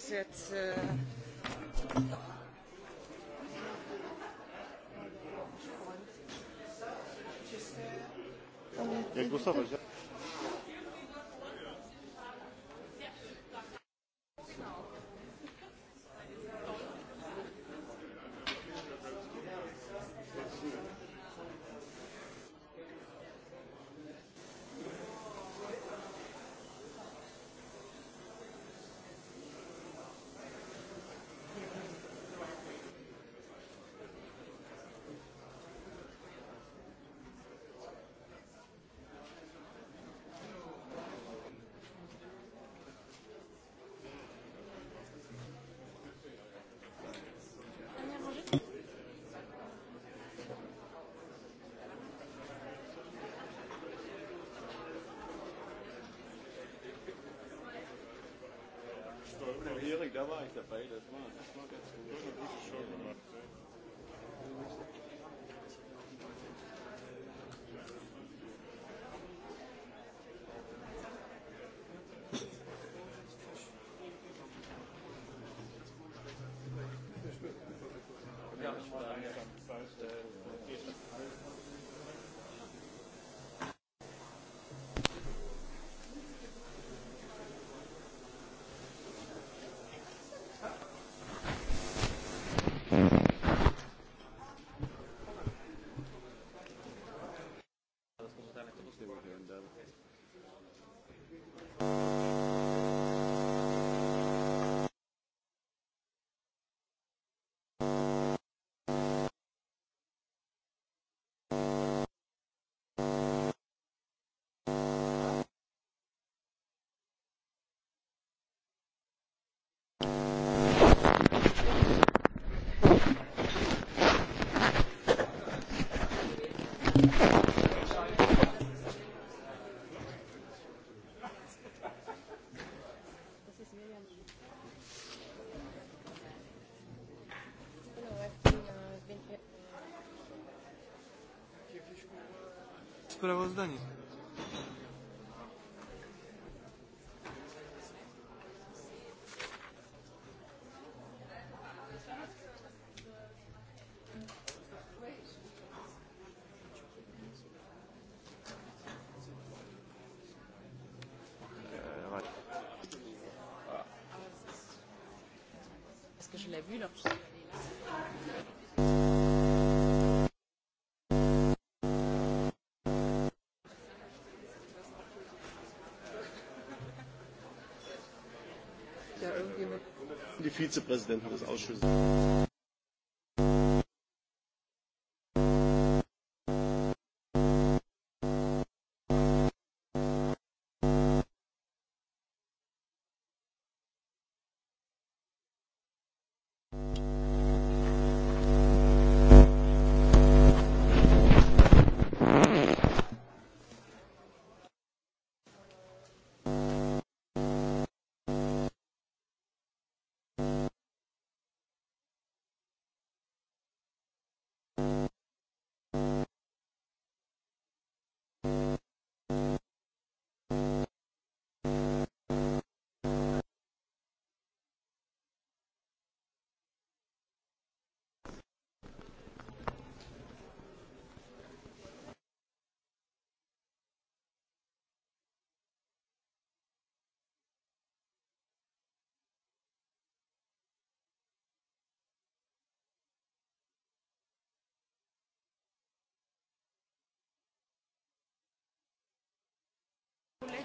So jetzt, äh Ja, Gustav, ich war, war Erik, da war ich dabei, das war, das war ganz gut. Das war eine gute Show gemacht. Ja, ich war sprawozdanie. ce que je l'ai vu, là? die Vizepräsidenten des Ausschusses.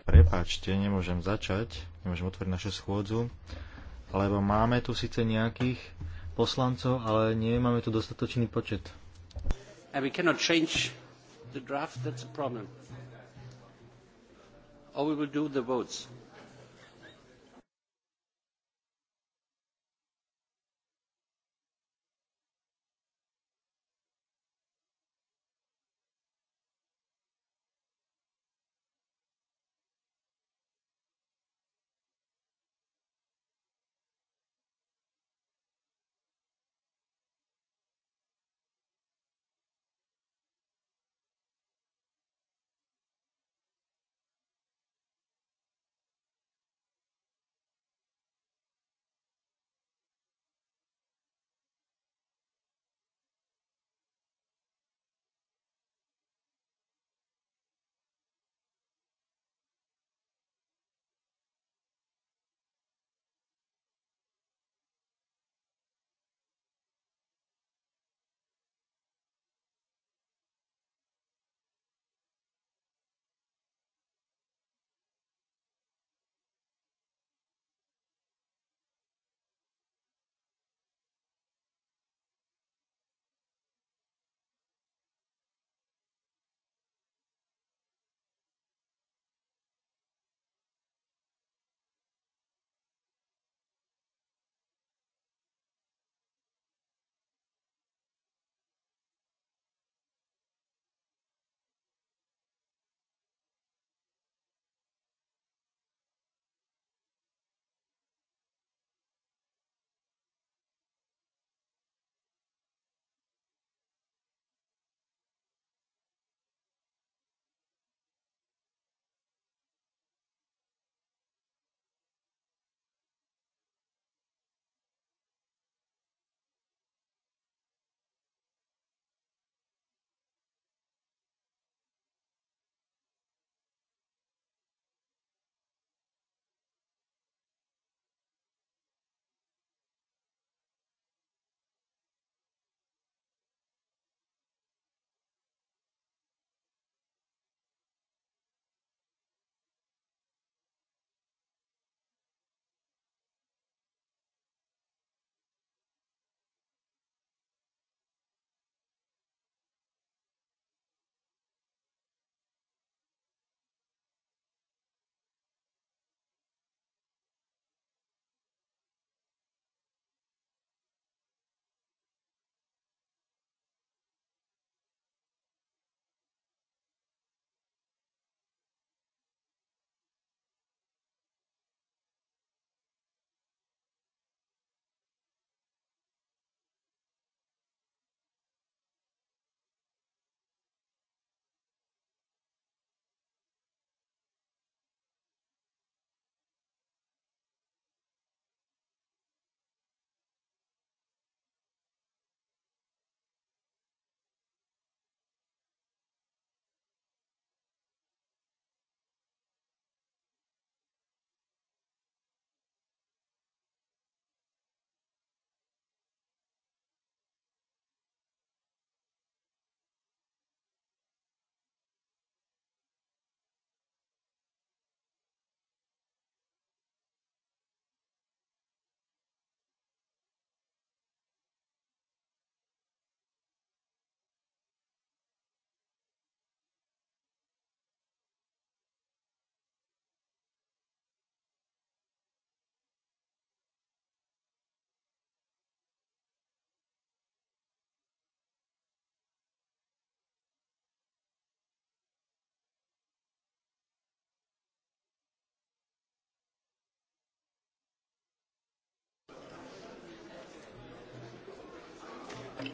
Prepáčte, nemôžem začať, nemôžem otvoriť našu schôdzu, lebo máme tu síce nejakých poslancov, ale nemáme tu dostatočný počet. And we cannot change the draft, that's a problem. Or we will do the votes.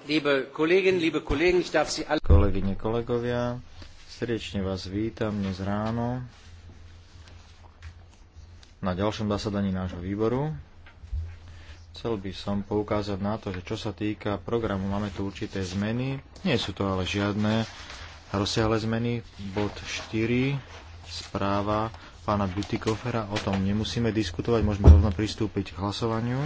Kolegyne, kolegovia, srdečne vás vítam dnes ráno na ďalšom zasadaní nášho výboru. Chcel by som poukázať na to, že čo sa týka programu, máme tu určité zmeny. Nie sú to ale žiadne rozsiahle zmeny. Bod 4, správa pána Butikofera, o tom nemusíme diskutovať, môžeme rovno pristúpiť k hlasovaniu.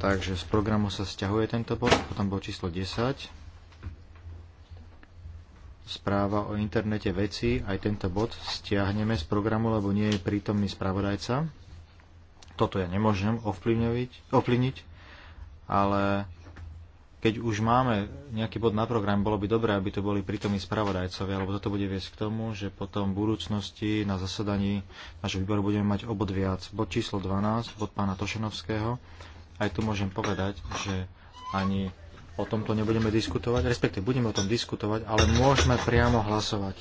Takže z programu sa stiahuje tento bod, potom bol číslo 10. Správa o internete veci, aj tento bod stiahneme z programu, lebo nie je prítomný spravodajca. Toto ja nemôžem ovplyvniť, ovplyvniť ale keď už máme nejaký bod na program, bolo by dobré, aby to boli prítomní spravodajcovia, lebo toto bude viesť k tomu, že potom v budúcnosti na zasadaní nášho výboru budeme mať obod viac. Bod číslo 12, bod pána Tošenovského, aj tu môžem povedať, že ani o tomto nebudeme diskutovať, respektíve budeme o tom diskutovať, ale môžeme priamo hlasovať.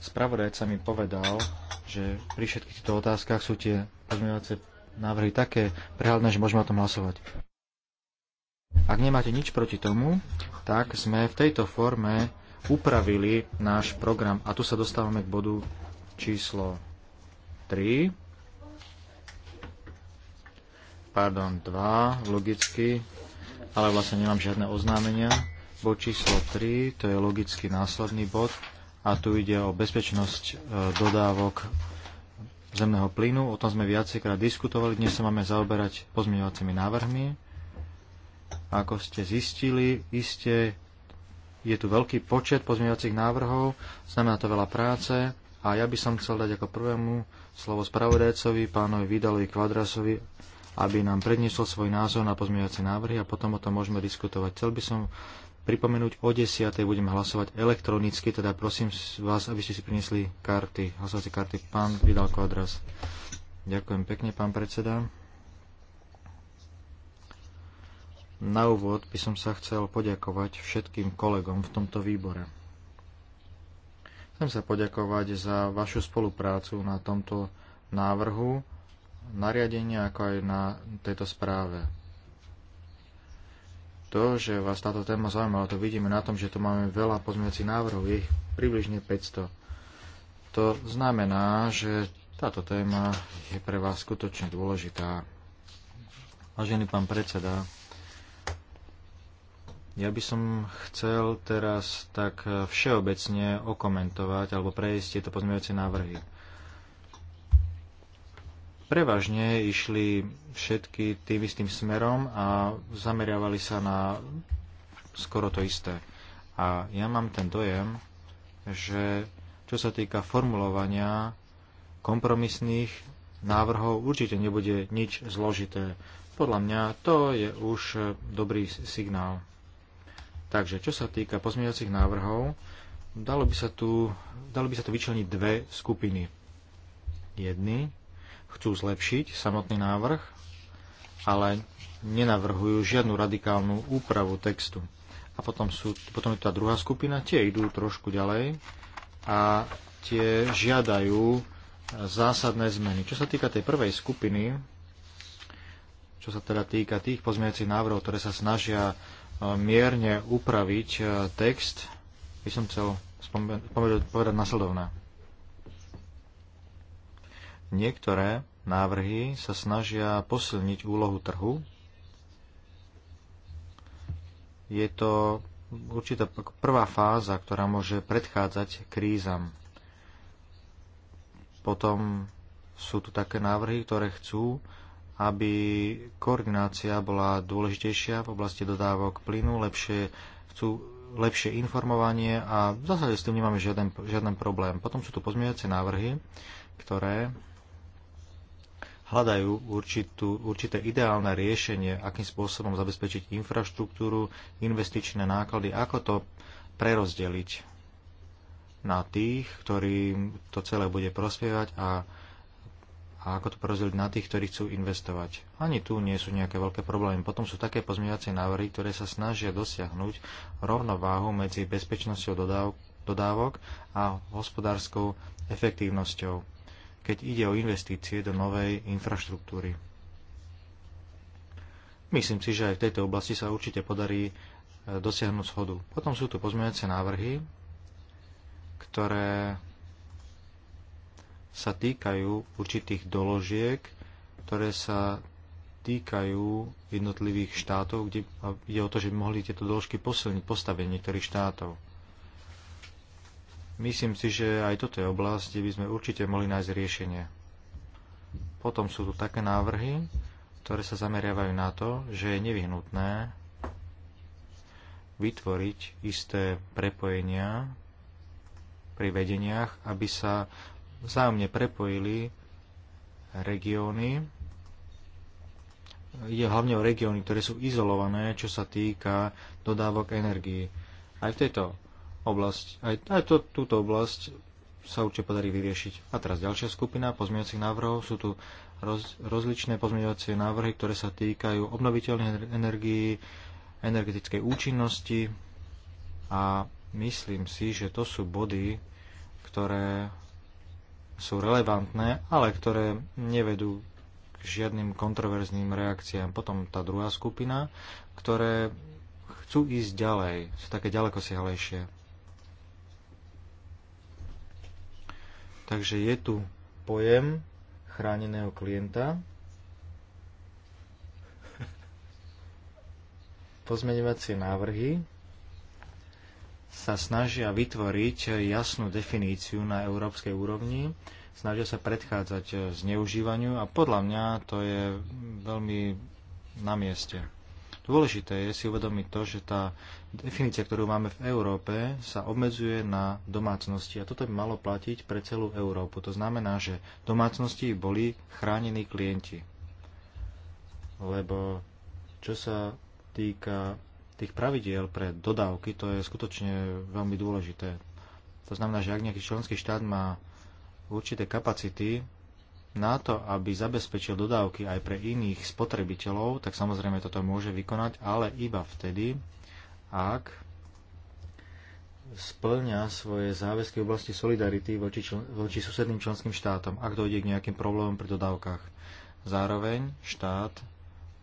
Spravodajca mi povedal, že pri všetkých týchto otázkach sú tie pozmeňovacie návrhy také prehľadné, že môžeme o tom hlasovať. Ak nemáte nič proti tomu, tak sme v tejto forme upravili náš program. A tu sa dostávame k bodu číslo 3 pardon, 2, logicky, ale vlastne nemám žiadne oznámenia. Bod číslo 3, to je logicky následný bod a tu ide o bezpečnosť e, dodávok zemného plynu. O tom sme viacejkrát diskutovali. Dnes sa máme zaoberať pozmeňovacími návrhmi. Ako ste zistili, iste je tu veľký počet pozmeňovacích návrhov, znamená to veľa práce a ja by som chcel dať ako prvému slovo spravodajcovi, pánovi Vidalovi Kvadrasovi aby nám predniesol svoj názor na pozmeňovacie návrhy a potom o tom môžeme diskutovať. Chcel by som pripomenúť, o 10. budeme hlasovať elektronicky, teda prosím vás, aby ste si priniesli karty, hlasovacie karty. Pán Vidalko Kvadras. Ďakujem pekne, pán predseda. Na úvod by som sa chcel poďakovať všetkým kolegom v tomto výbore. Chcem sa poďakovať za vašu spoluprácu na tomto návrhu nariadenia, ako aj na tejto správe. To, že vás táto téma zaujímala, to vidíme na tom, že tu máme veľa pozmeňujúcich návrhov, ich približne 500. To znamená, že táto téma je pre vás skutočne dôležitá. Vážený pán predseda, ja by som chcel teraz tak všeobecne okomentovať alebo prejsť tieto pozmeňujúce návrhy prevažne išli všetky tým istým smerom a zameriavali sa na skoro to isté. A ja mám ten dojem, že čo sa týka formulovania kompromisných návrhov, určite nebude nič zložité. Podľa mňa to je už dobrý signál. Takže čo sa týka pozmeňovacích návrhov, dalo by sa tu, dalo by sa tu vyčleniť dve skupiny. Jedny chcú zlepšiť samotný návrh, ale nenavrhujú žiadnu radikálnu úpravu textu. A potom, sú, potom je tá druhá skupina, tie idú trošku ďalej a tie žiadajú zásadné zmeny. Čo sa týka tej prvej skupiny, čo sa teda týka tých pozmeňujúcich návrhov, ktoré sa snažia e, mierne upraviť e, text, by som chcel spomenúť, povedať nasledovné. Niektoré návrhy sa snažia posilniť úlohu trhu. Je to určitá prvá fáza, ktorá môže predchádzať krízam. Potom sú tu také návrhy, ktoré chcú, aby koordinácia bola dôležitejšia v oblasti dodávok plynu, lepšie, chcú lepšie informovanie a v zásade s tým nemáme žiaden, žiaden problém. Potom sú tu pozmeňujúce návrhy, ktoré hľadajú určitú, určité ideálne riešenie, akým spôsobom zabezpečiť infraštruktúru, investičné náklady, ako to prerozdeliť na tých, ktorým to celé bude prospievať a, a ako to prerozdeliť na tých, ktorí chcú investovať. Ani tu nie sú nejaké veľké problémy. Potom sú také pozmeňovacie návrhy, ktoré sa snažia dosiahnuť rovnováhu medzi bezpečnosťou dodávok a hospodárskou efektívnosťou keď ide o investície do novej infraštruktúry. Myslím si, že aj v tejto oblasti sa určite podarí e, dosiahnuť schodu. Potom sú tu pozmeňujúce návrhy, ktoré sa týkajú určitých doložiek, ktoré sa týkajú jednotlivých štátov, kde ide o to, že by mohli tieto doložky posilniť postavenie niektorých štátov. Myslím si, že aj toto je oblasť, kde by sme určite mohli nájsť riešenie. Potom sú tu také návrhy, ktoré sa zameriavajú na to, že je nevyhnutné vytvoriť isté prepojenia pri vedeniach, aby sa vzájomne prepojili regióny. Je hlavne o regióny, ktoré sú izolované, čo sa týka dodávok energii. Aj v tejto oblasť, aj, aj to, túto oblasť sa určite podarí vyriešiť. A teraz ďalšia skupina pozmeňovacích návrhov. Sú tu roz, rozličné pozmeňovacie návrhy, ktoré sa týkajú obnoviteľných energií, energetickej účinnosti a myslím si, že to sú body, ktoré sú relevantné, ale ktoré nevedú k žiadnym kontroverzným reakciám. Potom tá druhá skupina, ktoré chcú ísť ďalej, sú také ďaleko siahlejšie. Takže je tu pojem chráneného klienta. Pozmeňovacie návrhy sa snažia vytvoriť jasnú definíciu na európskej úrovni, snažia sa predchádzať zneužívaniu a podľa mňa to je veľmi na mieste. Dôležité je si uvedomiť to, že tá definícia, ktorú máme v Európe, sa obmedzuje na domácnosti a toto by malo platiť pre celú Európu. To znamená, že domácnosti boli chránení klienti. Lebo čo sa týka tých pravidiel pre dodávky, to je skutočne veľmi dôležité. To znamená, že ak nejaký členský štát má určité kapacity na to, aby zabezpečil dodávky aj pre iných spotrebiteľov, tak samozrejme toto môže vykonať, ale iba vtedy, ak splňa svoje záväzky v oblasti solidarity voči, čl- voči susedným členským štátom, ak dojde k nejakým problémom pri dodávkach. Zároveň štát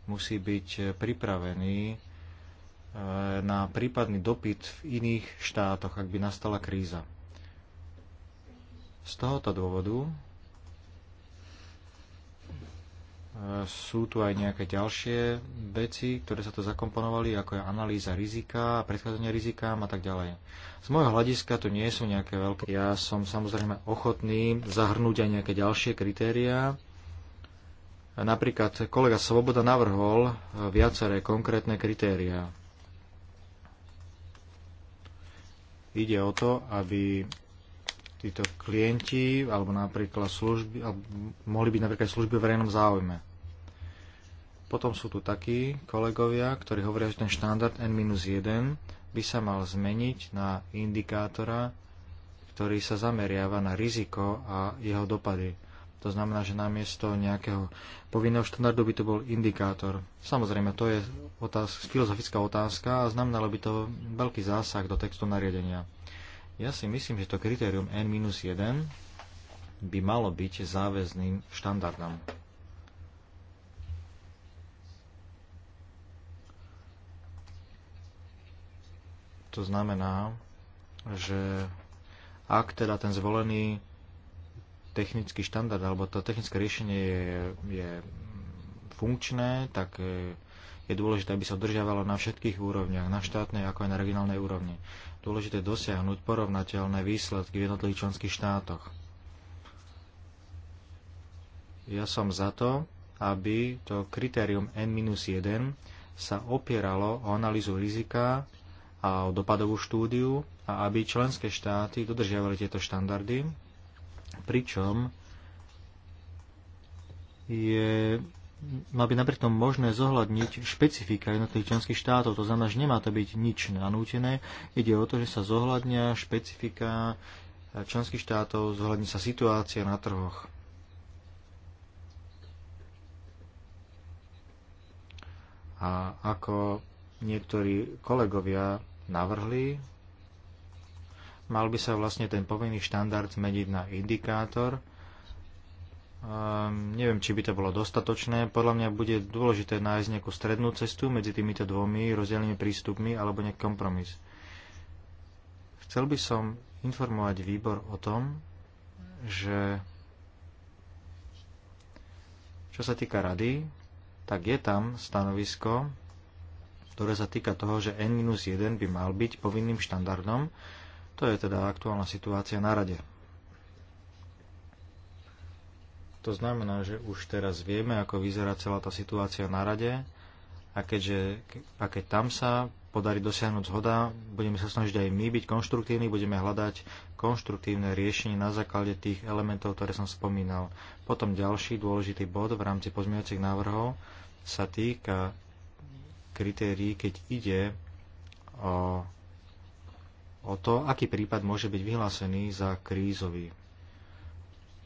musí byť pripravený e, na prípadný dopyt v iných štátoch, ak by nastala kríza. Z tohoto dôvodu sú tu aj nejaké ďalšie veci, ktoré sa to zakomponovali, ako je analýza rizika, predchádzanie rizikám a tak ďalej. Z môjho hľadiska to nie sú nejaké veľké. Ja som samozrejme ochotný zahrnúť aj nejaké ďalšie kritériá. Napríklad kolega Svoboda navrhol e, viaceré konkrétne kritériá. Ide o to, aby títo klienti alebo napríklad služby, alebo mohli byť napríklad služby v verejnom záujme. Potom sú tu takí kolegovia, ktorí hovoria, že ten štandard N-1 by sa mal zmeniť na indikátora, ktorý sa zameriava na riziko a jeho dopady. To znamená, že namiesto nejakého povinného štandardu by to bol indikátor. Samozrejme, to je otázka, filozofická otázka a znamenalo by to veľký zásah do textu nariadenia. Ja si myslím, že to kritérium N-1 by malo byť záväzným štandardom. To znamená, že ak teda ten zvolený technický štandard alebo to technické riešenie je, je funkčné, tak e, je dôležité, aby sa udržiavalo na všetkých úrovniach, na štátnej ako aj na regionálnej úrovni. Dôležité je dosiahnuť porovnateľné výsledky v jednotlivých členských štátoch. Ja som za to, aby to kritérium N-1 sa opieralo o analýzu rizika a o dopadovú štúdiu a aby členské štáty dodržiavali tieto štandardy, pričom je, mal by napriek tomu možné zohľadniť špecifika jednotlivých členských štátov. To znamená, že nemá to byť nič nanútené. Ide o to, že sa zohľadnia špecifika členských štátov, zohľadní sa situácia na trhoch. A ako niektorí kolegovia navrhli, mal by sa vlastne ten povinný štandard zmeniť na indikátor. Um, neviem, či by to bolo dostatočné. Podľa mňa bude dôležité nájsť nejakú strednú cestu medzi týmito dvomi rozdielnymi prístupmi alebo nejaký kompromis. Chcel by som informovať výbor o tom, že čo sa týka rady, tak je tam stanovisko ktoré sa týka toho, že N-1 by mal byť povinným štandardom. To je teda aktuálna situácia na rade. To znamená, že už teraz vieme, ako vyzerá celá tá situácia na rade a, keďže, a keď tam sa podarí dosiahnuť zhoda, budeme sa snažiť aj my byť konštruktívni, budeme hľadať konštruktívne riešenie na základe tých elementov, ktoré som spomínal. Potom ďalší dôležitý bod v rámci pozmeňujúcich návrhov sa týka kritérií, keď ide o, o to, aký prípad môže byť vyhlásený za krízový.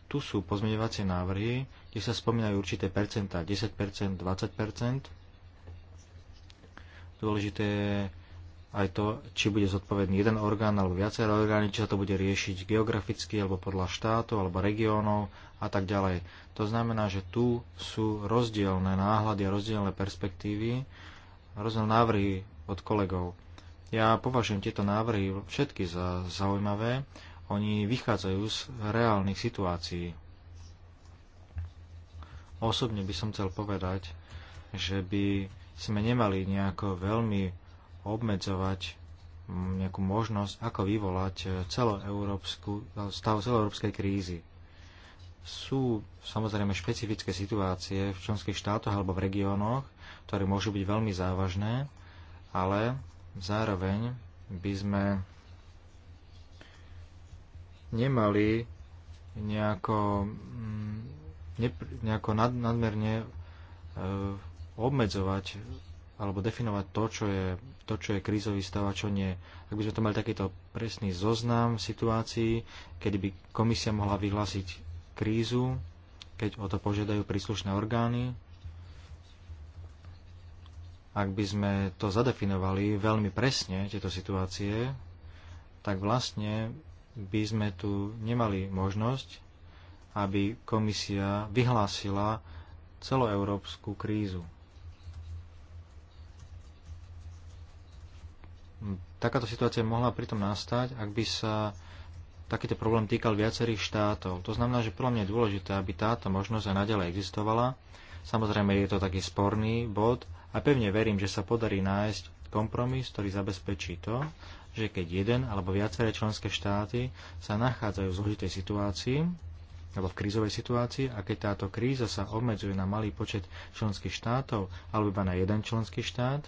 Tu sú pozmeňovacie návrhy, kde sa spomínajú určité percentá, 10%, 20%. Dôležité je aj to, či bude zodpovedný jeden orgán alebo viaceré orgány, či sa to bude riešiť geograficky alebo podľa štátov alebo regiónov a tak ďalej. To znamená, že tu sú rozdielne náhľady a rozdielne perspektívy rôzne návrhy od kolegov. Ja považujem tieto návrhy všetky za zaujímavé. Oni vychádzajú z reálnych situácií. Osobne by som chcel povedať, že by sme nemali nejako veľmi obmedzovať nejakú možnosť, ako vyvolať stav celoeurópskej krízy. Sú samozrejme špecifické situácie v členských štátoch alebo v regiónoch, ktoré môžu byť veľmi závažné, ale zároveň by sme nemali nejako, mm, nejako nad, nadmerne e, obmedzovať alebo definovať to, čo je, to, čo je krízový stav a čo nie. Ak by sme to mali takýto presný zoznam situácií, kedy by komisia mohla vyhlásiť krízu, keď o to požiadajú príslušné orgány, ak by sme to zadefinovali veľmi presne, tieto situácie, tak vlastne by sme tu nemali možnosť, aby komisia vyhlásila celoeurópsku krízu. Takáto situácia mohla pritom nastať, ak by sa takýto problém týkal viacerých štátov. To znamená, že podľa mňa je dôležité, aby táto možnosť aj naďalej existovala. Samozrejme, je to taký sporný bod, a pevne verím, že sa podarí nájsť kompromis, ktorý zabezpečí to, že keď jeden alebo viaceré členské štáty sa nachádzajú v zložitej situácii alebo v krízovej situácii a keď táto kríza sa obmedzuje na malý počet členských štátov alebo iba na jeden členský štát,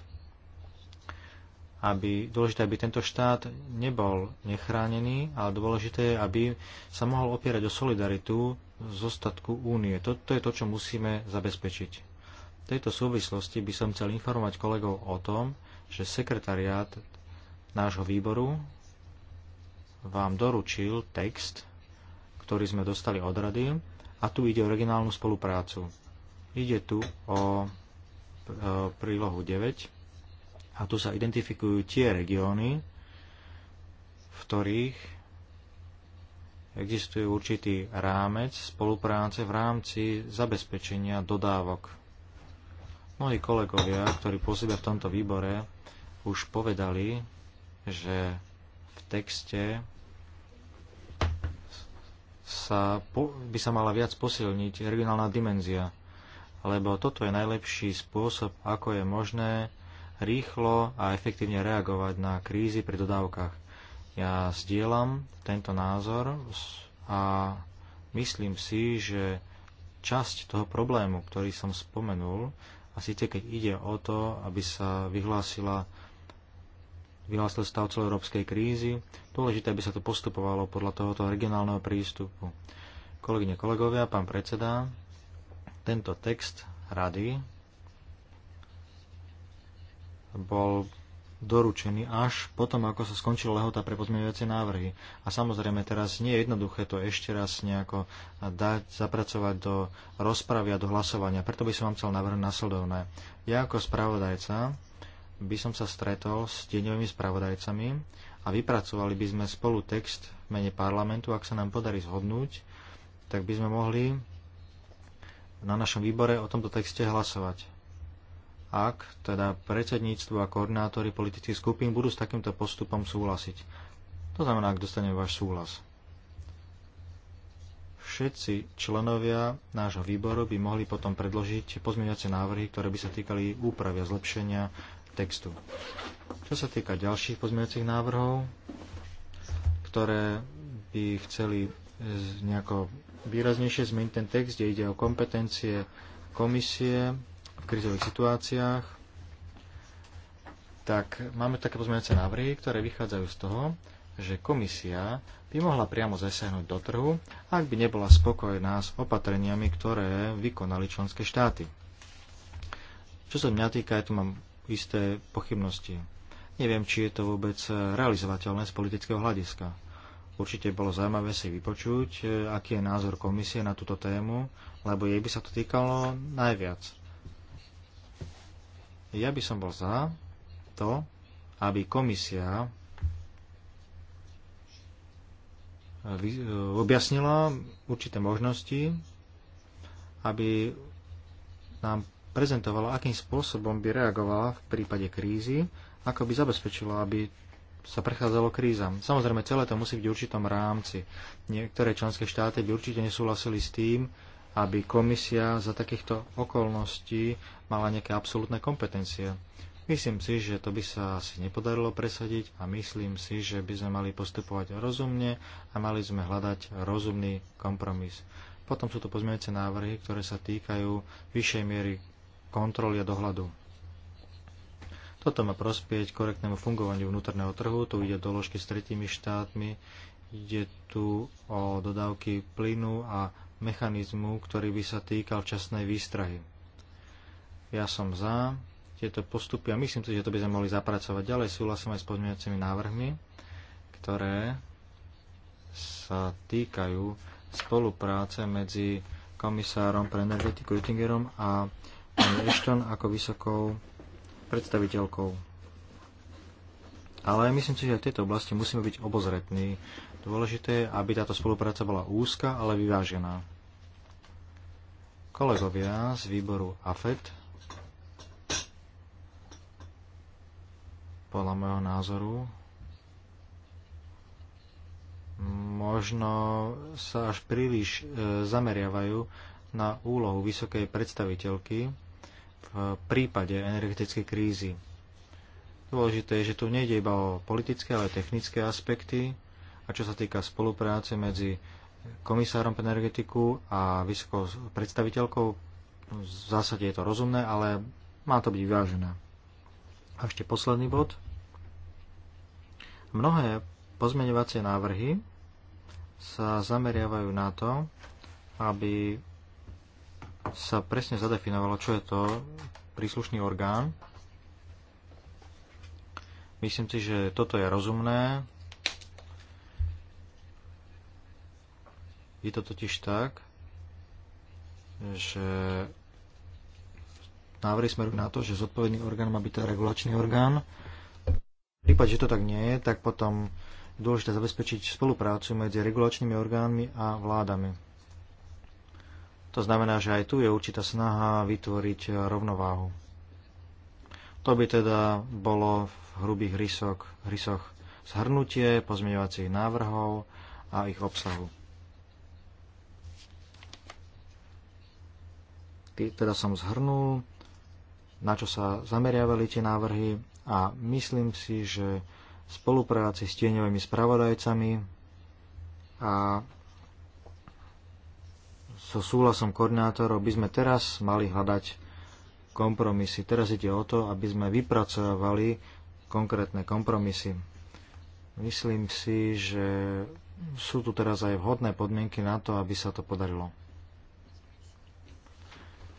aby, dôležité, aby tento štát nebol nechránený, ale dôležité je, aby sa mohol opierať o solidaritu z ostatku únie. Toto je to, čo musíme zabezpečiť. V tejto súvislosti by som chcel informovať kolegov o tom, že sekretariát nášho výboru vám doručil text, ktorý sme dostali od rady a tu ide o regionálnu spoluprácu. Ide tu o e, prílohu 9 a tu sa identifikujú tie regióny, v ktorých existuje určitý rámec spolupráce v rámci zabezpečenia dodávok Moji kolegovia, ktorí pôsobia v tomto výbore, už povedali, že v texte sa, by sa mala viac posilniť regionálna dimenzia, lebo toto je najlepší spôsob, ako je možné rýchlo a efektívne reagovať na krízy pri dodávkach. Ja sdielam tento názor a myslím si, že časť toho problému, ktorý som spomenul, a síce keď ide o to, aby sa vyhlásila vyhlásil stav celoeurópskej krízy, dôležité, aby sa to postupovalo podľa tohoto regionálneho prístupu. Kolegyne, kolegovia, pán predseda, tento text rady bol doručený až potom, ako sa skončila lehota pre pozmeňujúce návrhy. A samozrejme teraz nie je jednoduché to ešte raz nejako dať, zapracovať do rozpravy a do hlasovania. Preto by som vám chcel navrhnúť nasledovné. Ja ako spravodajca by som sa stretol s tieňovými spravodajcami a vypracovali by sme spolu text v mene parlamentu, ak sa nám podarí zhodnúť, tak by sme mohli na našom výbore o tomto texte hlasovať ak teda predsedníctvo a koordinátori politických skupín budú s takýmto postupom súhlasiť. To znamená, ak dostaneme váš súhlas. Všetci členovia nášho výboru by mohli potom predložiť pozmeňovacie návrhy, ktoré by sa týkali úpravy a zlepšenia textu. Čo sa týka ďalších pozmeňovacích návrhov, ktoré by chceli nejako výraznejšie zmeniť ten text, kde ide o kompetencie komisie, v krizových situáciách, tak máme také pozmeňujúce návrhy, ktoré vychádzajú z toho, že komisia by mohla priamo zasiahnuť do trhu, ak by nebola spokojná s opatreniami, ktoré vykonali členské štáty. Čo sa mňa týka, ja tu mám isté pochybnosti. Neviem, či je to vôbec realizovateľné z politického hľadiska. Určite bolo zaujímavé si vypočuť, e, aký je názor komisie na túto tému, lebo jej by sa to týkalo najviac. Ja by som bol za to, aby komisia eh, eh, objasnila určité možnosti, aby nám prezentovala, akým spôsobom by reagovala v prípade krízy, ako by zabezpečila, aby sa prechádzalo kríza. Samozrejme, celé to musí byť v určitom rámci. Niektoré členské štáty by určite nesúhlasili s tým, aby komisia za takýchto okolností mala nejaké absolútne kompetencie. Myslím si, že to by sa asi nepodarilo presadiť a myslím si, že by sme mali postupovať rozumne a mali sme hľadať rozumný kompromis. Potom sú to pozmeňujúce návrhy, ktoré sa týkajú vyššej miery kontroly a dohľadu. Toto má prospieť korektnému fungovaniu vnútorného trhu, tu ide doložky s tretími štátmi, ide tu o dodávky plynu a mechanizmu, ktorý by sa týkal časnej výstrahy. Ja som za tieto postupy a myslím si, že to by sme mohli zapracovať ďalej. Súhlasím aj s pozmeňujúcimi návrhmi, ktoré sa týkajú spolupráce medzi komisárom pre energetiku Oettingerom a pani Ashton ako vysokou predstaviteľkou. Ale myslím si, že v tejto oblasti musíme byť obozretní. Dôležité je, aby táto spolupráca bola úzka, ale vyvážená. Kolegovia z výboru AFET podľa môjho názoru možno sa až príliš e, zameriavajú na úlohu vysokej predstaviteľky v prípade energetickej krízy. Dôležité je, že tu nejde iba o politické, ale aj technické aspekty a čo sa týka spolupráce medzi komisárom pre energetiku a vysokou predstaviteľkou. V zásade je to rozumné, ale má to byť vyvážené. A ešte posledný bod. Mnohé pozmeňovacie návrhy sa zameriavajú na to, aby sa presne zadefinovalo, čo je to príslušný orgán. Myslím si, že toto je rozumné, Je to totiž tak, že návrhy smerujú na to, že zodpovedný orgán má byť regulačný orgán. V prípade, že to tak nie je, tak potom je dôležité zabezpečiť spoluprácu medzi regulačnými orgánmi a vládami. To znamená, že aj tu je určitá snaha vytvoriť rovnováhu. To by teda bolo v hrubých rysoch, rysoch zhrnutie pozmeňovacích návrhov a ich obsahu. teda som zhrnul, na čo sa zameriavali tie návrhy a myslím si, že v spolupráci s tieňovými spravodajcami a so súhlasom koordinátorov by sme teraz mali hľadať kompromisy. Teraz ide o to, aby sme vypracovali konkrétne kompromisy. Myslím si, že sú tu teraz aj vhodné podmienky na to, aby sa to podarilo.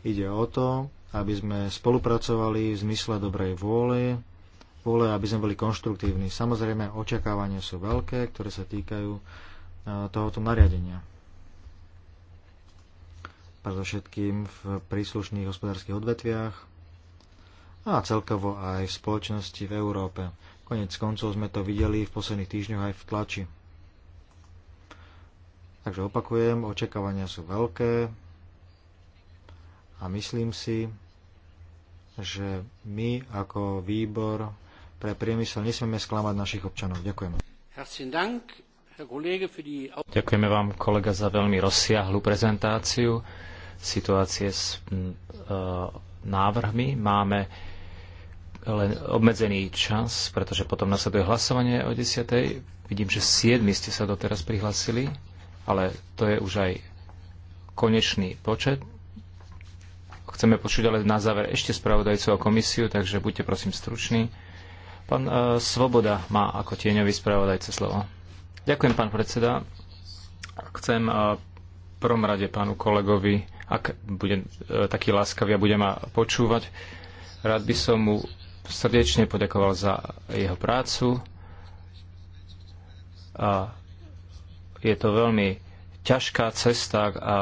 Ide o to, aby sme spolupracovali v zmysle dobrej vôle, vôle, aby sme boli konštruktívni. Samozrejme, očakávania sú veľké, ktoré sa týkajú e, tohoto nariadenia. Predovšetkým v príslušných hospodárskych odvetviach a celkovo aj v spoločnosti v Európe. Konec koncov sme to videli v posledných týždňoch aj v tlači. Takže opakujem, očakávania sú veľké, a myslím si, že my ako výbor pre priemysel nesmieme sklamať našich občanov. Ďakujem. Ďakujeme vám, kolega, za veľmi rozsiahlu prezentáciu situácie s e, návrhmi. Máme len obmedzený čas, pretože potom nasleduje hlasovanie o 10. Vidím, že 7 ste sa doteraz prihlasili, ale to je už aj konečný počet. Chceme počuť ale na záver ešte spravodajcu a komisiu, takže buďte prosím struční. Pán e, Svoboda má ako tieňový spravodajce slovo. Ďakujem, pán predseda. Chcem e, prvom rade pánu kolegovi, ak bude e, taký láskavý a bude ma počúvať, rád by som mu srdečne podakoval za jeho prácu. A je to veľmi ťažká cesta a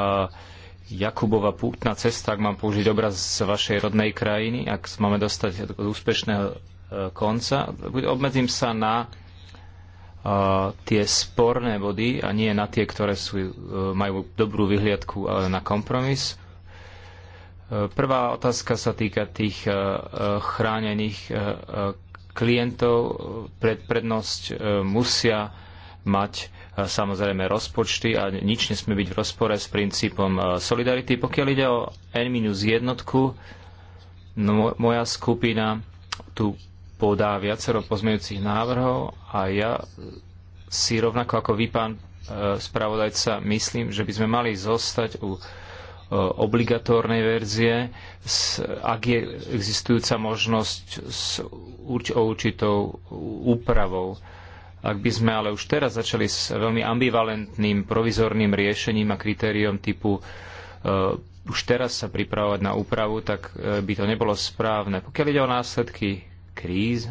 Jakubova pútna cesta, ak mám použiť obraz z vašej rodnej krajiny, ak máme dostať do úspešného e, konca. Obmedzím sa na e, tie sporné body a nie na tie, ktoré sú, e, majú dobrú vyhliadku, ale na kompromis. Prvá otázka sa týka tých chránených klientov. Pred, prednosť musia mať samozrejme rozpočty a nič nesmie byť v rozpore s princípom e, solidarity. Pokiaľ ide o N-1, no, moja skupina tu podá viacero pozmeňujúcich návrhov a ja si rovnako ako vy, pán e, spravodajca, myslím, že by sme mali zostať u e, obligatórnej verzie, ak je existujúca možnosť s, určitou úpravou. Ak by sme ale už teraz začali s veľmi ambivalentným provizorným riešením a kritériom typu uh, už teraz sa pripravovať na úpravu, tak uh, by to nebolo správne. Pokiaľ ide o následky kríz,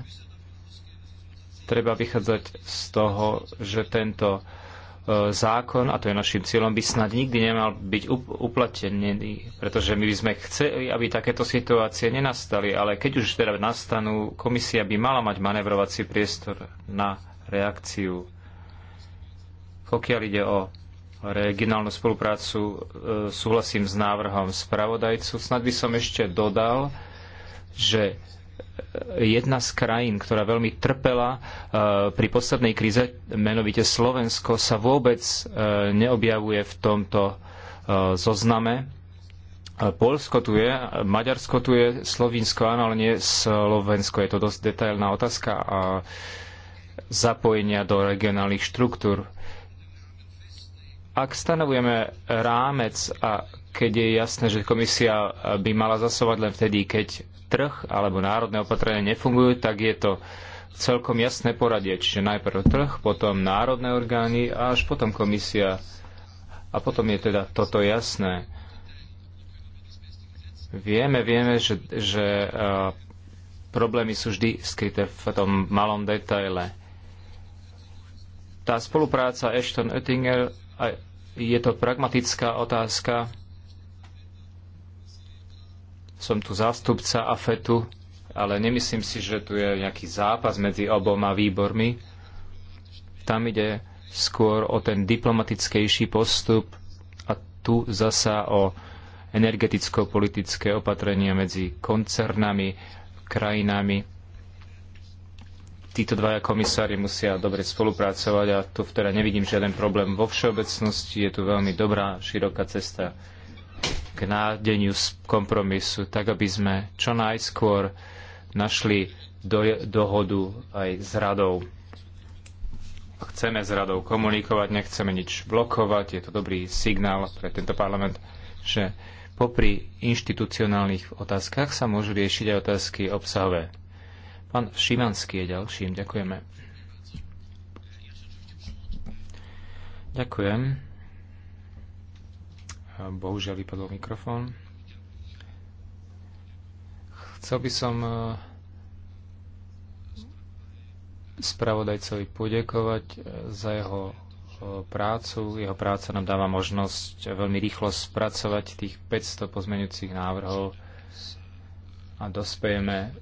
treba vychádzať z toho, že tento uh, zákon, a to je našim cieľom, by snad nikdy nemal byť up- uplatený, pretože my by sme chceli, aby takéto situácie nenastali, ale keď už teda nastanú, komisia by mala mať manevrovací priestor na reakciu. Pokiaľ ide o regionálnu spoluprácu, e, súhlasím s návrhom spravodajcu. Snad by som ešte dodal, že e, jedna z krajín, ktorá veľmi trpela e, pri poslednej kríze, menovite Slovensko, sa vôbec neobjavuje v tomto zozname. Polsko tu je, Maďarsko tu je, Slovinsko áno, ale nie Slovensko. Je to dosť detailná otázka a zapojenia do regionálnych štruktúr. Ak stanovujeme rámec a keď je jasné, že komisia by mala zasovať len vtedy, keď trh alebo národné opatrenia nefungujú, tak je to celkom jasné poradie. Čiže najprv trh, potom národné orgány a až potom komisia. A potom je teda toto jasné. Vieme, vieme, že, že eh, problémy sú vždy skryté v tom malom detaile. Tá spolupráca Ashton Oettinger je to pragmatická otázka. Som tu zástupca AFETu, ale nemyslím si, že tu je nejaký zápas medzi oboma výbormi. Tam ide skôr o ten diplomatickejší postup a tu zasa o energeticko-politické opatrenia medzi koncernami, krajinami títo dvaja komisári musia dobre spolupracovať a tu teda nevidím žiaden problém. Vo všeobecnosti je tu veľmi dobrá, široká cesta k nádeniu kompromisu, tak aby sme čo najskôr našli do, dohodu aj s radou. Chceme s radou komunikovať, nechceme nič blokovať, je to dobrý signál pre tento parlament, že popri inštitucionálnych otázkach sa môžu riešiť aj otázky obsahové. Pán Šimanský je ďalším. Ďakujeme. Ďakujem. Bohužiaľ vypadol mikrofón. Chcel by som eh, spravodajcovi podiekovať eh, za jeho eh, prácu. Jeho práca nám dáva možnosť veľmi rýchlo spracovať tých 500 pozmeňujúcich návrhov a dospejeme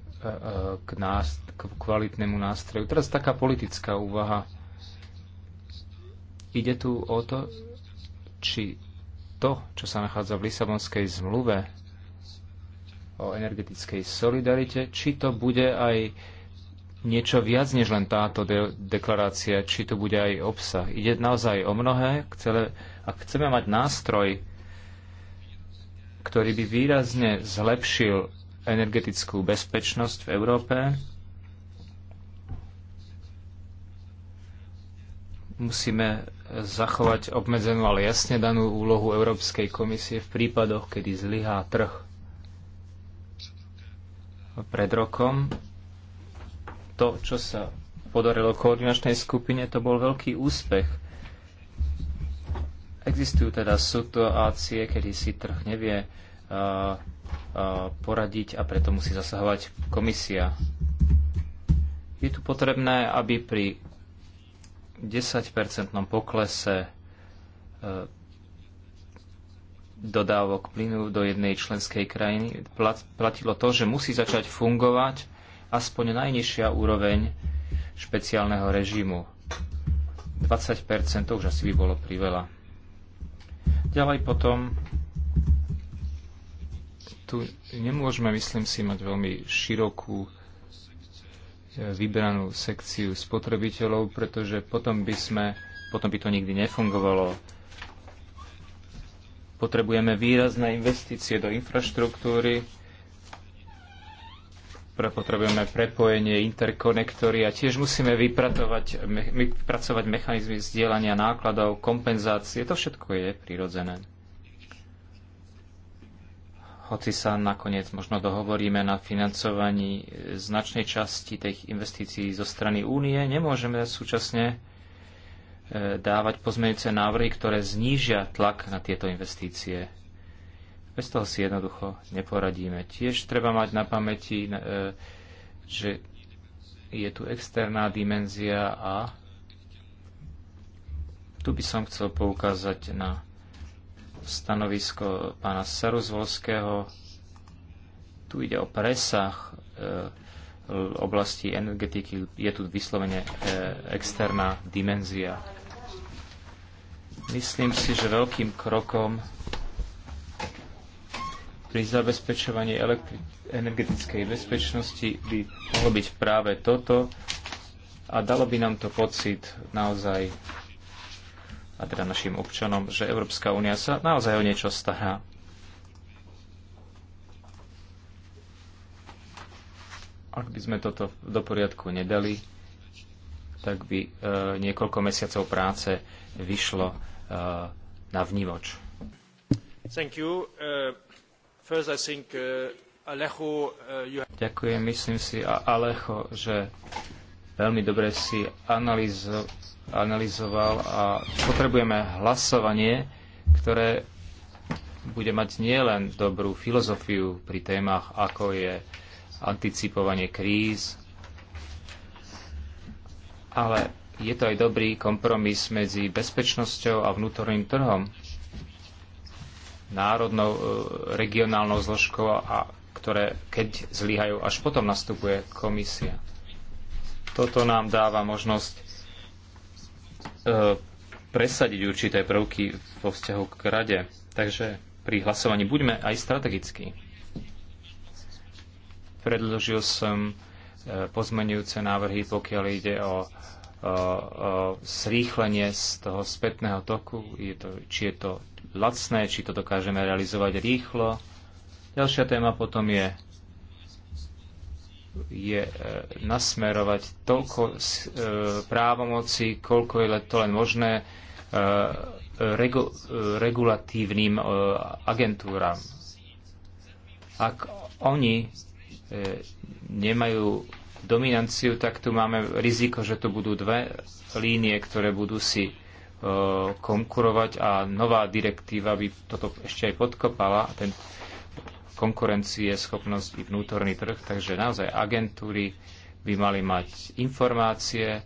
k, nást- k kvalitnému nástroju. Teraz taká politická úvaha. Ide tu o to, či to, čo sa nachádza v Lisabonskej zmluve o energetickej solidarite, či to bude aj niečo viac než len táto de- deklarácia, či to bude aj obsah. Ide naozaj o mnohé. Chcele, ak chceme mať nástroj, ktorý by výrazne zlepšil energetickú bezpečnosť v Európe. Musíme zachovať obmedzenú, ale jasne danú úlohu Európskej komisie v prípadoch, kedy zlyhá trh. Pred rokom to, čo sa podarilo koordinačnej skupine, to bol veľký úspech. Existujú teda situácie, kedy si trh nevie uh, poradiť a preto musí zasahovať komisia. Je tu potrebné, aby pri 10-percentnom poklese e, dodávok plynu do jednej členskej krajiny platilo to, že musí začať fungovať aspoň najnižšia úroveň špeciálneho režimu. 20% to už asi by bolo priveľa. Ďalej potom tu nemôžeme, myslím si, mať veľmi širokú e, vybranú sekciu spotrebiteľov, pretože potom by sme, potom by to nikdy nefungovalo. Potrebujeme výrazné investície do infraštruktúry, potrebujeme prepojenie, interkonektory a tiež musíme vypracovať, me, vypracovať mechanizmy zdieľania nákladov, kompenzácie. To všetko je prirodzené hoci sa nakoniec možno dohovoríme na financovaní e, značnej časti tých investícií zo strany únie, nemôžeme súčasne e, dávať pozmeňujúce návrhy, ktoré znížia tlak na tieto investície. Bez toho si jednoducho neporadíme. Tiež treba mať na pamäti, e, že je tu externá dimenzia a tu by som chcel poukázať na stanovisko pána Saruzvolského. Tu ide o presah e, oblasti energetiky. Je tu vyslovene e, externá dimenzia. Myslím si, že veľkým krokom pri zabezpečovaní energetickej bezpečnosti by mohlo byť práve toto a dalo by nám to pocit naozaj a teda našim občanom, že Európska únia sa naozaj o niečo stará. Ak by sme toto do poriadku nedali, tak by e, niekoľko mesiacov práce vyšlo e, na vnívoč. E, e, e, Ďakujem, myslím si, a Alecho, že veľmi dobre si analýzo, analyzoval a potrebujeme hlasovanie, ktoré bude mať nielen dobrú filozofiu pri témach, ako je anticipovanie kríz, ale je to aj dobrý kompromis medzi bezpečnosťou a vnútorným trhom, národnou, e, regionálnou zložkou, a ktoré, keď zlyhajú, až potom nastupuje komisia. Toto nám dáva možnosť e, presadiť určité prvky vo vzťahu k rade. Takže pri hlasovaní buďme aj strategickí. Predložil som e, pozmenujúce návrhy, pokiaľ ide o, o, o zrýchlenie z toho spätného toku, je to, či je to lacné, či to dokážeme realizovať rýchlo. Ďalšia téma potom je je e, nasmerovať toľko e, právomocí, koľko je to len možné, e, regu, regulatívnym agentúram. Ak oni nemajú dominanciu, tak tu máme riziko, že tu budú dve línie, ktoré budú si konkurovať a nová direktíva by toto ešte aj podkopala. Ten, konkurencie, schopnosť i vnútorný trh, takže naozaj agentúry by mali mať informácie,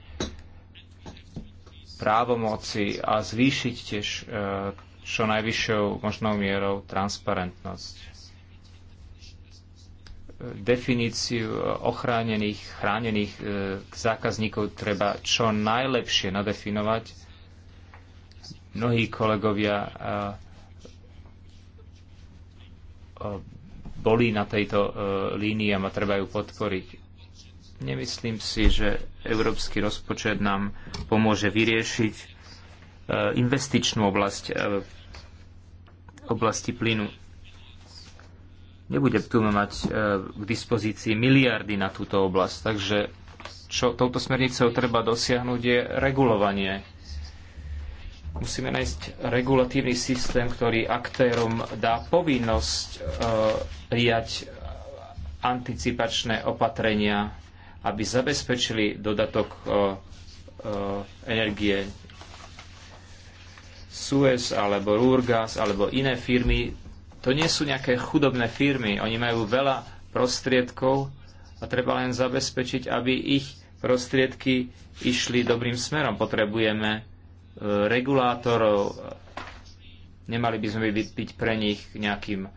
právomoci a zvýšiť tiež e, čo najvyššou možnou mierou transparentnosť. Definíciu ochránených, chránených e, zákazníkov treba čo najlepšie nadefinovať. Mnohí kolegovia e, boli na tejto e, línii a treba ju podporiť. Nemyslím si, že európsky rozpočet nám pomôže vyriešiť e, investičnú oblasť e, oblasti plynu. Nebude tu mať k dispozícii miliardy na túto oblasť, takže čo touto smernicou treba dosiahnuť je regulovanie Musíme nájsť regulatívny systém, ktorý aktérom dá povinnosť e, prijať anticipačné opatrenia, aby zabezpečili dodatok e, e, energie Suez alebo Rurgas alebo iné firmy, to nie sú nejaké chudobné firmy. Oni majú veľa prostriedkov a treba len zabezpečiť, aby ich prostriedky išli dobrým smerom. Potrebujeme regulátorov. Nemali by sme byť, byť pre nich nejakým e,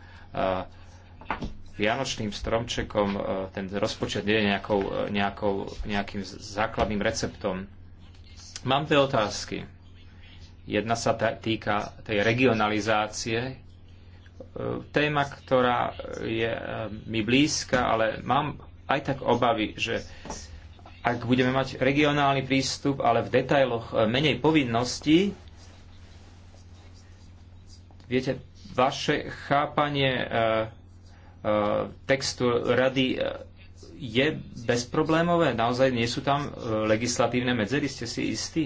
vianočným stromčekom. E, ten rozpočet nie je nejakou, e, nejakou, nejakým základným receptom. Mám dve otázky. Jedna sa týka tej regionalizácie. Téma, ktorá je mi blízka, ale mám aj tak obavy, že ak budeme mať regionálny prístup, ale v detailoch e, menej povinností, viete, vaše chápanie e, e, textu rady je bezproblémové? Naozaj nie sú tam legislatívne medzery? Ste si istí?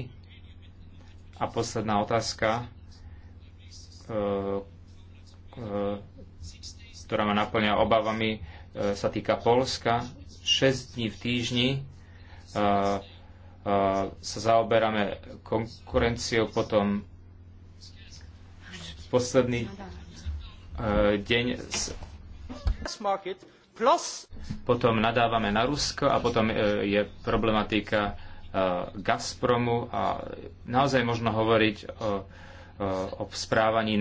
A posledná otázka, ktorá ma naplňa obavami, sa týka Polska. 6 dní v týždni sa zaoberáme konkurenciou, potom posledný e, deň potom nadávame na Rusko a potom e, je problematika e, Gazpromu a naozaj možno hovoriť o, o správaní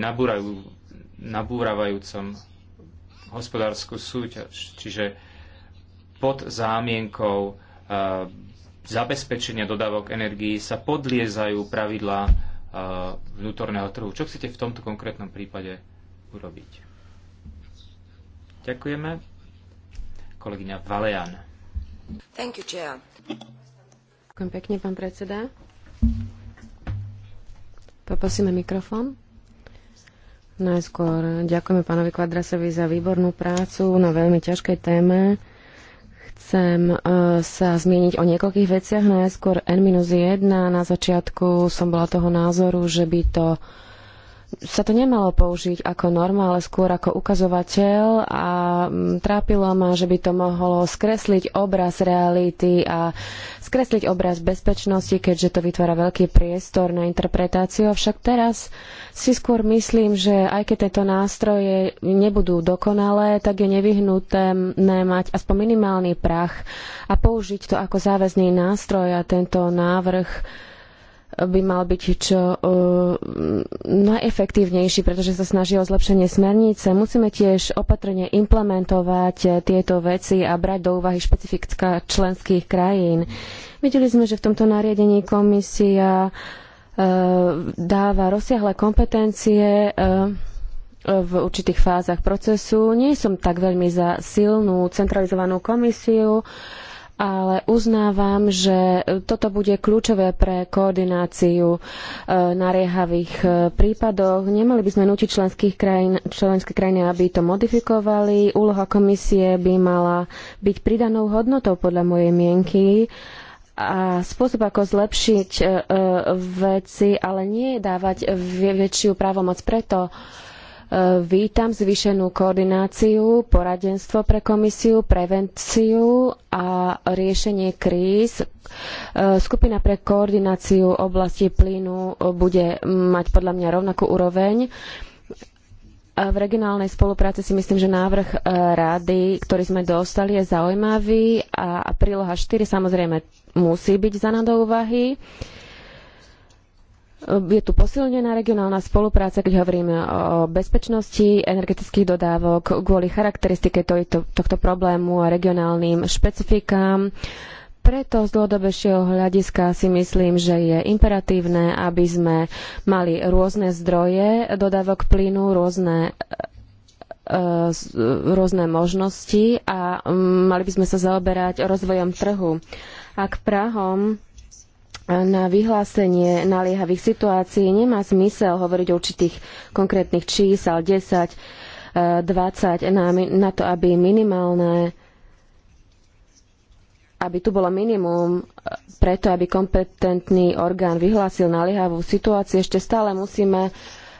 nabúravajúcom hospodárskú súťaž, čiže pod zámienkou zabezpečenia dodávok energií sa podliezajú pravidlá vnútorného trhu. Čo chcete v tomto konkrétnom prípade urobiť? Ďakujeme. Kolegyňa Valean. Thank you, Chair. Ďakujem pekne, pán predseda. Poprosíme mikrofón. Najskôr ďakujeme pánovi Kvadrasovi za výbornú prácu na veľmi ťažkej téme. Chcem e, sa zmieniť o niekoľkých veciach. Najskôr N-1. Na začiatku som bola toho názoru, že by to sa to nemalo použiť ako norma, ale skôr ako ukazovateľ a mm, trápilo ma, že by to mohlo skresliť obraz reality a skresliť obraz bezpečnosti, keďže to vytvára veľký priestor na interpretáciu. Avšak teraz si skôr myslím, že aj keď tieto nástroje nebudú dokonalé, tak je nevyhnutné mať aspoň minimálny prach a použiť to ako záväzný nástroj a tento návrh by mal byť čo uh, najefektívnejší, pretože sa snaží o zlepšenie smernice. Musíme tiež opatrne implementovať e, tieto veci a brať do úvahy špecifická členských krajín. Videli sme, že v tomto nariadení komisia uh, dáva rozsiahle kompetencie uh, v určitých fázach procesu. Nie som tak veľmi za silnú centralizovanú komisiu. Uh, ale uznávam, že toto bude kľúčové pre koordináciu e, nariehavých e, prípadoch. Nemali by sme nutiť členských krajín, členské krajiny, aby to modifikovali. Úloha komisie by mala byť pridanou hodnotou podľa mojej mienky a spôsob, ako zlepšiť e, veci, ale nie dávať väčšiu právomoc preto, Vítam zvýšenú koordináciu, poradenstvo pre komisiu, prevenciu a riešenie kríz. E, skupina pre koordináciu oblasti plynu bude mať podľa mňa rovnakú úroveň. E, v regionálnej spolupráci si myslím, že návrh e, rady, ktorý sme dostali, je zaujímavý a príloha 4 samozrejme musí byť za do úvahy. Uh, je tu posilnená regionálna spolupráca, keď hovoríme o bezpečnosti energetických dodávok kvôli charakteristike tohto, tohto problému a regionálnym špecifikám. Preto z dlhodobejšieho hľadiska si myslím, že je imperatívne, aby sme mali rôzne zdroje dodávok plynu, rôzne e, e, rôzne možnosti a mm, mali by sme sa zaoberať rozvojom trhu. Ak Prahom na vyhlásenie naliehavých situácií nemá zmysel hovoriť o určitých konkrétnych čísel 10, 20 eh, na, na to, aby minimálne aby tu bolo minimum eh, preto, aby kompetentný orgán vyhlásil naliehavú situáciu, ešte stále musíme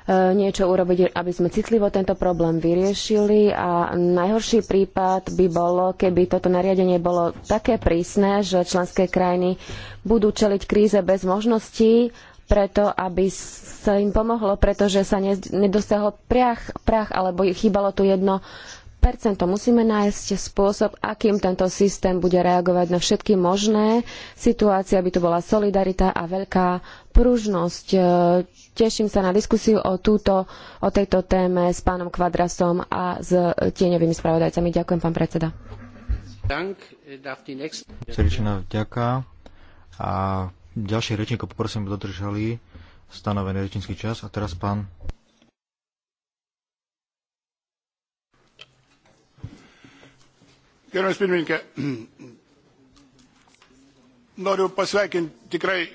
E, niečo urobiť, aby sme citlivo tento problém vyriešili a najhorší prípad by bolo, keby toto nariadenie bolo také prísne, že členské krajiny budú čeliť kríze bez možností preto, aby sa im pomohlo, pretože sa nedosiahol prach, prach alebo chýbalo tu jedno percento. Musíme nájsť spôsob, akým tento systém bude reagovať na všetky možné situácie, aby tu bola solidarita a veľká pružnosť. E, teším sa na diskusiu o, túto, o tejto téme s pánom Kvadrasom a s tieňovými spravodajcami. Ďakujem, pán predseda. E, Srdečná vďaka. A ďalších rečníkov poprosím, aby dodržali stanovený rečnícky čas. A teraz pán Gerbiamas noriu tikrai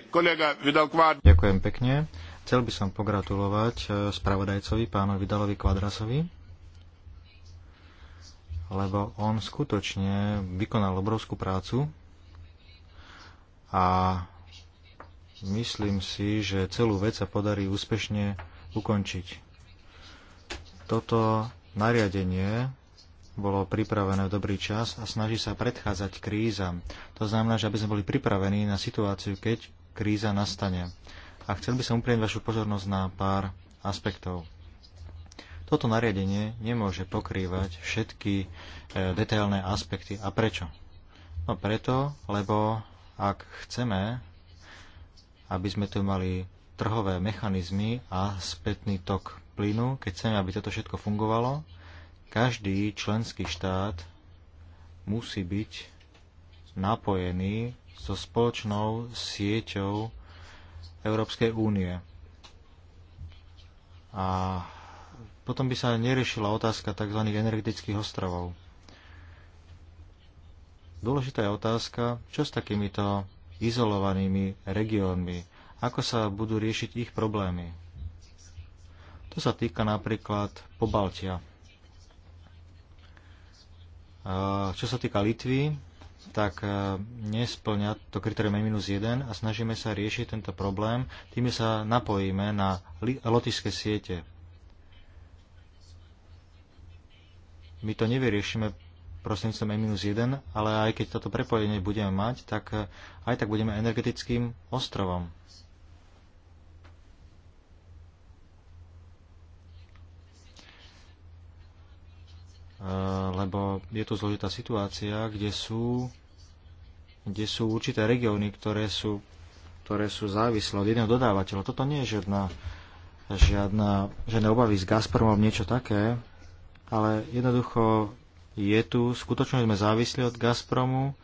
Vidal Ďakujem pekne. Chcel by som pogratulovať eh, spravodajcovi pánovi Vidalovi Kvadrasovi, lebo on skutočne vykonal obrovskú prácu a myslím si, že celú vec sa podarí úspešne ukončiť. Toto nariadenie bolo pripravené v dobrý čas a snaží sa predchádzať krízam. To znamená, že aby sme boli pripravení na situáciu, keď kríza nastane. A chcel by som uprieť vašu pozornosť na pár aspektov. Toto nariadenie nemôže pokrývať všetky e, detailné aspekty. A prečo? No preto, lebo ak chceme, aby sme tu mali trhové mechanizmy a spätný tok plynu, keď chceme, aby toto všetko fungovalo, každý členský štát musí byť napojený so spoločnou sieťou Európskej únie. A potom by sa neriešila otázka tzv. energetických ostrovov. Dôležitá je otázka, čo s takýmito izolovanými regiónmi, ako sa budú riešiť ich problémy. To sa týka napríklad Pobaltia. Čo sa týka Litvy, tak e, nesplňa to kritérium m 1 a snažíme sa riešiť tento problém tým, sa napojíme na lotišské siete. My to nevyriešime prostredníctvom m 1 ale aj keď toto prepojenie budeme mať, tak e, aj tak budeme energetickým ostrovom. lebo je tu zložitá situácia, kde sú, kde sú určité regióny, ktoré sú, ktoré sú závislé od jedného dodávateľa. Toto nie je žiadna, žiadna, žiadne obavy s Gazpromom, niečo také, ale jednoducho je tu, skutočne sme závisli od Gazpromu,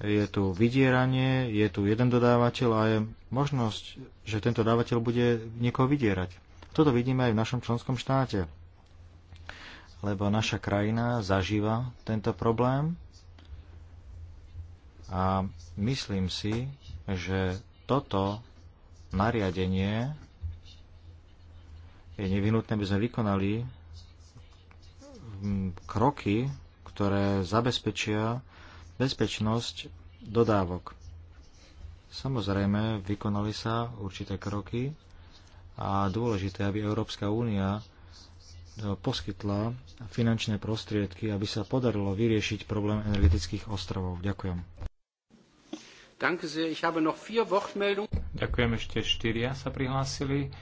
je tu vydieranie, je tu jeden dodávateľ a je možnosť, že tento dávateľ bude niekoho vydierať. Toto vidíme aj v našom členskom štáte lebo naša krajina zažíva tento problém a myslím si, že toto nariadenie je nevyhnutné, aby sme vykonali kroky, ktoré zabezpečia bezpečnosť dodávok. Samozrejme, vykonali sa určité kroky a dôležité, aby Európska únia poskytla finančné prostriedky, aby sa podarilo vyriešiť problém energetických ostrovov. Ďakujem. Ďakujem, ešte štyria sa prihlásili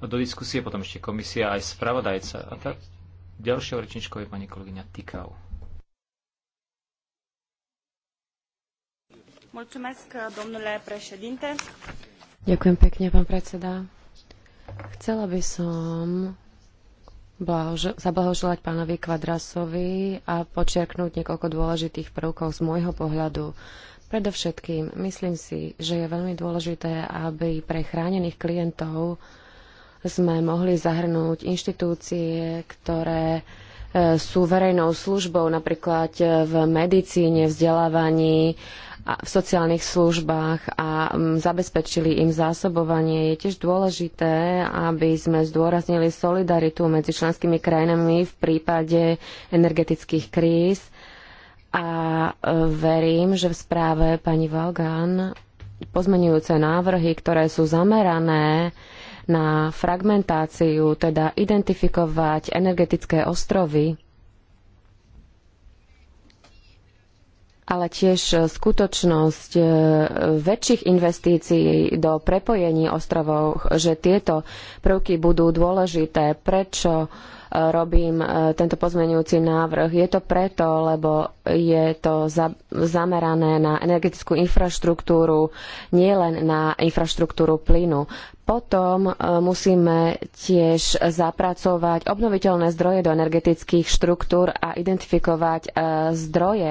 do diskusie, potom ešte komisia aj spravodajca. A tá ďalšia rečničkou je pani kolegyňa Tikau. Ďakujem pekne, pán predseda. Chcela by som zablahoželať pánovi Kvadrasovi a počiarknúť niekoľko dôležitých prvkov z môjho pohľadu. Predovšetkým myslím si, že je veľmi dôležité, aby pre chránených klientov sme mohli zahrnúť inštitúcie, ktoré sú verejnou službou, napríklad v medicíne, vzdelávaní, a v sociálnych službách a mm, zabezpečili im zásobovanie. Je tiež dôležité, aby sme zdôraznili solidaritu medzi členskými krajinami v prípade energetických kríz. A e, verím, že v správe pani Vaughan pozmenujúce návrhy, ktoré sú zamerané na fragmentáciu, teda identifikovať energetické ostrovy, ale tiež skutočnosť e, väčších investícií do prepojení ostrovov, že tieto prvky budú dôležité. Prečo e, robím e, tento pozmenujúci návrh? Je to preto, lebo je to za zamerané na energetickú infraštruktúru, nielen na infraštruktúru plynu. Potom e, musíme tiež zapracovať obnoviteľné zdroje do energetických štruktúr a identifikovať e, zdroje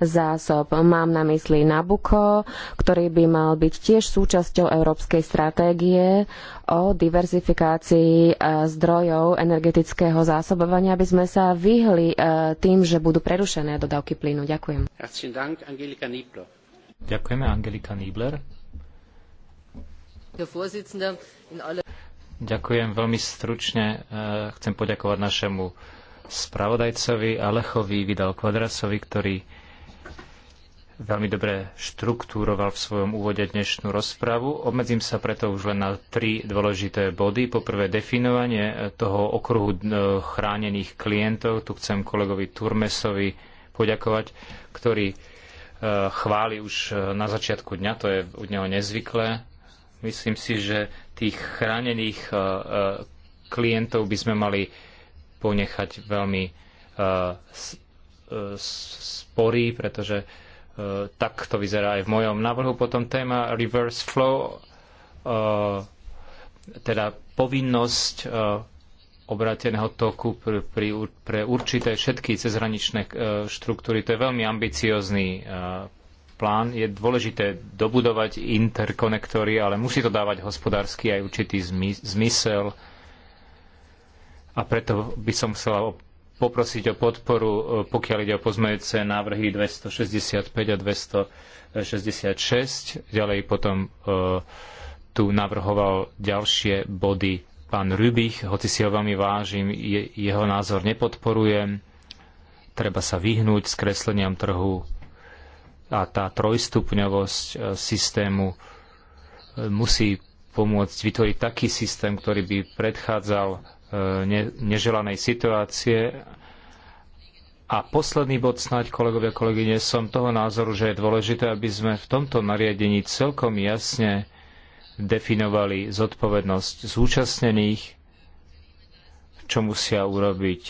zásob. Mám na mysli Nabucco, ktorý by mal byť tiež súčasťou európskej stratégie o diverzifikácii e, zdrojov energetického zásobovania, aby sme sa vyhli tým, že budú prerušené dodávky plynu. Ďakujem. Ďakujeme, Angelika Niebler. Ďakujem veľmi stručne. Eh, chcem poďakovať našemu spravodajcovi Alechovi Vidal Kvadrasovi, ktorý veľmi dobre štruktúroval v svojom úvode dnešnú rozpravu. Obmedzím sa preto už len na tri dôležité body. Poprvé definovanie eh, toho okruhu eh, chránených klientov. Tu chcem kolegovi Turmesovi poďakovať, ktorý chváli už na začiatku dňa, to je u neho nezvyklé. Myslím si, že tých chránených e, e, klientov by sme mali ponechať veľmi e, sporý, pretože tak to vyzerá aj v mojom návrhu. Potom téma reverse flow, teda povinnosť obrateného toku pre, určité všetky cezhraničné štruktúry. To je veľmi ambiciózny plán, je dôležité dobudovať interkonektory, ale musí to dávať hospodársky aj určitý zmysel. A preto by som chcela poprosiť o podporu, e, pokiaľ ide o pozmejúce návrhy 265 a 266. Ďalej potom e, tu navrhoval ďalšie body pán Rubich, hoci si ho veľmi vážim, jeho názor nepodporujem. Treba sa vyhnúť skresleniam trhu a tá trojstupňovosť e, systému e, musí pomôcť vytvoriť taký systém, ktorý by predchádzal e, neželanej situácie. A posledný bod snáď, kolegovia, kolegyne, som toho názoru, že je dôležité, aby sme v tomto nariadení celkom jasne definovali zodpovednosť zúčastnených, čo musia urobiť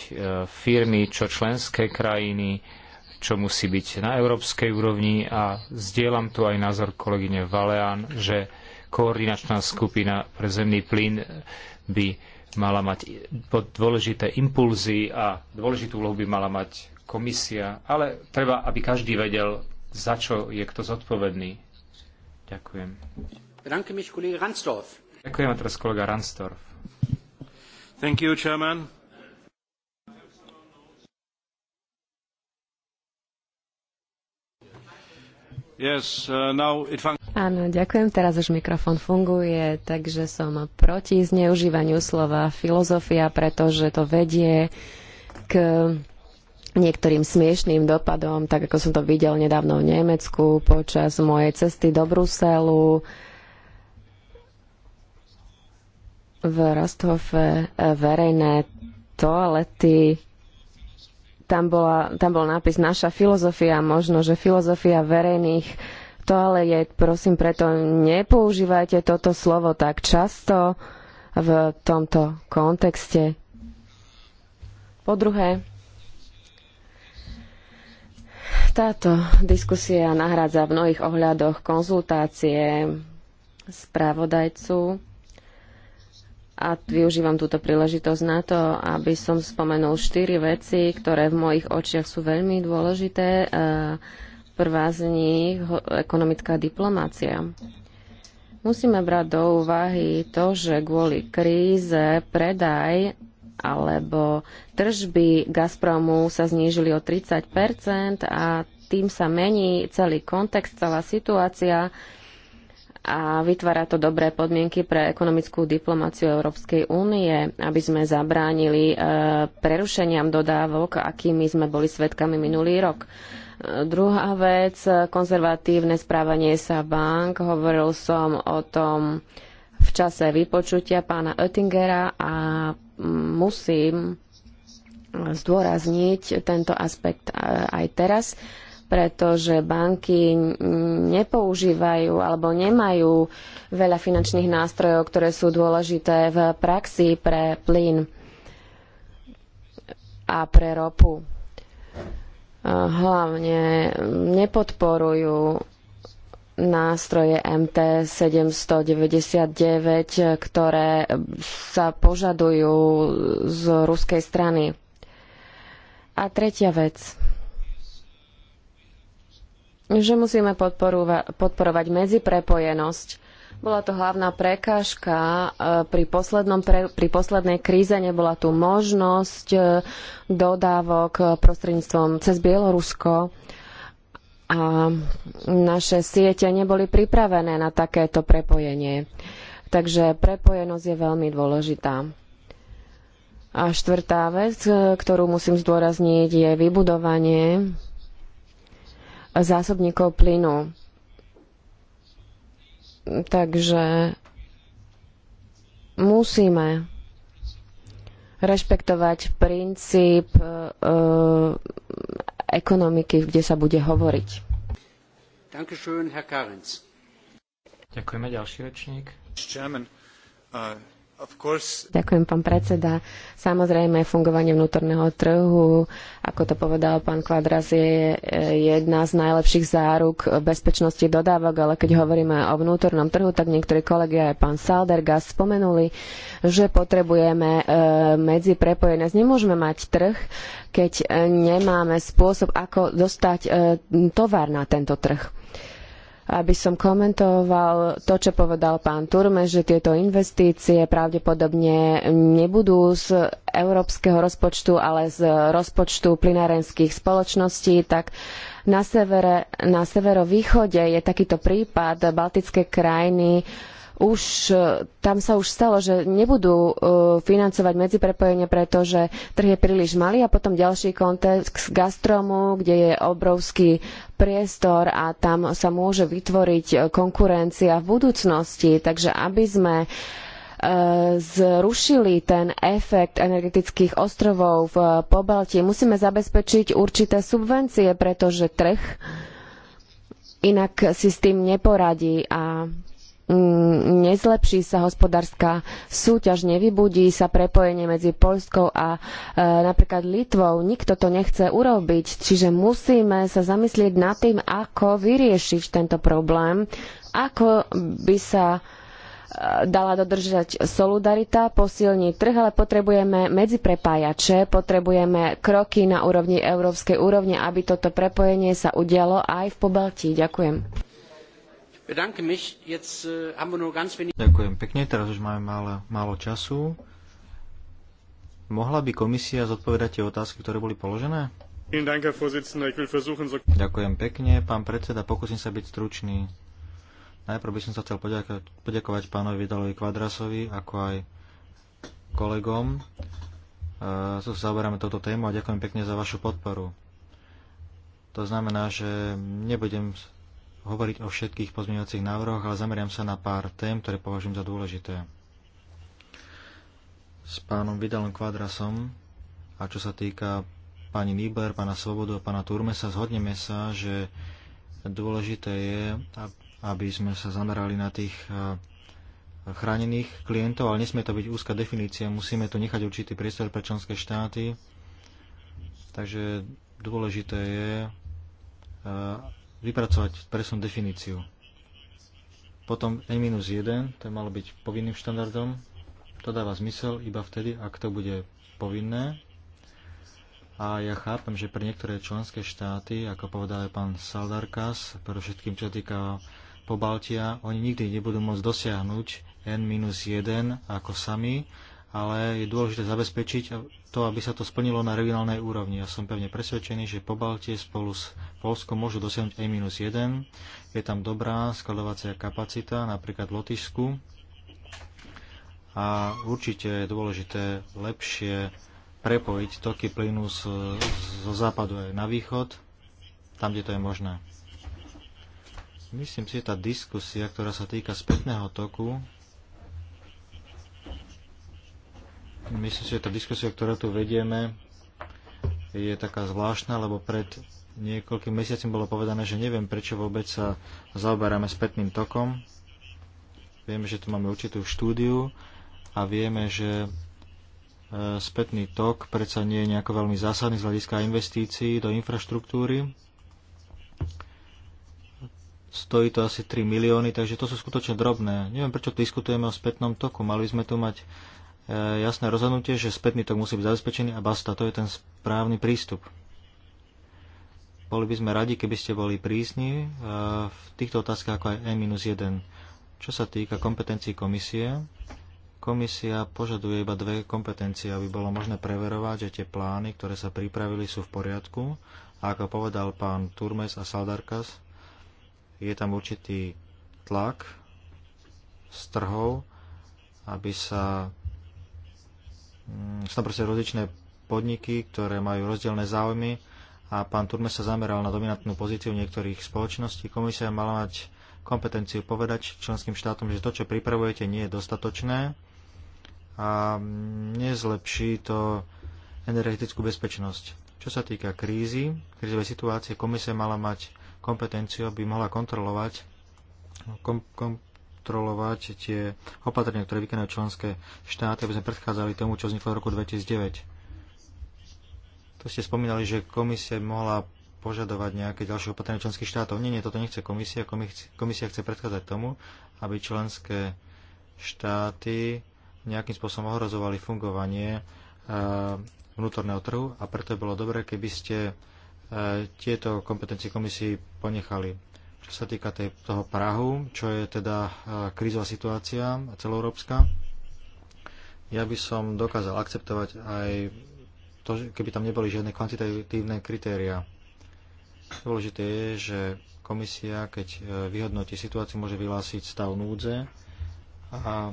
firmy, čo členské krajiny, čo musí byť na európskej úrovni a zdieľam tu aj názor kolegyne Valean, že koordinačná skupina pre zemný plyn by mala mať dôležité impulzy a dôležitú úlohu by mala mať komisia, ale treba, aby každý vedel, za čo je kto zodpovedný. Ďakujem. Ďakujem a teraz kolega Ransdorf. Thank you, Chairman. Yes, uh, Áno, ďakujem. Teraz už mikrofón funguje, takže som proti zneužívaniu slova filozofia, pretože to vedie k niektorým smiešným dopadom, tak ako som to videl nedávno v Nemecku počas mojej cesty do Bruselu v Rosthofe eh, verejné toalety tam, bola, tam bol nápis Naša filozofia, možno, že filozofia verejných toaliet. Prosím, preto nepoužívajte toto slovo tak často v tomto kontexte. Po druhé, táto diskusia nahrádza v mnohých ohľadoch konzultácie spravodajcu a využívam túto príležitosť na to, aby som spomenul štyri veci, ktoré v mojich očiach sú veľmi dôležité. E, prvá z nich ekonomická diplomácia. Musíme brať do úvahy to, že kvôli kríze predaj alebo tržby Gazpromu sa znížili o 30 a tým sa mení celý kontext, celá situácia a vytvára to dobré podmienky pre ekonomickú diplomáciu Európskej únie, aby sme zabránili e, prerušeniam dodávok, akými sme boli svedkami minulý rok. E, druhá vec, konzervatívne správanie sa bank. Hovoril som o tom v čase vypočutia pána Oettingera a musím zdôrazniť tento aspekt e, aj teraz pretože banky nepoužívajú alebo nemajú veľa finančných nástrojov, ktoré sú dôležité v praxi pre plyn a pre ropu. Hlavne nepodporujú nástroje MT 799, ktoré sa požadujú z ruskej strany. A tretia vec že musíme podporovať medziprepojenosť. Bola to hlavná prekážka e, pri, pri poslednej kríze, nebola tu možnosť e, dodávok e, prostredníctvom cez Bielorusko a naše siete neboli pripravené na takéto prepojenie. Takže prepojenosť je veľmi dôležitá. A štvrtá vec, ktorú musím zdôrazniť, je vybudovanie zásobníkov plynu. Takže musíme rešpektovať princíp e, ekonomiky, kde sa bude hovoriť. Ďakujeme, ďalší rečník. Chairman, uh, Ďakujem, pán predseda. Samozrejme, fungovanie vnútorného trhu, ako to povedal pán Kvadras, je eh, jedna z najlepších záruk bezpečnosti dodávok, ale keď hovoríme o vnútornom trhu, tak niektorí kolegia aj pán Saldergas spomenuli, že potrebujeme eh, medzi prepojené. Nemôžeme mať trh, keď eh, nemáme spôsob, ako dostať tovar na tento trh aby som komentoval to, čo povedal pán Turme, že tieto investície pravdepodobne nebudú z európskeho rozpočtu, ale z rozpočtu plynárenských spoločností, tak na, severe, na severovýchode je takýto prípad. Baltické krajiny už e, tam sa už stalo, že nebudú e, financovať medziprepojenie, pretože trh je príliš malý a potom ďalší kontext gastromu, kde je obrovský priestor a tam sa môže vytvoriť e, konkurencia v budúcnosti. Takže aby sme zrušili ten efekt energetických ostrovov v Pobalti, musíme zabezpečiť určité subvencie, pretože trh inak si s tým neporadí a Mm, nezlepší sa hospodárska súťaž, nevybudí sa prepojenie medzi Poľskou a e, napríklad Litvou. Nikto to nechce urobiť, čiže musíme sa zamyslieť nad tým, ako vyriešiť tento problém, ako by sa e, dala dodržať solidarita, posilní trh, ale potrebujeme medziprepájače, potrebujeme kroky na úrovni európskej úrovne, aby toto prepojenie sa udialo aj v Pobaltí. Ďakujem. Äh, ďakujem pekne, teraz už máme málo, málo času. Mohla by komisia zodpovedať tie otázky, ktoré boli položené? Ďakujem pekne, pán predseda, pokúsim sa byť stručný. Najprv by som sa chcel poďakovať, poďakovať pánovi Vidalovi Kvadrasovi, ako aj kolegom. E, zaoberáme toto tému a ďakujem pekne za vašu podporu. To znamená, že nebudem hovoriť o všetkých pozmeňovacích návrhoch, ale zameriam sa na pár tém, ktoré považujem za dôležité. S pánom Vidalom Kvadrasom a čo sa týka pani Níber, pána Svobodu a pána Turmesa, zhodneme sa, že dôležité je, aby sme sa zamerali na tých e, chránených klientov, ale nesmie to byť úzka definícia, musíme tu nechať určitý priestor pre členské štáty. Takže dôležité je, e, vypracovať presnú definíciu. Potom N-1, to malo byť povinným štandardom. To dáva zmysel iba vtedy, ak to bude povinné. A ja chápem, že pre niektoré členské štáty, ako povedal aj pán Saldarkas, pre všetkým, čo týka Pobaltia, oni nikdy nebudú môcť dosiahnuť N-1 ako sami, ale je dôležité zabezpečiť to, aby sa to splnilo na regionálnej úrovni. Ja som pevne presvedčený, že po Baltie spolu s Polskom môžu dosiahnuť minus 1 Je tam dobrá skladovacia kapacita, napríklad v Lotyšsku. A určite je dôležité lepšie prepojiť toky plynu zo západu aj na východ, tam, kde to je možné. Myslím si, že tá diskusia, ktorá sa týka spätného toku, Myslím si, že tá diskusia, ktorú tu vedieme, je taká zvláštna, lebo pred niekoľkým mesiacom bolo povedané, že neviem, prečo vôbec sa zaoberáme spätným tokom. Vieme, že tu máme určitú štúdiu a vieme, že e, spätný tok predsa nie je nejako veľmi zásadný z hľadiska investícií do infraštruktúry. Stojí to asi 3 milióny, takže to sú skutočne drobné. Neviem, prečo diskutujeme o spätnom toku. Mali sme tu mať E, jasné rozhodnutie, že spätný tok musí byť zabezpečený a basta, to je ten správny prístup. Boli by sme radi, keby ste boli prísni e, v týchto otázkach ako aj N-1. Čo sa týka kompetencií komisie, komisia požaduje iba dve kompetencie, aby bolo možné preverovať, že tie plány, ktoré sa pripravili, sú v poriadku. A ako povedal pán Turmes a Saldarkas, je tam určitý tlak z trhov, aby sa Mm, sú tam proste rozličné podniky, ktoré majú rozdielne záujmy a pán Turme sa zameral na dominantnú pozíciu niektorých spoločností. Komisia mala mať kompetenciu povedať členským štátom, že to, čo pripravujete, nie je dostatočné a nezlepší to energetickú bezpečnosť. Čo sa týka krízy, krízovej situácie, komisia mala mať kompetenciu, aby mohla kontrolovať kom, kom, kontrolovať tie opatrenia, ktoré vykonajú členské štáty, aby sme predchádzali tomu, čo vzniklo v roku 2009. To ste spomínali, že komisia mohla požadovať nejaké ďalšie opatrenia členských štátov. Nie, nie, toto nechce komisia. Komisia chce predchádzať tomu, aby členské štáty nejakým spôsobom ohrozovali fungovanie e, vnútorného trhu a preto by bolo dobré, keby ste e, tieto kompetencie komisii ponechali čo sa týka tej, toho Prahu, čo je teda krízová situácia celoeurópska. Ja by som dokázal akceptovať aj to, keby tam neboli žiadne kvantitatívne kritéria. Dôležité je, že komisia, keď e, vyhodnotí situáciu, môže vyhlásiť stav núdze a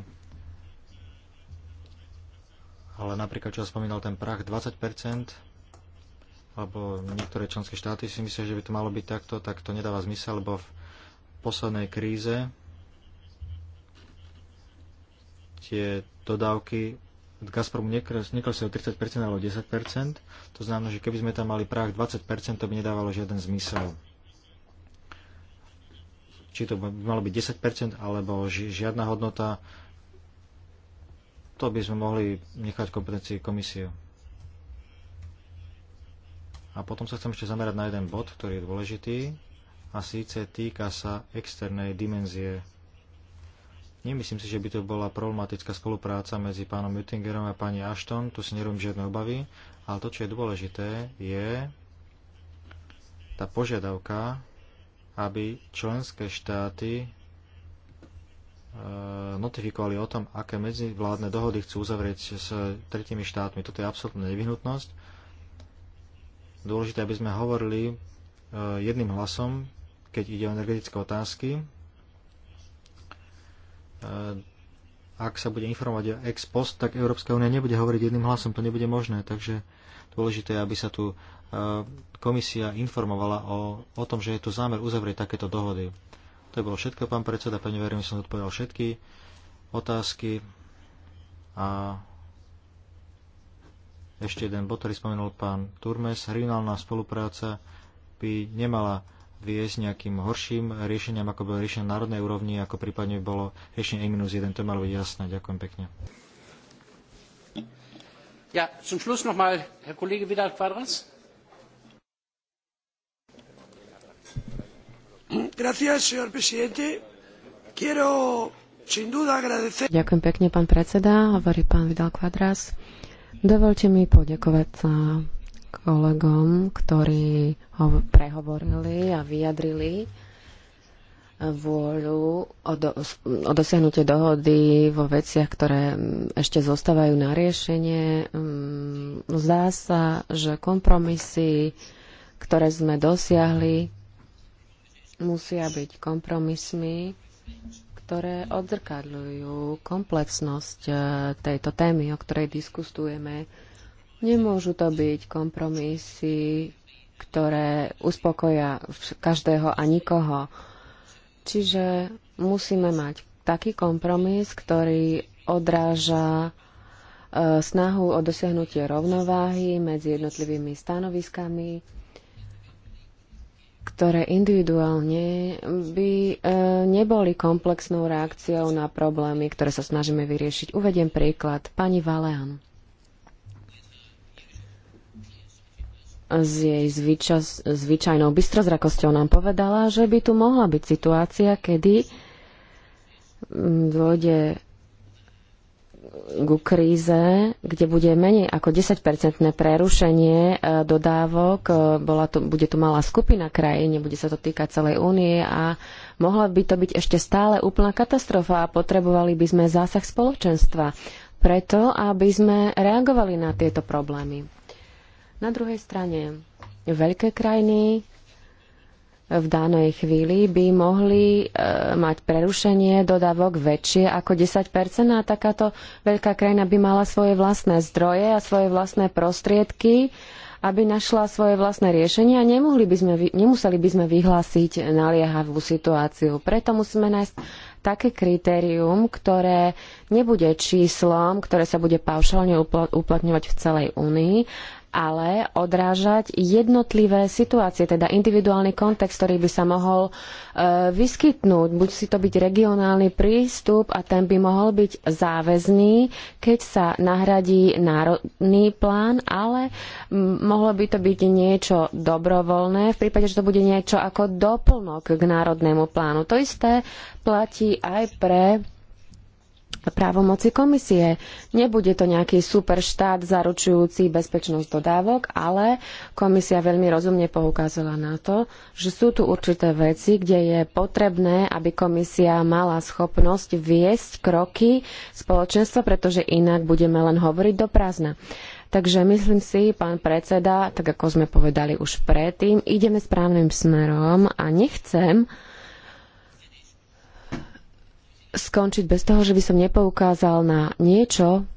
ale napríklad, čo ja spomínal ten prach, 20 alebo niektoré členské štáty si myslia, že by to malo byť takto, tak to nedáva zmysel, lebo v poslednej kríze tie dodávky od Gazpromu o 30% alebo 10%. To znamená, že keby sme tam mali práh 20%, to by nedávalo žiaden zmysel. Či to by malo byť 10% alebo žiadna hodnota, to by sme mohli nechať kompetencii komisiu. A potom sa chcem ešte zamerať na jeden bod, ktorý je dôležitý a síce týka sa externej dimenzie. Nemyslím si, že by to bola problematická spolupráca medzi pánom Juttingerom a pani Ashton, tu si nerobím žiadne obavy, ale to, čo je dôležité, je tá požiadavka, aby členské štáty e, notifikovali o tom, aké medzivládne dohody chcú uzavrieť s tretími štátmi. Toto je absolútna nevyhnutnosť dôležité, aby sme hovorili e, jedným hlasom, keď ide o energetické otázky. E, ak sa bude informovať o ex post, tak Európska únia nebude hovoriť jedným hlasom, to nebude možné, takže dôležité je, aby sa tu e, komisia informovala o, o tom, že je tu zámer uzavrieť takéto dohody. To je bolo všetko, pán predseda, pevne verím, že som odpovedal všetky otázky a ešte jeden bod, ktorý spomenul pán Turmes. Regionálna spolupráca by nemala viesť nejakým horším riešeniam, ako bolo riešenie na národnej úrovni, ako prípadne bolo riešenie E-1. To malo byť jasné. Ďakujem pekne. Ja, zum Schluss nochmal, Herr Kollege Vidal Quadras. Gracias, señor presidente. Quiero, sin duda, agradecer... Ďakujem pekne, pán predseda, hovorí pán Vidal Quadras. Dovolte mi poďakovať sa kolegom, ktorí ho prehovorili a vyjadrili vôľu o, do, o dosiahnutie dohody vo veciach, ktoré mm, ešte zostávajú na riešenie. Mm, zdá sa, že kompromisy, ktoré sme dosiahli, musia byť kompromismi, ktoré odzrkadľujú komplexnosť e, tejto témy, o ktorej diskutujeme. Nemôžu to byť kompromisy, ktoré uspokoja každého a nikoho. Čiže musíme mať taký kompromis, ktorý odráža e, snahu o dosiahnutie rovnováhy medzi jednotlivými stanoviskami ktoré individuálne by e, neboli komplexnou reakciou na problémy, ktoré sa snažíme vyriešiť. Uvediem príklad. Pani Valean. s jej zvyčas, zvyčajnou bystrozrakosťou nám povedala, že by tu mohla byť situácia, kedy dôjde ku kríze, kde bude menej ako 10-percentné prerušenie e, dodávok. E, bola to, bude tu malá skupina krajín, nebude sa to týkať celej únie a mohla by to byť ešte stále úplná katastrofa a potrebovali by sme zásah spoločenstva preto, aby sme reagovali na tieto problémy. Na druhej strane veľké krajiny v danej chvíli by mohli e, mať prerušenie dodávok väčšie ako 10 a takáto veľká krajina by mala svoje vlastné zdroje a svoje vlastné prostriedky, aby našla svoje vlastné riešenie a nemohli by sme, nemuseli by sme vyhlásiť naliehavú situáciu. Preto musíme nájsť také kritérium, ktoré nebude číslom, ktoré sa bude paušálne uplatňovať v celej únii, ale odrážať jednotlivé situácie, teda individuálny kontext, ktorý by sa mohol e, vyskytnúť. Buď si to byť regionálny prístup a ten by mohol byť záväzný, keď sa nahradí národný plán, ale mohlo by to byť niečo dobrovoľné, v prípade, že to bude niečo ako doplnok k národnému plánu. To isté platí aj pre právomoci komisie. Nebude to nejaký super štát zaručujúci bezpečnosť dodávok, ale komisia veľmi rozumne poukázala na to, že sú tu určité veci, kde je potrebné, aby komisia mala schopnosť viesť kroky spoločenstva, pretože inak budeme len hovoriť do prázdna. Takže myslím si, pán predseda, tak ako sme povedali už predtým, ideme správnym smerom a nechcem, skončiť bez toho, že by som nepoukázal na niečo,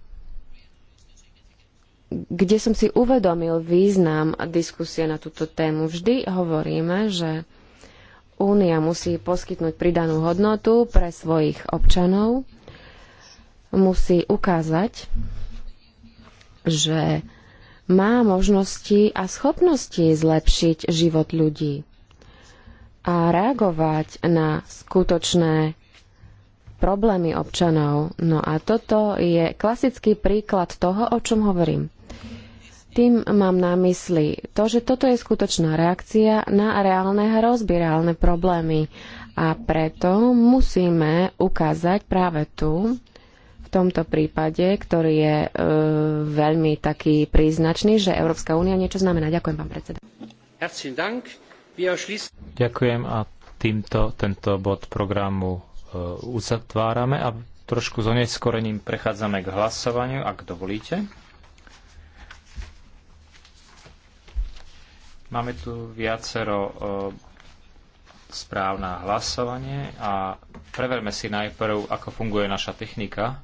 kde som si uvedomil význam diskusie na túto tému. Vždy hovoríme, že Únia musí poskytnúť pridanú hodnotu pre svojich občanov, musí ukázať, že má možnosti a schopnosti zlepšiť život ľudí a reagovať na skutočné problémy občanov. No a toto je klasický príklad toho, o čom hovorím. Tým mám na mysli to, že toto je skutočná reakcia na reálne hrozby, reálne problémy. A preto musíme ukázať práve tu, v tomto prípade, ktorý je e, veľmi taký príznačný, že Európska únia niečo znamená. Ďakujem, pán predseda. Ďakujem a týmto tento bod programu E, uzatvárame a trošku s oneskorením prechádzame k hlasovaniu, ak dovolíte. Máme tu viacero e, správ na hlasovanie a preverme si najprv, ako funguje naša technika.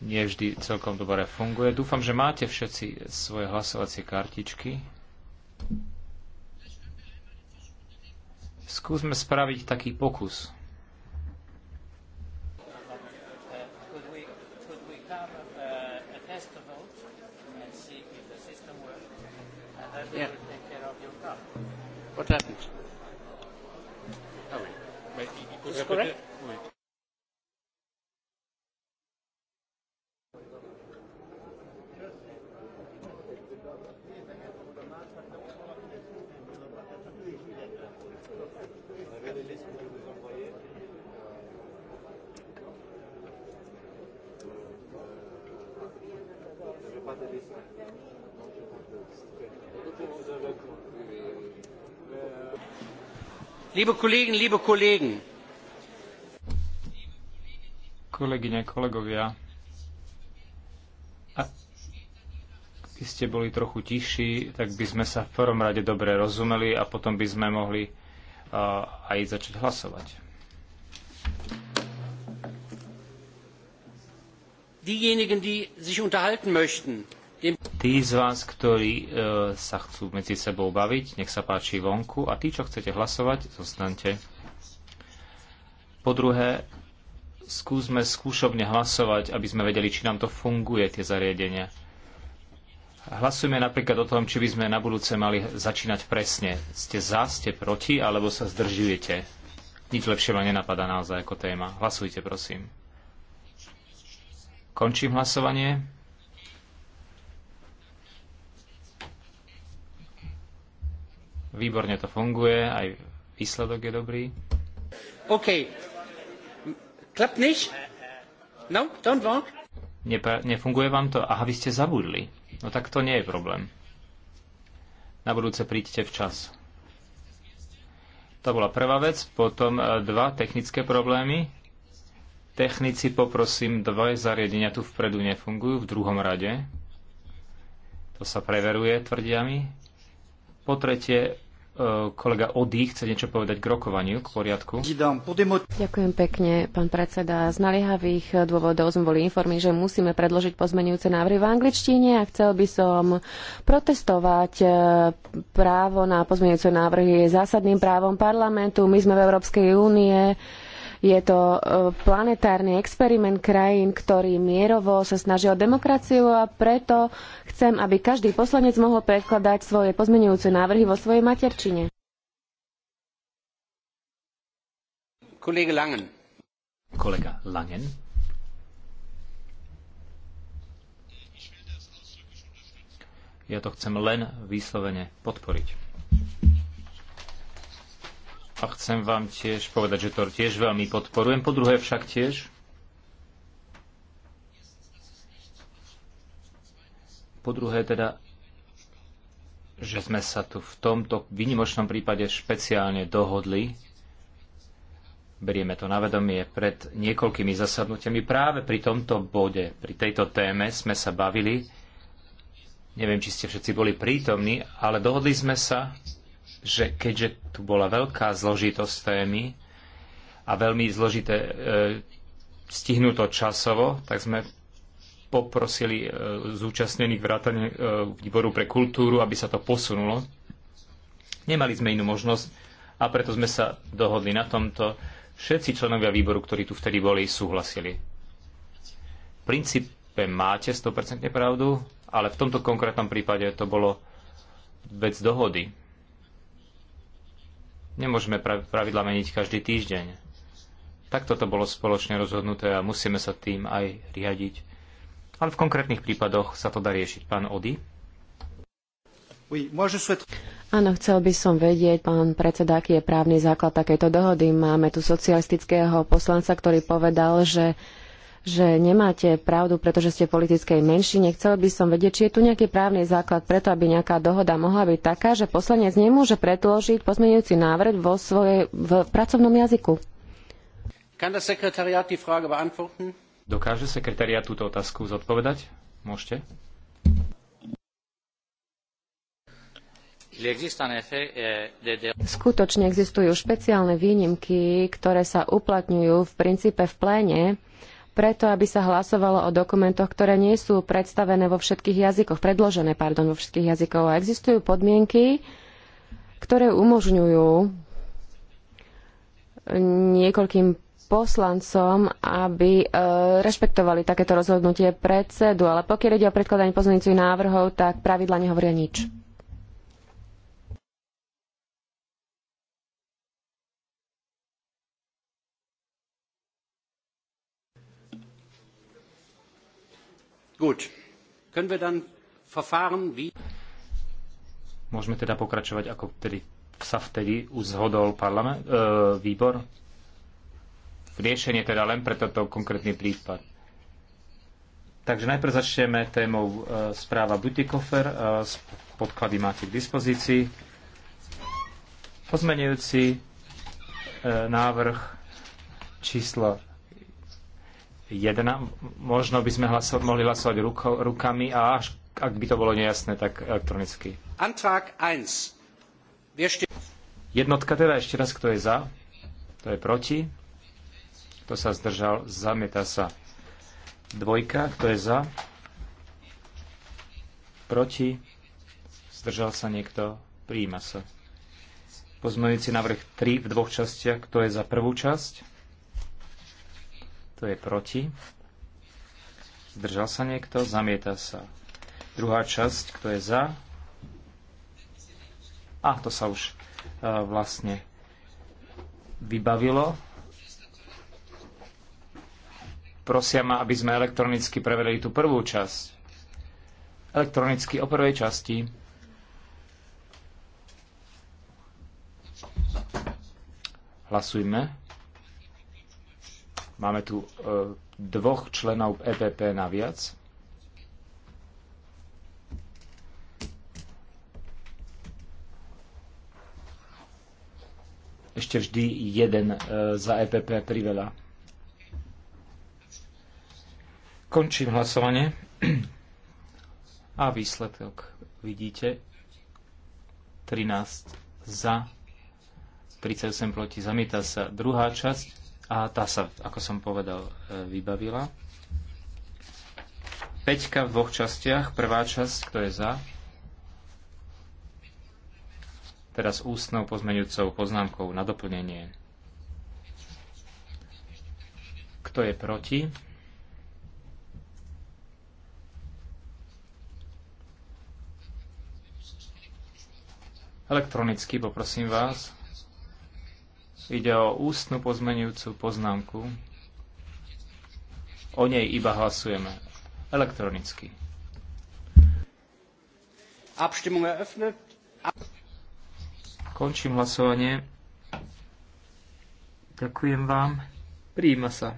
Nie vždy celkom dobre funguje. Dúfam, že máte všetci svoje hlasovacie kartičky. Skúsme spraviť taký pokus. Yeah. What happened? Oh, wait. Wait, you, you, you, you, you, you, you, Liebe Kolleginnen, liebe Kollegen. Kolegyne, kolegovia, ak by ste boli trochu tichší, tak by sme sa v prvom rade dobre rozumeli a potom by sme mohli uh, aj začať hlasovať. Diejenigen, die sich unterhalten möchten, dem Tí z vás, ktorí e, sa chcú medzi sebou baviť, nech sa páči vonku a tí, čo chcete hlasovať, zostante. Po druhé, skúsme skúšobne hlasovať, aby sme vedeli, či nám to funguje, tie zariadenia. Hlasujme napríklad o tom, či by sme na budúce mali začínať presne. Ste za, ste proti, alebo sa zdržujete. Nič lepšie ma nenapadá naozaj ako téma. Hlasujte, prosím. Končím hlasovanie. Výborne to funguje, aj výsledok je dobrý. OK. Klappt nicht? No, don't walk. Nepa- nefunguje vám to? Aha, vy ste zabudli. No tak to nie je problém. Na budúce príďte včas. To bola prvá vec, potom e, dva technické problémy. Technici poprosím, dva zariadenia tu vpredu nefungujú, v druhom rade. To sa preveruje, tvrdia mi. Po tretie, E, kolega Ody chce niečo povedať k rokovaniu, k poriadku. Ďakujem pekne, pán predseda. Z naliehavých dôvodov sme boli informí, že musíme predložiť pozmenujúce návrhy v angličtine a chcel by som protestovať. E, právo na pozmenujúce návrhy je zásadným právom parlamentu. My sme v Európskej únie je to e, planetárny experiment krajín, ktorý mierovo sa snaží o demokraciu a preto chcem, aby každý poslanec mohol predkladať svoje pozmenujúce návrhy vo svojej materčine. Kolega Langen. Kolega Langen. Ja to chcem len vyslovene podporiť. A chcem vám tiež povedať, že to tiež veľmi podporujem. Po druhé však tiež. Po druhé teda, že sme sa tu v tomto výnimočnom prípade špeciálne dohodli. Berieme to na vedomie pred niekoľkými zasadnutiami. Práve pri tomto bode, pri tejto téme sme sa bavili. Neviem, či ste všetci boli prítomní, ale dohodli sme sa, že keďže tu bola veľká zložitosť témy a veľmi zložité e, stihnuto časovo, tak sme poprosili e, zúčastnených vrátane e, výboru pre kultúru, aby sa to posunulo. Nemali sme inú možnosť a preto sme sa dohodli na tomto. Všetci členovia výboru, ktorí tu vtedy boli, súhlasili. V princípe máte 100% pravdu, ale v tomto konkrétnom prípade to bolo vec dohody Nemôžeme pravidla meniť každý týždeň. Takto to bolo spoločne rozhodnuté a musíme sa tým aj riadiť. Ale v konkrétnych prípadoch sa to dá riešiť. Pán Ody? Áno, chcel by som vedieť, pán predseda, aký je právny základ takejto dohody. Máme tu socialistického poslanca, ktorý povedal, že že nemáte pravdu, pretože ste politickej menšine. Chcel by som vedieť, či je tu nejaký právny základ preto, aby nejaká dohoda mohla byť taká, že poslanec nemôže predložiť pozmeňujúci návrh vo svojej, v pracovnom jazyku. Dokáže sekretariat túto otázku zodpovedať? Môžete? Eh, Skutočne existujú špeciálne výnimky, ktoré sa uplatňujú v princípe v pléne preto, aby sa hlasovalo o dokumentoch, ktoré nie sú predstavené vo všetkých jazykoch, predložené, pardon, vo všetkých jazykoch. A existujú podmienky, ktoré umožňujú niekoľkým poslancom, aby e, rešpektovali takéto rozhodnutie predsedu. Ale pokiaľ ide o predkladanie pozmeňujúcich návrhov, tak pravidla nehovoria nič. Môžeme teda pokračovať, ako vtedy, sa vtedy uzhodol parlament, e, výbor. Riešenie teda len pre tento konkrétny prípad. Takže najprv začneme témou e, správa Butikofer. E, podklady máte k dispozícii. Pozmenujúci e, návrh číslo 1. Možno by sme hlaso- mohli hlasovať ruko- rukami a až ak by to bolo nejasné, tak elektronicky. Antrag 1. Jednotka teda ešte raz, kto je za, kto je proti, kto sa zdržal, zamieta sa. Dvojka, kto je za, proti, zdržal sa niekto, prijíma sa. Pozmeňujúci návrh 3 v dvoch častiach, kto je za prvú časť, to je proti. Zdržal sa niekto? Zamieta sa. Druhá časť, kto je za? A to sa už uh, vlastne vybavilo. Prosia ma, aby sme elektronicky preverili tú prvú časť. Elektronicky o prvej časti. Hlasujme. Máme tu e, dvoch členov EPP naviac. Ešte vždy jeden e, za EPP priveľa. Končím hlasovanie. A výsledok vidíte. 13 za, 38 proti, zamieta sa. Druhá časť a tá sa, ako som povedal, e, vybavila. Peťka v dvoch častiach. Prvá časť, kto je za? Teraz ústnou pozmeňujúcou poznámkou na doplnenie. Kto je proti? Elektronicky, poprosím vás. Ide o ústnu pozmenujúcu poznámku. O nej iba hlasujeme elektronicky. Končím hlasovanie. Ďakujem vám. Príjima sa.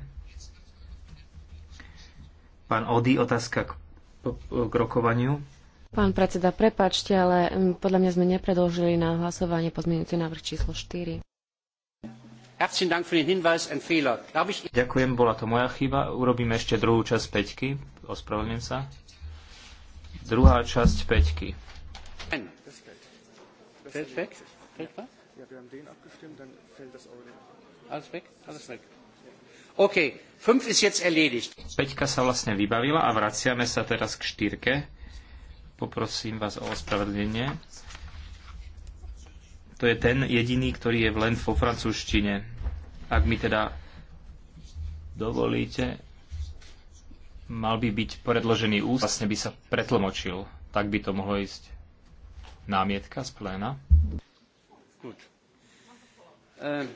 Pán Ody, otázka k, k rokovaniu. Pán predseda, prepačte, ale podľa mňa sme nepredložili na hlasovanie pozmienujúci návrh číslo 4. Ďakujem, bola to moja chyba. Urobím ešte druhú časť peťky. Ospravedlňujem sa. Druhá časť peťky. Peťka sa vlastne vybavila a vraciame sa teraz k štyrke. Poprosím vás o ospravedlnenie. To je ten jediný, ktorý je len vo francúzštine. Ak mi teda dovolíte, mal by byť predložený úst, vlastne by sa pretlmočil. Tak by to mohlo ísť. Námietka z pléna? Good. Um.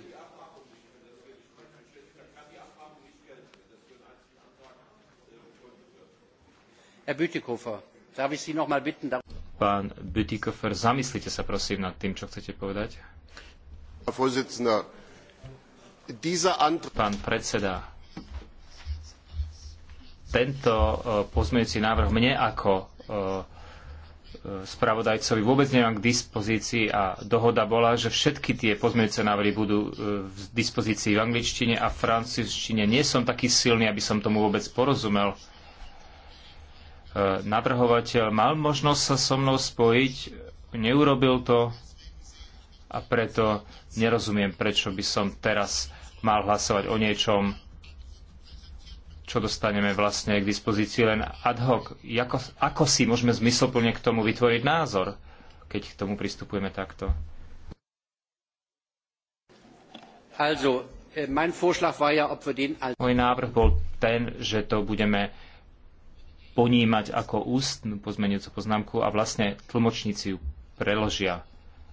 Herr Bütikofer, darf ich Sie noch mal bitten, darum Pán Bütikofer, zamyslite sa prosím nad tým, čo chcete povedať. Pán predseda, tento e, pozmeňujúci návrh mne ako e, e, spravodajcovi vôbec nemám k dispozícii a dohoda bola, že všetky tie pozmeňujúce návrhy budú v dispozícii v angličtine a francúzštine. Nie som taký silný, aby som tomu vôbec porozumel navrhovateľ mal možnosť sa so mnou spojiť, neurobil to a preto nerozumiem, prečo by som teraz mal hlasovať o niečom, čo dostaneme vlastne k dispozícii len ad hoc. Ako, ako si môžeme zmyslplne k tomu vytvoriť názor, keď k tomu pristupujeme takto? Also, äh, mein Vorschlag war ja, ob wir den... Môj návrh bol ten, že to budeme ponímať ako ústnu pozmeňujúcu poznámku a vlastne tlmočníci ju preložia.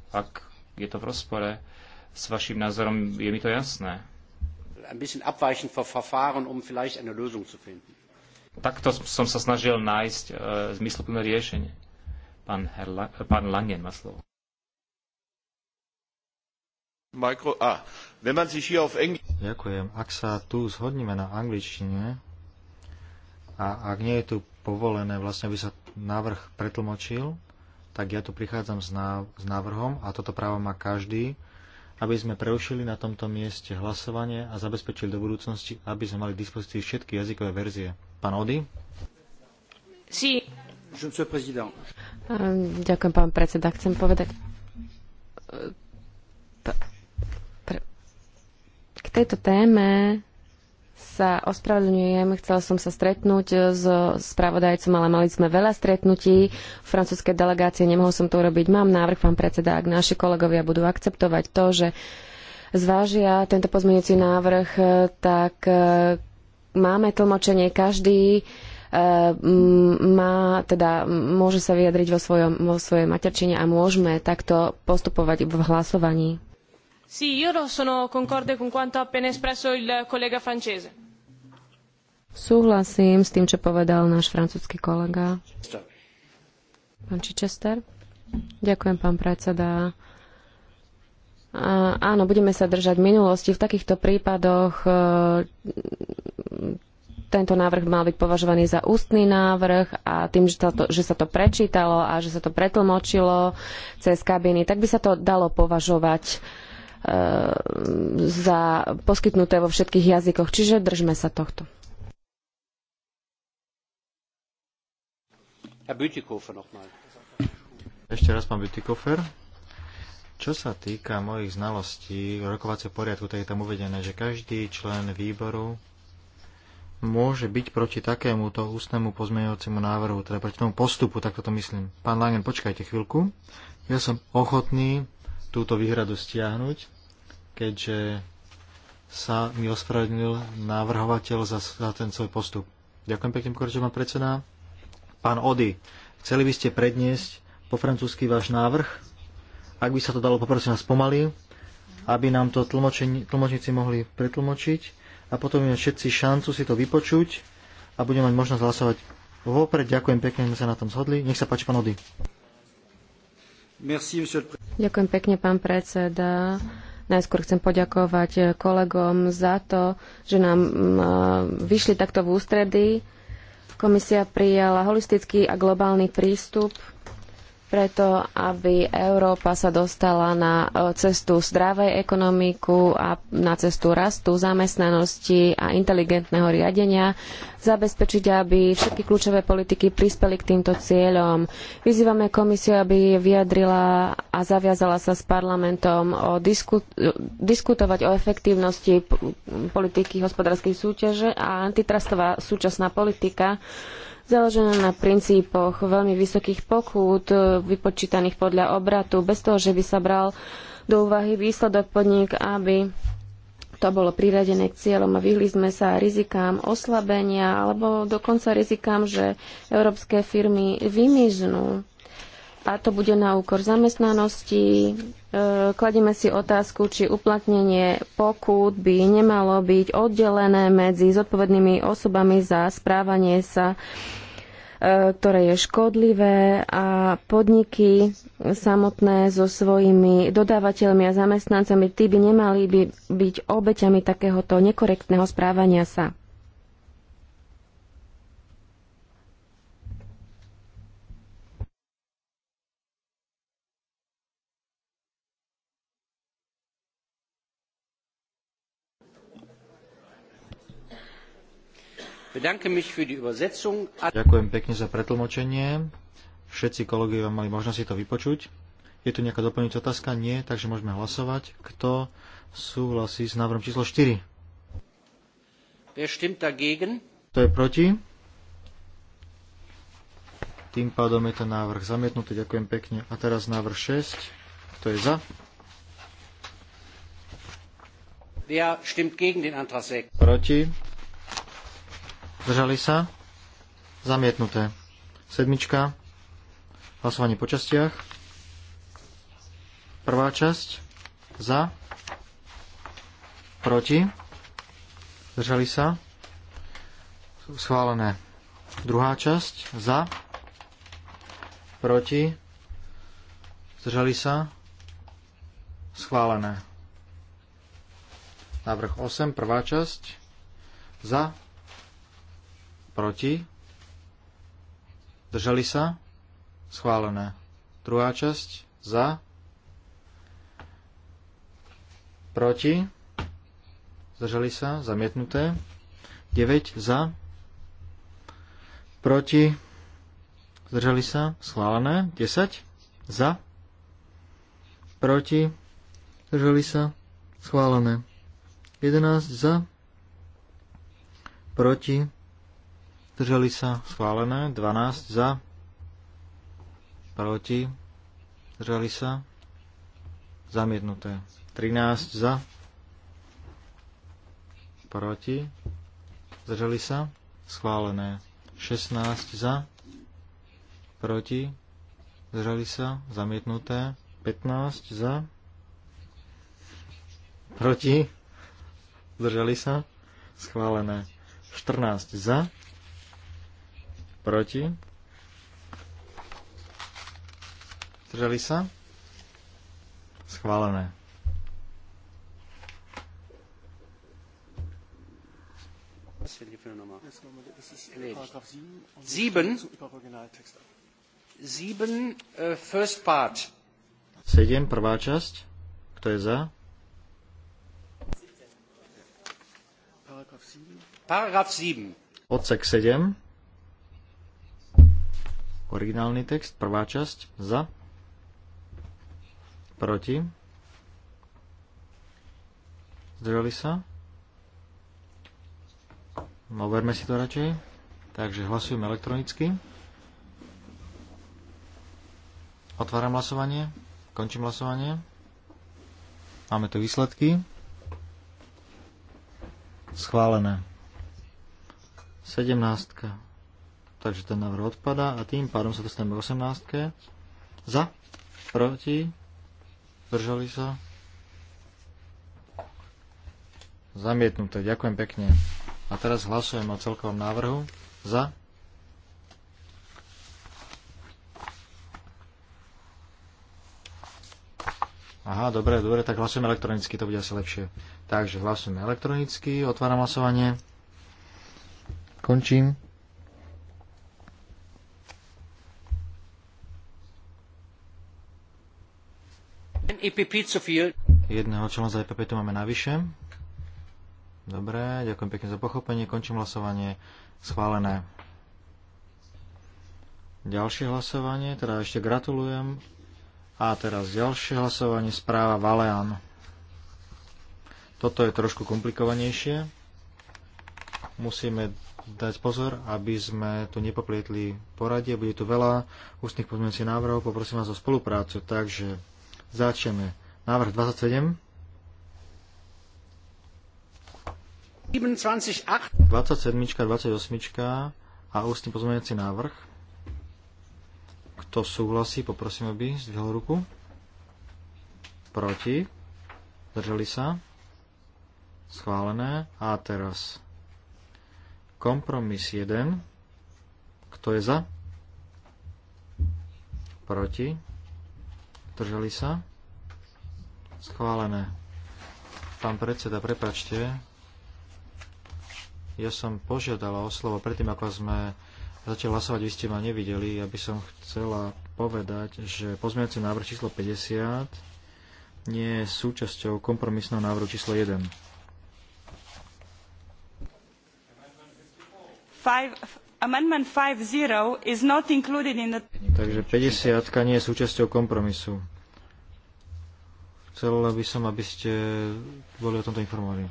Ak je to v rozpore s vašim názorom, je mi to jasné. Um Takto som sa snažil nájsť e, zmysluplné riešenie. Pán, Herla, pán Langen má slovo. Michael, ah, wenn man sich hier Ďakujem. Ak sa tu zhodneme na angličtine, a ak nie je tu povolené, vlastne by sa návrh pretlmočil, tak ja tu prichádzam s návrhom a toto právo má každý, aby sme preušili na tomto mieste hlasovanie a zabezpečili do budúcnosti, aby sme mali k dispozícii všetky jazykové verzie. Pán Ody? Sí. Ďakujem, pán predseda. Chcem povedať e, k tejto téme sa ospravedlňujem, chcela som sa stretnúť s spravodajcom, ale mali sme veľa stretnutí v francúzskej delegácie, nemohol som to urobiť. Mám návrh, pán predseda, ak naši kolegovia budú akceptovať to, že zvážia tento pozmeňujúci návrh, tak e, máme tlmočenie každý e, má, teda môže sa vyjadriť vo, svojom, vo svojej materčine a môžeme takto postupovať v hlasovaní. Sì, io sono concorde con quanto ha appena espresso il collega francese Súhlasím s tým, čo povedal náš francúzsky kolega. Pán Čičester. Ďakujem, pán predseda. A, áno, budeme sa držať minulosti. V takýchto prípadoch e, tento návrh mal byť považovaný za ústny návrh a tým, že sa, to, že sa to prečítalo a že sa to pretlmočilo cez kabiny, tak by sa to dalo považovať e, za poskytnuté vo všetkých jazykoch. Čiže držme sa tohto. Herr Bütikofer nochmal. Ešte raz pán Bütikofer. Čo sa týka mojich znalostí rokovacieho poriadku, tak je tam uvedené, že každý člen výboru môže byť proti takémuto ústnemu pozmeňovacímu návrhu, teda proti tomu postupu, tak toto myslím. Pán Langen, počkajte chvíľku. Ja som ochotný túto výhradu stiahnuť, keďže sa mi ospravedlnil návrhovateľ za, za ten svoj postup. Ďakujem pekne, pokračujem, pán predseda. Pán Ody, chceli by ste predniesť po francúzsky váš návrh? Ak by sa to dalo, poprosím vás pomaly, aby nám to tlmočníci mohli pretlmočiť a potom máme všetci šancu si to vypočuť a budeme mať možnosť hlasovať vopred. Ďakujem pekne, sme sa na tom zhodli. Nech sa páči, pán Ody. Merci, Ďakujem pekne, pán predseda. Najskôr chcem poďakovať kolegom za to, že nám eh, vyšli takto v ústredy Komisia prijala holistický a globálny prístup preto, aby Európa sa dostala na e, cestu zdravej ekonomiku a na cestu rastu, zamestnanosti a inteligentného riadenia, zabezpečiť, aby všetky kľúčové politiky prispeli k týmto cieľom. Vyzývame komisiu, aby vyjadrila a zaviazala sa s parlamentom o disku, e, diskutovať o efektívnosti politiky hospodárskej súťaže a antitrastová súčasná politika založená na princípoch veľmi vysokých pokút, e, vypočítaných podľa obratu, bez toho, že by sa bral do úvahy výsledok podnik, aby to bolo priradené k cieľom a vyhli sme sa rizikám oslabenia alebo dokonca rizikám, že európske firmy vymiznú a to bude na úkor zamestnanosti. kladíme kladieme si otázku, či uplatnenie pokút by nemalo byť oddelené medzi zodpovednými osobami za správanie sa ktoré je škodlivé a podniky samotné so svojimi dodávateľmi a zamestnancami, tí by nemali by byť obeťami takéhoto nekorektného správania sa. Ďakujem pekne za pretlmočenie. Všetci kolegovia mali možnosť si to vypočuť. Je tu nejaká doplňujúca otázka? Nie, takže môžeme hlasovať. Kto súhlasí s návrhom číslo 4? Kto je proti? Tým pádom je ten návrh zamietnutý. Ďakujem pekne. A teraz návrh 6. Kto je za? Proti? Zdržali sa? Zamietnuté. Sedmička. Hlasovanie po častiach. Prvá časť. Za. Proti. Zdržali sa. Schválené. Druhá časť. Za. Proti. Zdržali sa. Schválené. Návrh 8. Prvá časť. Za Proti? Držali sa? Schválené. Druhá časť. Za? Proti? Zdržali sa? Zamietnuté. 9. Za? Proti? Zdržali sa? Schválené. 10. Za? Proti? Zdržali sa? Schválené. 11. Za? Proti? Zdržali sa schválené. 12 za. Proti. Zdržali sa. Zamietnuté. 13 za. Proti. Zdržali sa. Schválené. 16 za. Proti. Zdržali sa. Zamietnuté. 15 za. Proti. Zdržali sa. Schválené. 14 za. Proti? Zdržali sa? Schválené. Sieben. Sieben, uh, first part. Sedem, prvá časť. Kto je za? Paragraf 7. Odsek 7. Originálny text, prvá časť, za, proti, zdržali sa. No, verme si to radšej. Takže hlasujeme elektronicky. Otváram hlasovanie. Končím hlasovanie. Máme tu výsledky. Schválené. 17 takže ten návrh odpadá a tým pádom sa dostaneme 18. Za, proti, držali sa. Zamietnuté, ďakujem pekne. A teraz hlasujem o celkovom návrhu. Za. Aha, dobre, dobre, tak hlasujeme elektronicky, to bude asi lepšie. Takže hlasujeme elektronicky, otváram hlasovanie. Končím. EPP zu viel. Jedného člena za EPP tu máme navyše. Dobre, ďakujem pekne za pochopenie. Končím hlasovanie. Schválené. Ďalšie hlasovanie, teda ešte gratulujem. A teraz ďalšie hlasovanie, správa Valean. Toto je trošku komplikovanejšie. Musíme dať pozor, aby sme tu nepoplietli poradie. Bude tu veľa ústnych pozmeňujúcich návrhov. Poprosím vás o spoluprácu. Takže Začneme. Návrh 27. 27, 28 a ústny pozmeňujúci návrh. Kto súhlasí, poprosím, aby zdvihol ruku. Proti. Zdržali sa. Schválené. A teraz kompromis 1. Kto je za? Proti Zdržali sa? Schválené. Pán predseda, prepačte. Ja som požiadala o slovo predtým, ako sme začali hlasovať, vy ste ma nevideli. Ja by som chcela povedať, že pozmeňujúci návrh číslo 50 nie je súčasťou kompromisného návrhu číslo 1. Amendment 50 is not included in the... Takže 50 nie je súčasťou kompromisu. Chcela by som, aby ste boli o tomto informovaní.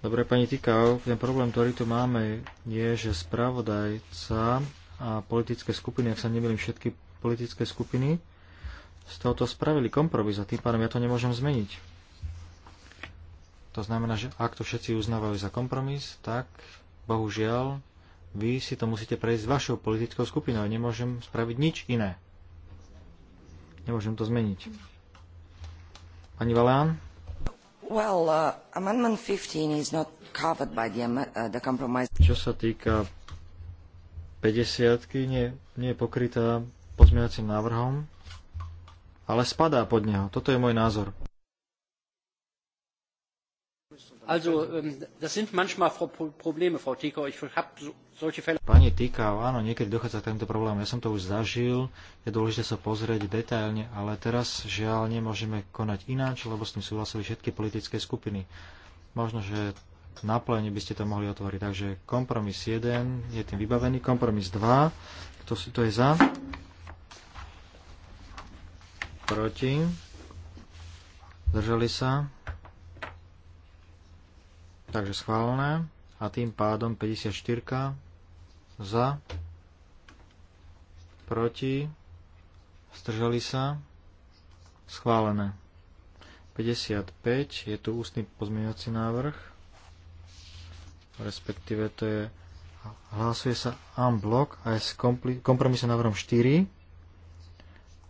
Dobre, pani Tikau, ten problém, ktorý tu máme, je, že spravodajca a politické skupiny, ak sa nemýlim všetky politické skupiny, z tohoto spravili kompromis a tým pádom ja to nemôžem zmeniť. To znamená, že ak to všetci uznávajú za kompromis, tak bohužiaľ vy si to musíte prejsť s vašou politickou skupinou. Nemôžem spraviť nič iné. Nemôžem to zmeniť. Pani Valéan? Well, uh, amendment 15 is not covered by the, uh, the compromise. Čo sa týka 50 nie, nie je pokrytá pozmeňovacím návrhom, ale spadá pod neho. Toto je môj názor. Also, ähm, das sind manchmal Probleme, Frau Tikau. Ich habe solche Fälle. Pani Tikau, áno, niekedy dochádza k takýmto problémom. Ja som to už zažil. Je dôležité sa pozrieť detailne, ale teraz žiaľ nemôžeme konať ináč, lebo s tým súhlasili všetky politické skupiny. Možno, že na pléne by ste to mohli otvoriť. Takže kompromis 1 je tým vybavený, kompromis 2, kto si to je za? Proti. Držali sa. Takže schválené. A tým pádom 54 za, proti, stržali sa, schválené. 55 je tu ústny pozmeňovací návrh, respektíve to je hlasuje sa unblock aj s kompromisom návrhom 4.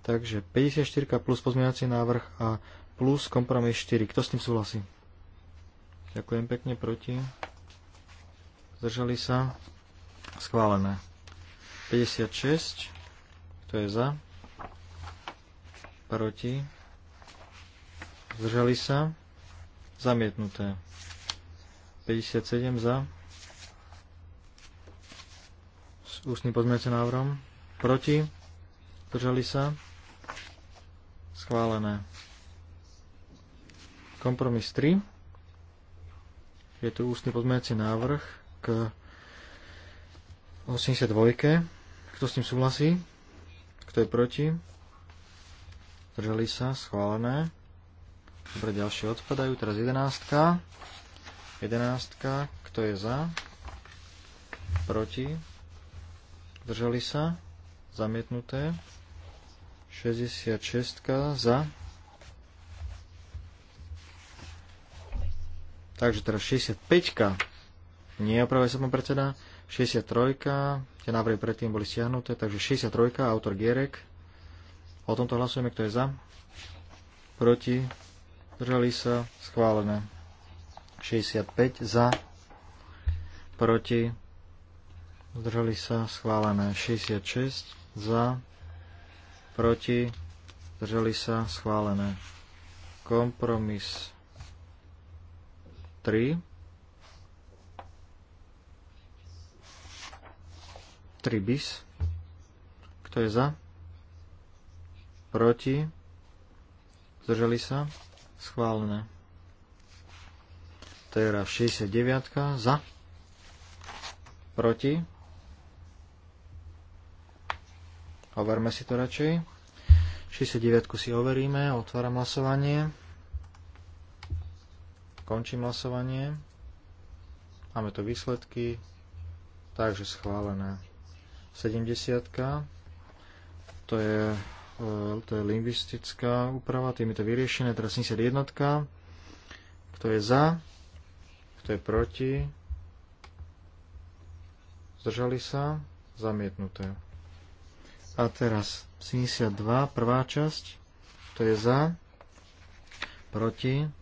Takže 54 plus pozmeňovací návrh a plus kompromis 4. Kto s tým súhlasí? Ďakujem pekne proti. Zdržali sa. Schválené. 56. Kto je za? Proti. Zdržali sa. Zamietnuté. 57 za. S ústnym pozmeňujúcim návrhom. Proti. Zdržali sa. Schválené. Kompromis 3. Je tu ústny pozmeňací návrh k 82. Kto s tým súhlasí? Kto je proti? Zdržali sa, schválené. Dobre, ďalšie odpadajú. Teraz 11. 11. Kto je za? Proti? Zdržali sa? Zamietnuté. 66. Za? Takže teraz 65-ka. Nie, opravuje sa pán predseda. 63-ka. Tie návrhy predtým boli stiahnuté. Takže 63-ka, autor Gierek. O tomto hlasujeme, kto je za. Proti. Držali sa. Schválené. 65 za. Proti. Zdržali sa. Schválené. 66 za. Proti. Zdržali sa. Schválené. Kompromis 3. 3 bis. Kto je za? Proti? Zdržali sa? Schválené. Teraz 69. Za? Proti? Overme si to radšej. 69 si overíme. Otváram hlasovanie. Končím hlasovanie. Máme tu výsledky. Takže schválené. 70. To je, e, to je lingvistická úprava, tým je to vyriešené. Teraz 71. Kto je za? Kto je proti? Zdržali sa? Zamietnuté. A teraz 72, prvá časť. Kto je za? Proti?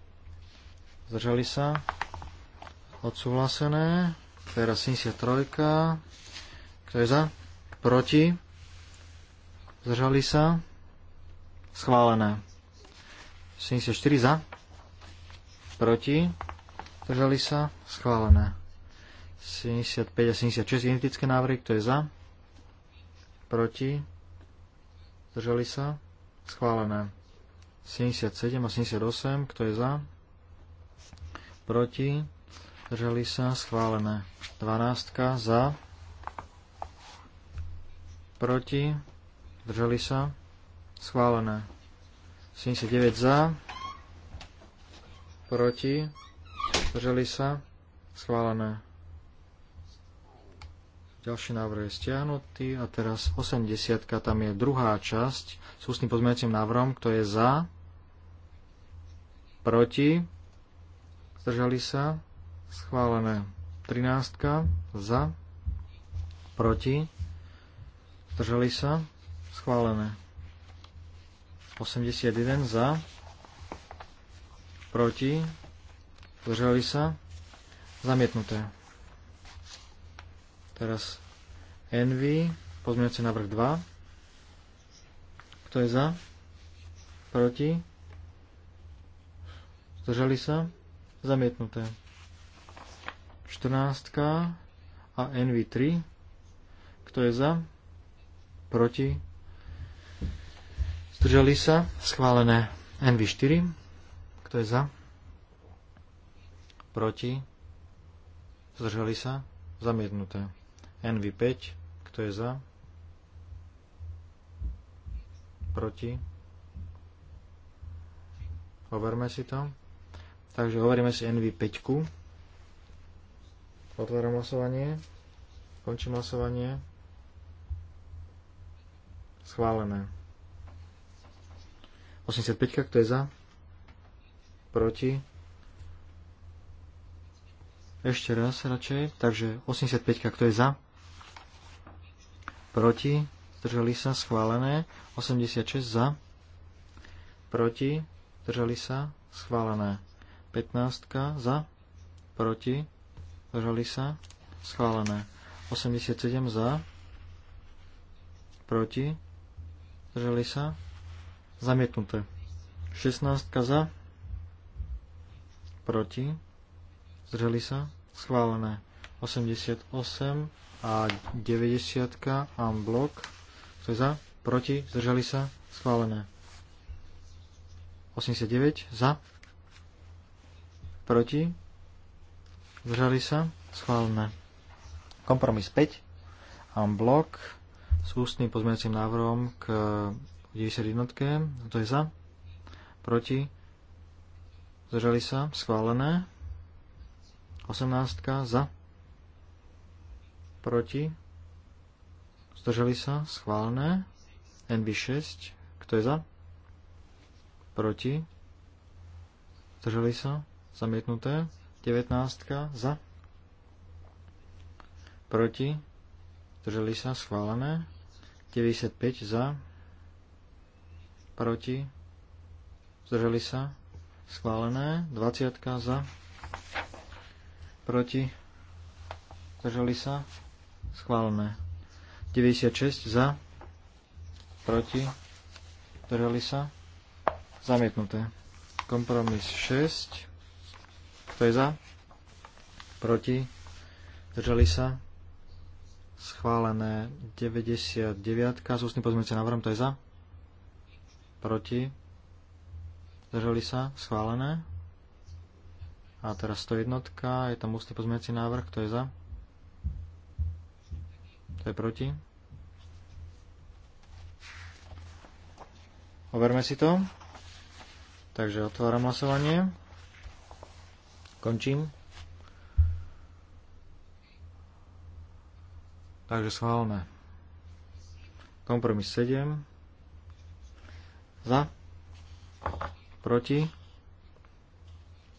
Zdržali sa. Odsúhlasené. Teraz 73. Kto je za? Proti. Zdržali sa. Schválené. 74 za. Proti. Zdržali sa. Schválené. 75 a 76 identické návrhy. Kto je za? Proti. Zdržali sa. Schválené. 77 a 78. Kto je za? proti, zdržali sa, schválené. 12 za, proti, drželi sa, schválené. 79 za, proti, zdržali sa, schválené. Ďalší návrh je stiahnutý a teraz 80 tam je druhá časť s ústnym návrhom, kto je za, proti, zdržali sa, schválené 13 za, proti, zdržali sa, schválené 81 za, proti, zdržali sa, zamietnuté. Teraz NV, pozmeňujúci návrh 2. Kto je za? Proti? Zdržali sa? Zamietnuté. 14 a NV3. Kto je za? Proti? Zdržali sa? Schválené. NV4. Kto je za? Proti? Zdržali sa? Zamietnuté. NV5. Kto je za? Proti? Overme si to. Takže hovoríme si NV5. Otváram hlasovanie. Končím hlasovanie. Schválené. 85, kto je za? Proti? Ešte raz radšej. Takže 85, kto je za? Proti? Zdržali sa? Schválené. 86 za? Proti? Zdržali sa? Schválené. 15 za, proti, zdržali sa, schválené. 87 za, proti, zdržali sa, zamietnuté. 16 za, proti, zdržali sa, schválené. 88 a 90 unblock, to je za, proti, zdržali sa, schválené. 89 za, proti, zdržali sa, schválené. Kompromis 5, en blok, s ústnym pozmeňujúcim návrhom k 91. To je za? Proti? Zdržali sa? Schválené. 18. Za? Proti? Zdržali sa? Schválené. NB6. Kto je za? Proti? Zdržali sa? zamietnuté. 19 za, proti, zdržali sa, schválené. 95 za, proti, Zdrželi sa, schválené. 20 za, proti, Zdrželi sa, schválené. 96 za, proti, Zdrželi sa, zamietnuté. Kompromis 6, kto je za? Proti? Zdržali sa? Schválené 99 s ústnym pozmeňujúcim návrhom. To je za? Proti? Zdržali sa? Schválené. A teraz 101. Je tam ústny pozmeňujúci návrh. Kto je za? Kto je proti? Overme si to. Takže otváram hlasovanie. Končím. Takže schválne. Kompromis 7. Za. Proti.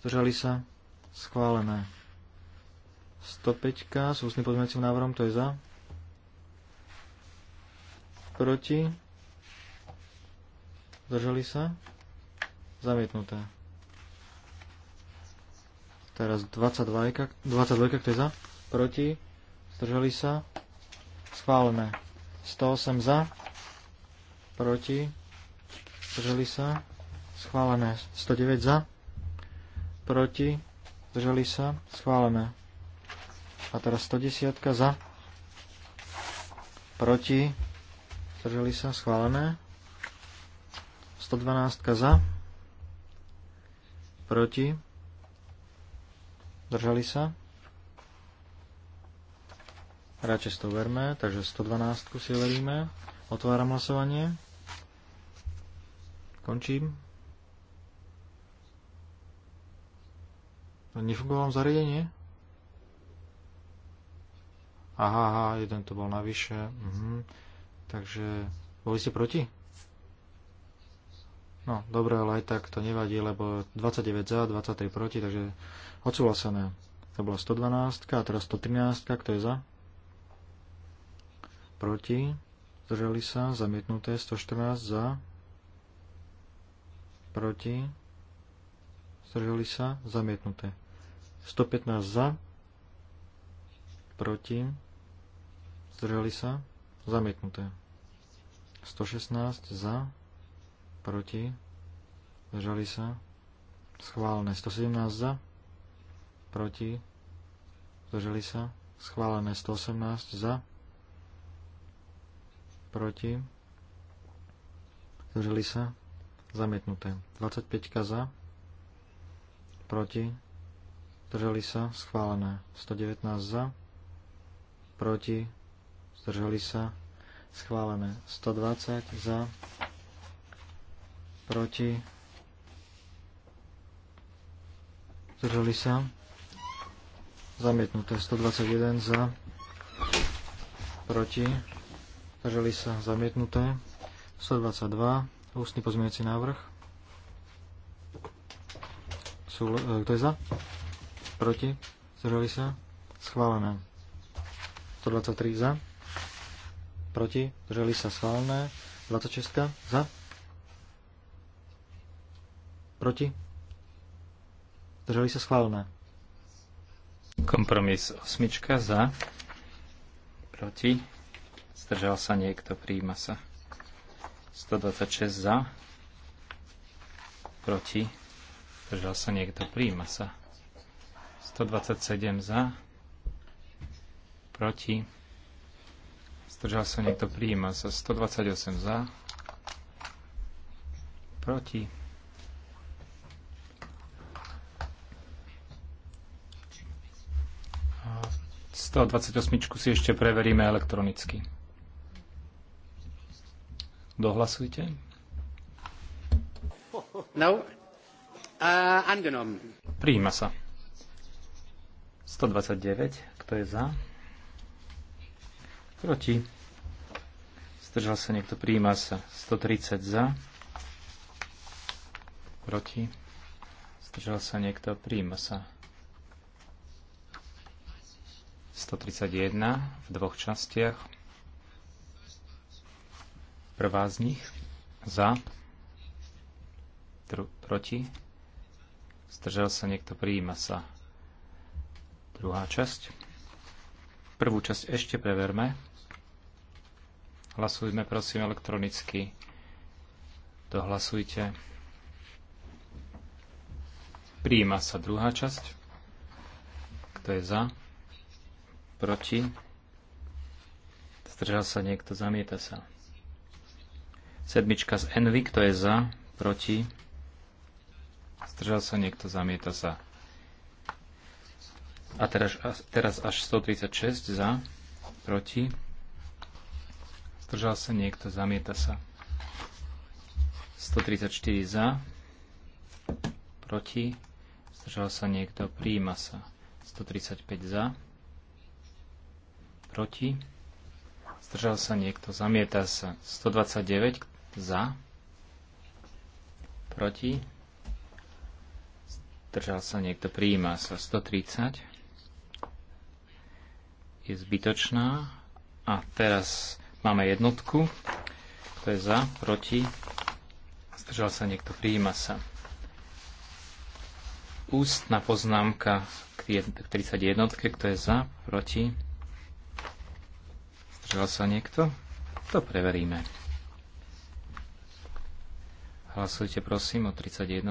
Zdržali sa. Schválené. 105 s ústnym pozmeňujúcim návrhom, to je za. Proti. Zdržali sa. Zamietnuté. Teraz 22, 22 kto je za? Proti? Zdržali sa? Schválené. 108 za? Proti? Zdržali sa? Schválené. 109 za? Proti? Zdržali sa? Schválené. A teraz 110 za? Proti? Zdržali sa? Schválené. 112 za? Proti? Zdržali sa? Radšej si to verme, takže 112 si veríme. Otváram hlasovanie. Končím. Nefungovalo vám zariadenie? Aha, aha, jeden to bol navyše. Mhm. Takže boli ste proti? No, dobre, ale aj tak to nevadí, lebo 29 za, 23 proti, takže odsúhlasené. To bola 112 a teraz 113, kto je za? Proti. Zdržali sa, zamietnuté, 114 za. Proti. Zdržali sa, zamietnuté. 115 za. Proti. Zdržali sa, zamietnuté. 116 za proti, zdržali sa, schválené 117 za, proti, zdržali sa, schválené 118 za, proti, zdržali sa, zamietnuté 25 za, proti, zdržali sa, schválené 119 za, proti, zdržali sa, schválené 120 za, proti, zdržali sa, zamietnuté 121 za, proti, zdržali sa, zamietnuté 122, ústny pozmeňujúci návrh, Sú, e, kto je za, proti, zdržali sa, schválené 123 za, proti, zdržali sa, schválené 26 za, Proti? Zdrželi sa schválne. Kompromis osmička za. Proti? Zdržal sa niekto, príjma sa. 126 za. Proti? Zdržal sa niekto, príjma sa. 127 za. Proti? Zdržal sa niekto, príjma sa. 128 za. Proti? 128 si ešte preveríme elektronicky. Dohlasujte. No. Uh, Príjima sa. 129. Kto je za? Proti. Zdržal sa niekto. Príjima sa. 130 za. Proti. Zdržal sa niekto. Príjima sa. 131 v dvoch častiach. Prvá z nich za, dru, proti, zdržal sa niekto, prijíma sa. Druhá časť. Prvú časť ešte preverme. Hlasujme prosím elektronicky. Dohlasujte. Prijíma sa druhá časť. Kto je za? proti, zdržal sa niekto, zamieta sa. Sedmička z Envy, kto je za, proti, zdržal sa niekto, zamieta sa. A teraz, teraz až 136 za, proti, zdržal sa niekto, zamieta sa. 134 za, proti, zdržal sa niekto, príjima sa. 135 za, proti, zdržal sa niekto, zamieta sa 129 za, proti, zdržal sa niekto, prijíma sa 130, je zbytočná a teraz máme jednotku, kto je za, proti, zdržal sa niekto, prijíma sa. Ústna poznámka k 31, kto je za, proti, Zdržal sa niekto? To preveríme. Hlasujte prosím o 31.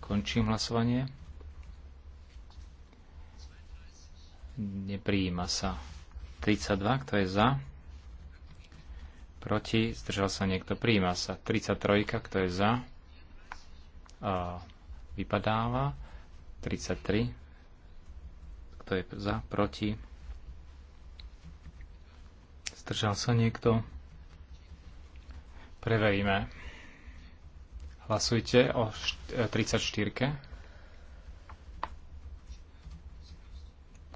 Končím hlasovanie. Nepríjima sa. 32, kto je za? Proti, zdržal sa niekto, príjima sa. 33, kto je za? A vypadáva. 33, kto je za? Proti, Zdržal sa niekto? Preveríme. Hlasujte o 34. E,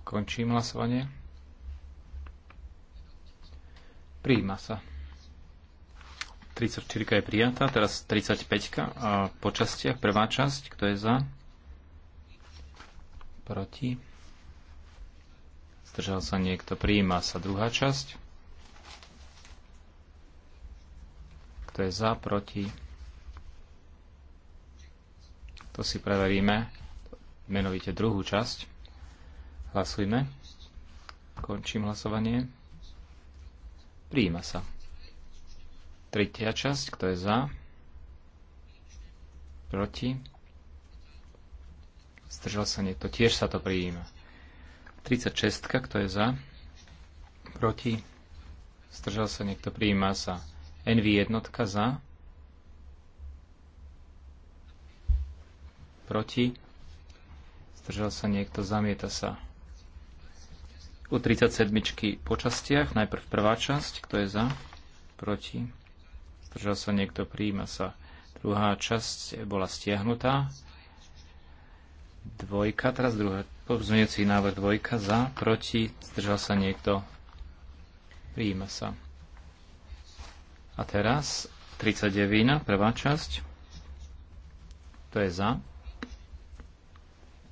Končím hlasovanie. Prijíma sa. 34 je prijatá, teraz 35 a po častiach. Prvá časť, kto je za? Proti. Zdržal sa niekto, prijíma sa druhá časť. Kto je za, proti? To si preveríme. Menovite druhú časť. Hlasujme. Končím hlasovanie. Príjima sa. Tretia časť. Kto je za? Proti? Zdržal sa niekto. Tiež sa to prijíma. 36. Kto je za? Proti? Zdržal sa niekto. Príjima sa nv jednotka za, proti, zdržal sa niekto, zamieta sa. U 37 po častiach, najprv prvá časť, kto je za, proti, zdržal sa niekto, prijíma sa. Druhá časť bola stiahnutá. Dvojka, teraz druhá, pozmeňujúci návrh dvojka, za, proti, zdržal sa niekto, prijíma sa. A teraz 39, prvá časť. To je za.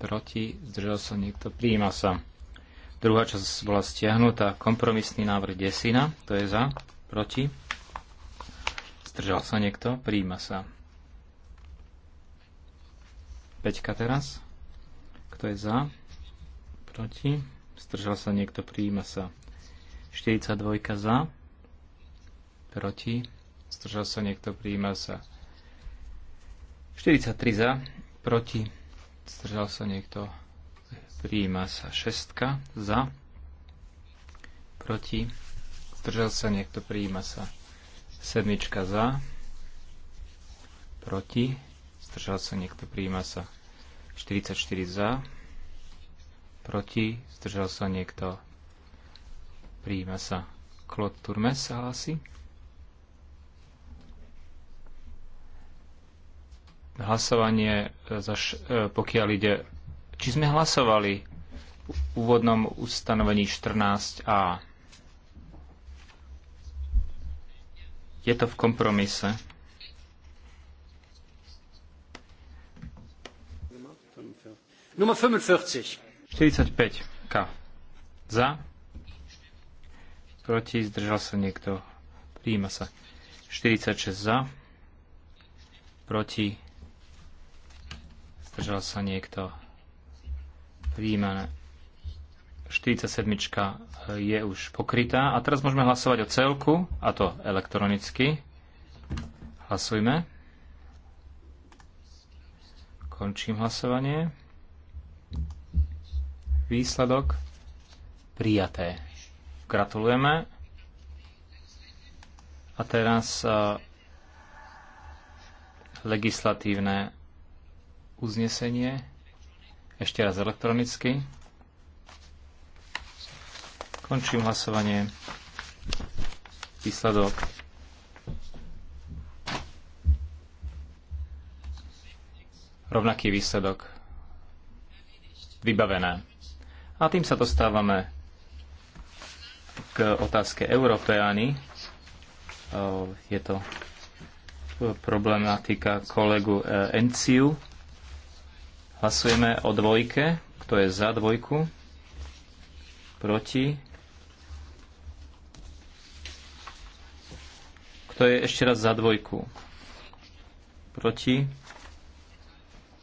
Proti, zdržal sa niekto, prijíma sa. Druhá časť bola stiahnutá. Kompromisný návrh desina. To je za. Proti. Zdržal sa niekto, prijíma sa. Peťka teraz. Kto je za? Proti. Zdržal sa niekto, prijíma sa. 42 za proti, zdržal sa niekto, prijíma sa. 43 za, proti, zdržal sa niekto, prijíma sa. 6 za, proti, zdržal sa niekto, prijíma sa. 7 za, proti, zdržal sa niekto, prijíma sa. 44 za, proti, zdržal sa niekto, prijíma sa. Klod Turmes sa hlási. hlasovanie, e, za, e, pokiaľ ide, či sme hlasovali v úvodnom ustanovení 14a. Je to v kompromise. Nummer 45. 45. K. Za. Proti. Zdržal sa niekto. Príjima sa. 46 za. Proti Zdržal sa niekto? Výjmané. 47 e, je už pokrytá. A teraz môžeme hlasovať o celku, a to elektronicky. Hlasujme. Končím hlasovanie. Výsledok prijaté. Gratulujeme. A teraz e, legislatívne uznesenie. Ešte raz elektronicky. Končím hlasovanie. Výsledok. Rovnaký výsledok. Vybavené. A tým sa dostávame k otázke Európeány. Je to problematika kolegu e, Enciu. Hlasujeme o dvojke. Kto je za dvojku? Proti? Kto je ešte raz za dvojku? Proti?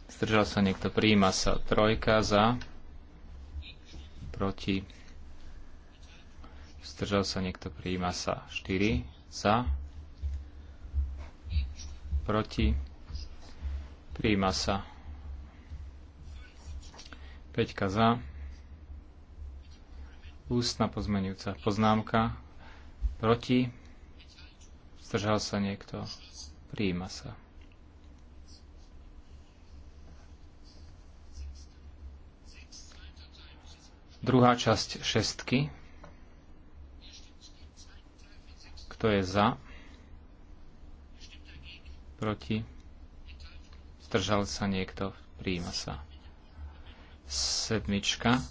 Zdržal sa niekto. Prijíma sa. Trojka za. Proti. Zdržal sa niekto. Prijíma sa. štyri za. Proti. Prijíma sa. 5 za. Ústna pozmenujúca poznámka. Proti. Zdržal sa niekto. Prijíma sa. Druhá časť šestky. Kto je za? Proti? Zdržal sa niekto? Príjima sa. Sedmička.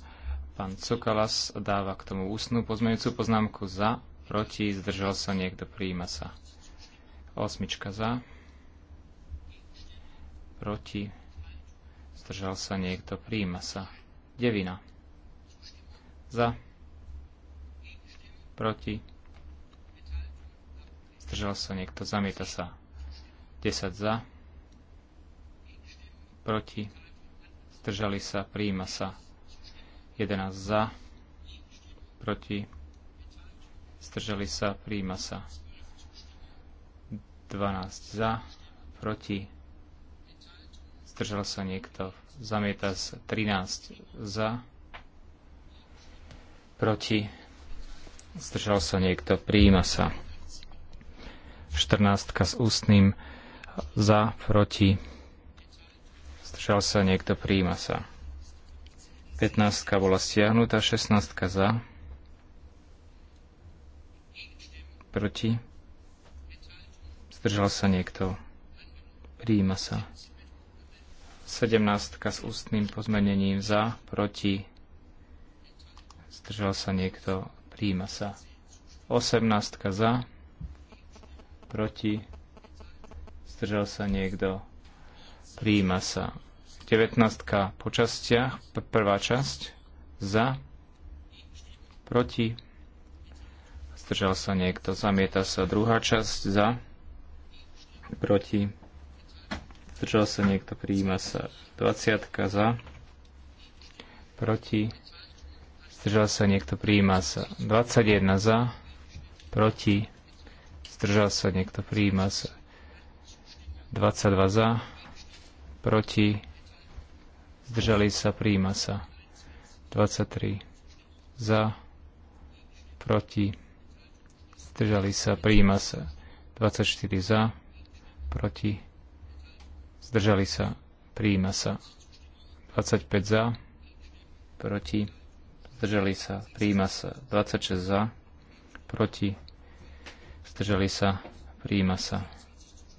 Pán Cukalas dáva k tomu ústnu pozmeňujúcu poznámku za, proti, zdržal sa niekto, prijíma sa. Osmička za, proti, zdržal sa niekto, prijíma sa. Devina. Za, proti, zdržal sa niekto, zamieta sa. 10 za, proti, zdržali sa, príjima sa. 11 za, proti, zdržali sa, príjima sa. 12 za, proti, zdržal sa niekto, zamieta sa. 13 za, proti, zdržal sa niekto, príjima sa. 14 s ústnym za, proti, Zdržal sa niekto, príjima sa. 15 bola stiahnutá, 16 za. Proti. Zdržal sa niekto. Príjima sa. 17 s ústnym pozmenením za, proti. Zdržal sa niekto. Príjima sa. 18 za, proti. Zdržal sa niekto Príjima sa 19 po častiach, prvá časť, za, proti, zdržal sa niekto, zamieta sa druhá časť, za, proti, zdržal sa niekto, príjma sa 20 za, proti, zdržal sa niekto, príjma sa 21 za, proti, zdržal sa niekto, príjma sa 22 za, proti, zdržali sa, príjma sa. 23 za, proti, zdržali sa, príjma sa. 24 za, proti, zdržali sa, príjma sa. 25 za, proti, zdržali sa, príjma sa. 26 za, proti, zdržali sa, príjma sa.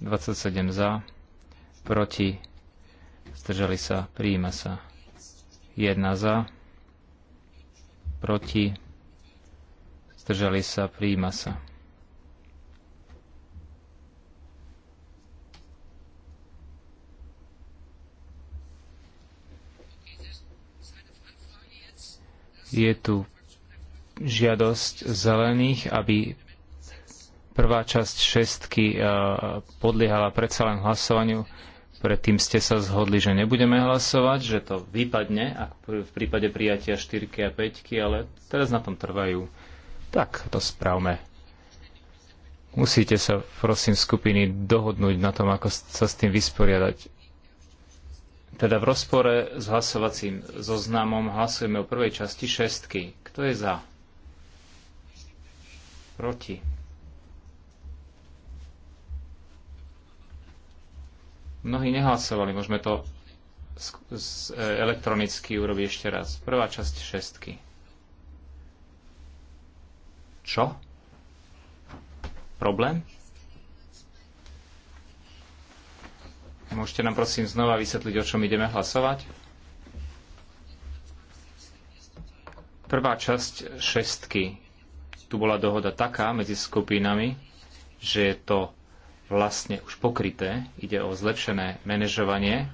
27 za, proti, zdržali sa, príjima sa. 1 za, proti, zdržali sa, príjima sa. Je tu žiadosť zelených, aby prvá časť šestky eh, podliehala predsa len hlasovaniu Predtým ste sa zhodli, že nebudeme hlasovať, že to vypadne ak v prípade prijatia 4 a 5, ale teraz na tom trvajú. Tak to spravme. Musíte sa, prosím, skupiny dohodnúť na tom, ako sa s tým vysporiadať. Teda v rozpore s hlasovacím zoznamom hlasujeme o prvej časti šestky. Kto je za? Proti. Mnohí nehlasovali, môžeme to e, elektronicky urobiť ešte raz. Prvá časť šestky. Čo? Problém? Môžete nám prosím znova vysvetliť, o čom ideme hlasovať? Prvá časť šestky. Tu bola dohoda taká medzi skupinami, že je to vlastne už pokryté. Ide o zlepšené manažovanie.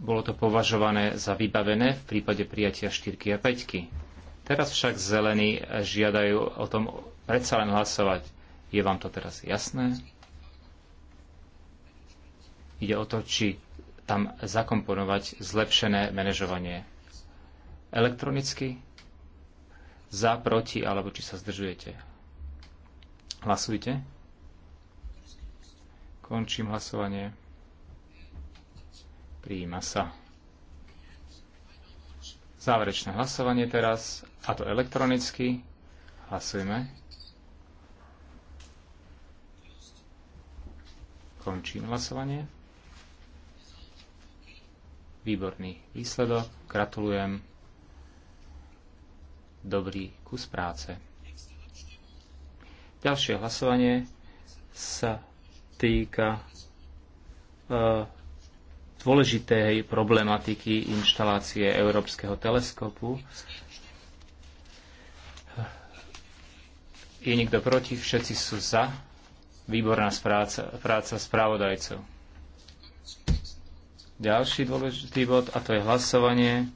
Bolo to považované za vybavené v prípade prijatia 4 a 5. Teraz však zelení žiadajú o tom predsa len hlasovať. Je vám to teraz jasné? Ide o to, či tam zakomponovať zlepšené manažovanie. Elektronicky? Za, proti, alebo či sa zdržujete? Hlasujte. Končím hlasovanie. Prijíma sa. Záverečné hlasovanie teraz, a to elektronicky. Hlasujme. Končím hlasovanie. Výborný výsledok. Gratulujem. Dobrý kus práce. Ďalšie hlasovanie sa týka e, dôležitej problematiky inštalácie Európskeho teleskopu. Je nikto proti? Všetci sú za. Výborná práca, práca správodajcov. Ďalší dôležitý bod, a to je hlasovanie.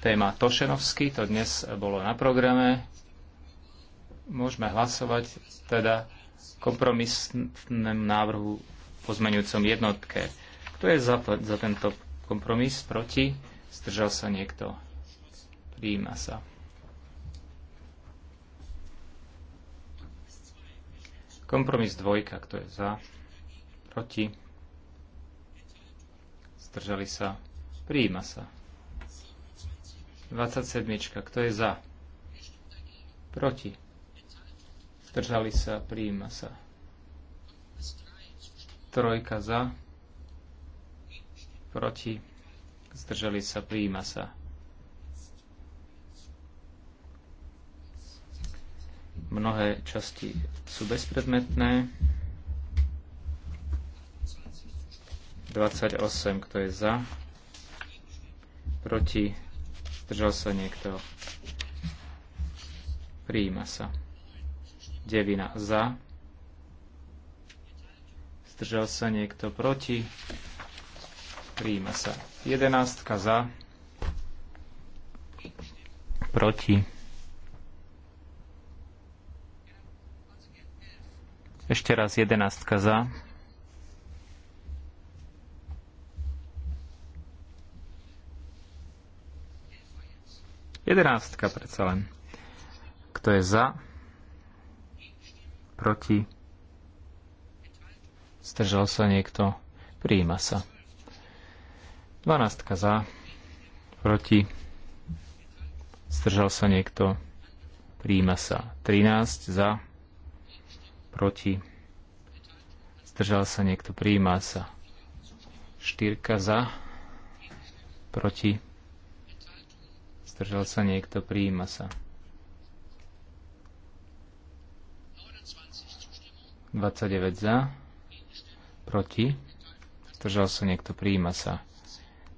Téma Tošenovsky, to dnes bolo na programe. Môžeme hlasovať teda kompromisnom návrhu pozmeňujúcom jednotke. Kto je za, za tento kompromis? Proti? Zdržal sa niekto? Príjima sa. Kompromis dvojka, kto je za? Proti? Zdržali sa? Príjima sa. 27. Kto je za? Proti? zdržali sa, prijíma sa. Trojka za, proti, zdržali sa, prijíma sa. Mnohé časti sú bezpredmetné. 28, kto je za, proti, zdržal sa niekto, prijíma sa devina za. Zdržal sa niekto proti. Príjima sa. Jedenástka za. Proti. Ešte raz jedenástka za. Jedenástka predsa len. Kto je za? proti, zdržal sa niekto, Príjima sa. 12 za, proti, zdržal sa niekto, Príjima sa. 13 za, proti, zdržal sa niekto, Príjima sa. 4 za, proti, zdržal sa niekto, Príjima sa. 29 za, proti, zdržal sa niekto, prijíma sa.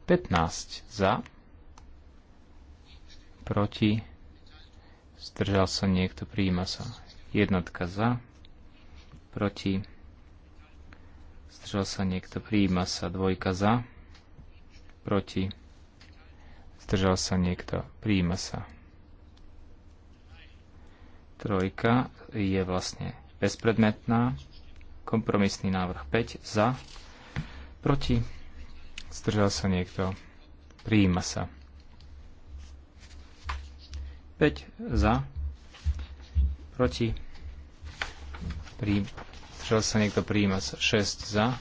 15 za, proti, zdržal sa niekto, prijíma sa. Jednotka za, proti, zdržal sa niekto, prijíma sa. Dvojka za, proti, zdržal sa niekto, prijíma sa. Trojka je vlastne bezpredmetná. Kompromisný návrh 5 za, proti, zdržal sa niekto, prijíma sa. 5 za, proti, prí, zdržal sa niekto, prijíma sa. 6 za,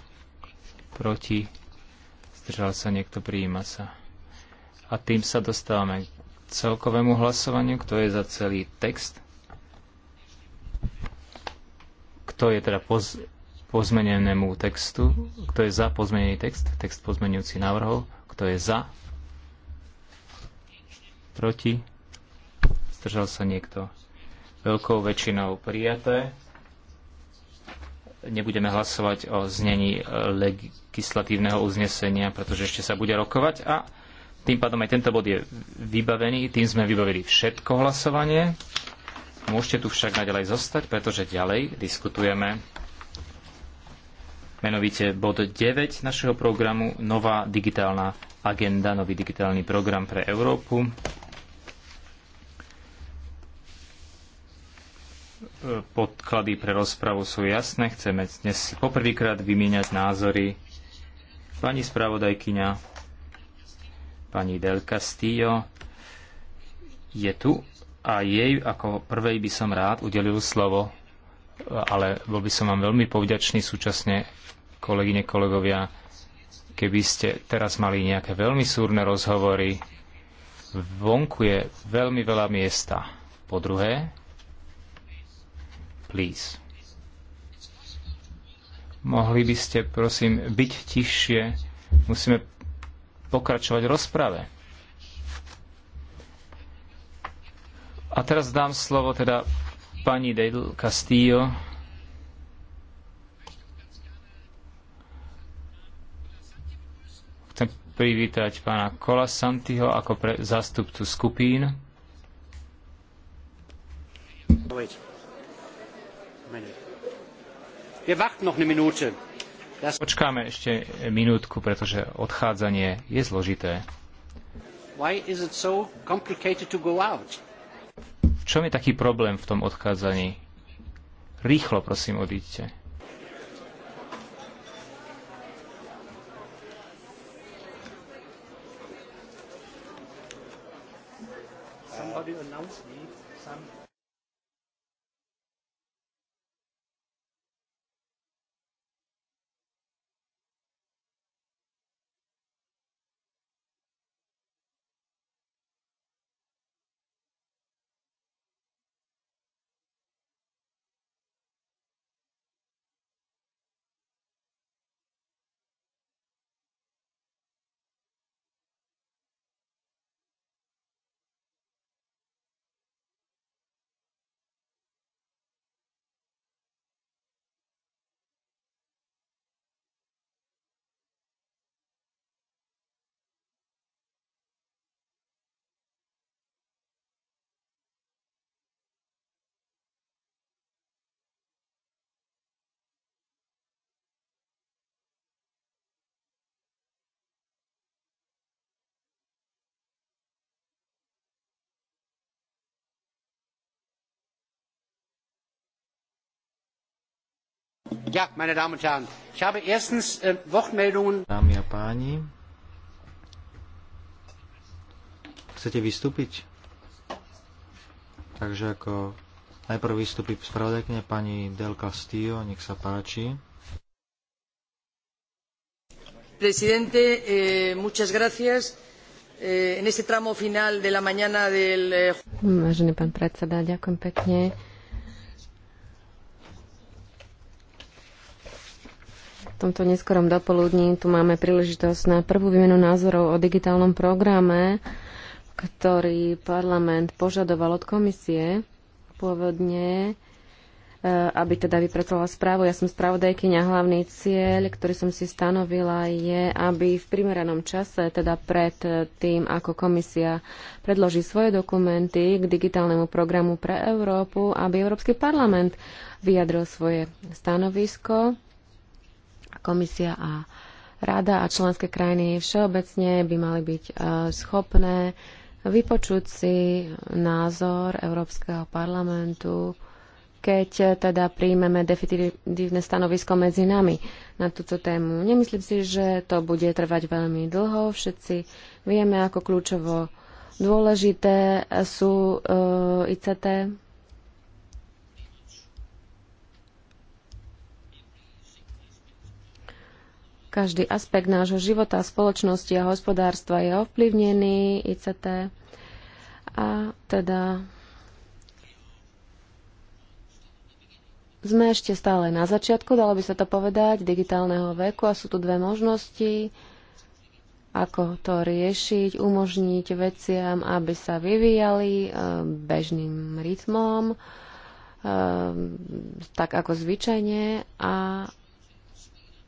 proti, zdržal sa niekto, prijíma sa. A tým sa dostávame k celkovému hlasovaniu, kto je za celý text Kto je teda poz, pozmenenému textu? Kto je za pozmenený text? Text pozmenujúci návrhov. Kto je za? Proti? Zdržal sa niekto? Veľkou väčšinou prijaté. Nebudeme hlasovať o znení e, legislatívneho uznesenia, pretože ešte sa bude rokovať a tým pádom aj tento bod je vybavený. Tým sme vybavili všetko hlasovanie. Môžete tu však naďalej zostať, pretože ďalej diskutujeme menovite bod 9 našeho programu Nová digitálna agenda, nový digitálny program pre Európu. Podklady pre rozpravu sú jasné. Chceme dnes poprvýkrát vymieňať názory pani spravodajkyňa, pani Del Castillo je tu a jej ako prvej by som rád udelil slovo, ale bol by som vám veľmi povďačný súčasne, kolegyne, kolegovia, keby ste teraz mali nejaké veľmi súrne rozhovory. Vonku je veľmi veľa miesta. Po druhé, please. Mohli by ste, prosím, byť tichšie. Musíme pokračovať v rozprave. A teraz dám slovo teda pani Del Castillo. Chcem privítať pána Kola Santiho ako pre zástupcu skupín. Počkáme ešte minútku, pretože odchádzanie je zložité. Why is it so complicated to go out? V čom je taký problém v tom odchádzaní? Rýchlo, prosím, odíďte. Ja, meine Damen und Herren, ich habe erstens äh, Wortmeldungen. Dámy a páni, chcete vystúpiť? Takže ako najprv vystúpi spravodajkne pani Del Castillo, nech sa páči. Presidente, eh, muchas gracias. Eh, en este tramo final de la mañana del... Eh, Vážený pán predseda, ďakujem pekne. tomto neskorom dopoludní tu máme príležitosť na prvú výmenu názorov o digitálnom programe, ktorý parlament požadoval od komisie pôvodne, e, aby teda vypracovala správu. Ja som spravodajkyňa. Hlavný cieľ, ktorý som si stanovila, je, aby v primeranom čase, teda pred tým, ako komisia predloží svoje dokumenty k digitálnemu programu pre Európu, aby Európsky parlament vyjadril svoje stanovisko komisia a rada a členské krajiny všeobecne by mali byť e, schopné vypočuť si názor Európskeho parlamentu, keď e, teda príjmeme definitívne stanovisko medzi nami na túto tému. Nemyslím si, že to bude trvať veľmi dlho. Všetci vieme, ako kľúčovo dôležité sú e, ICT Každý aspekt nášho života, spoločnosti a hospodárstva je ovplyvnený ICT a teda sme ešte stále na začiatku, dalo by sa to povedať, digitálneho veku a sú tu dve možnosti, ako to riešiť, umožniť veciam, aby sa vyvíjali e, bežným rytmom, e, tak ako zvyčajne a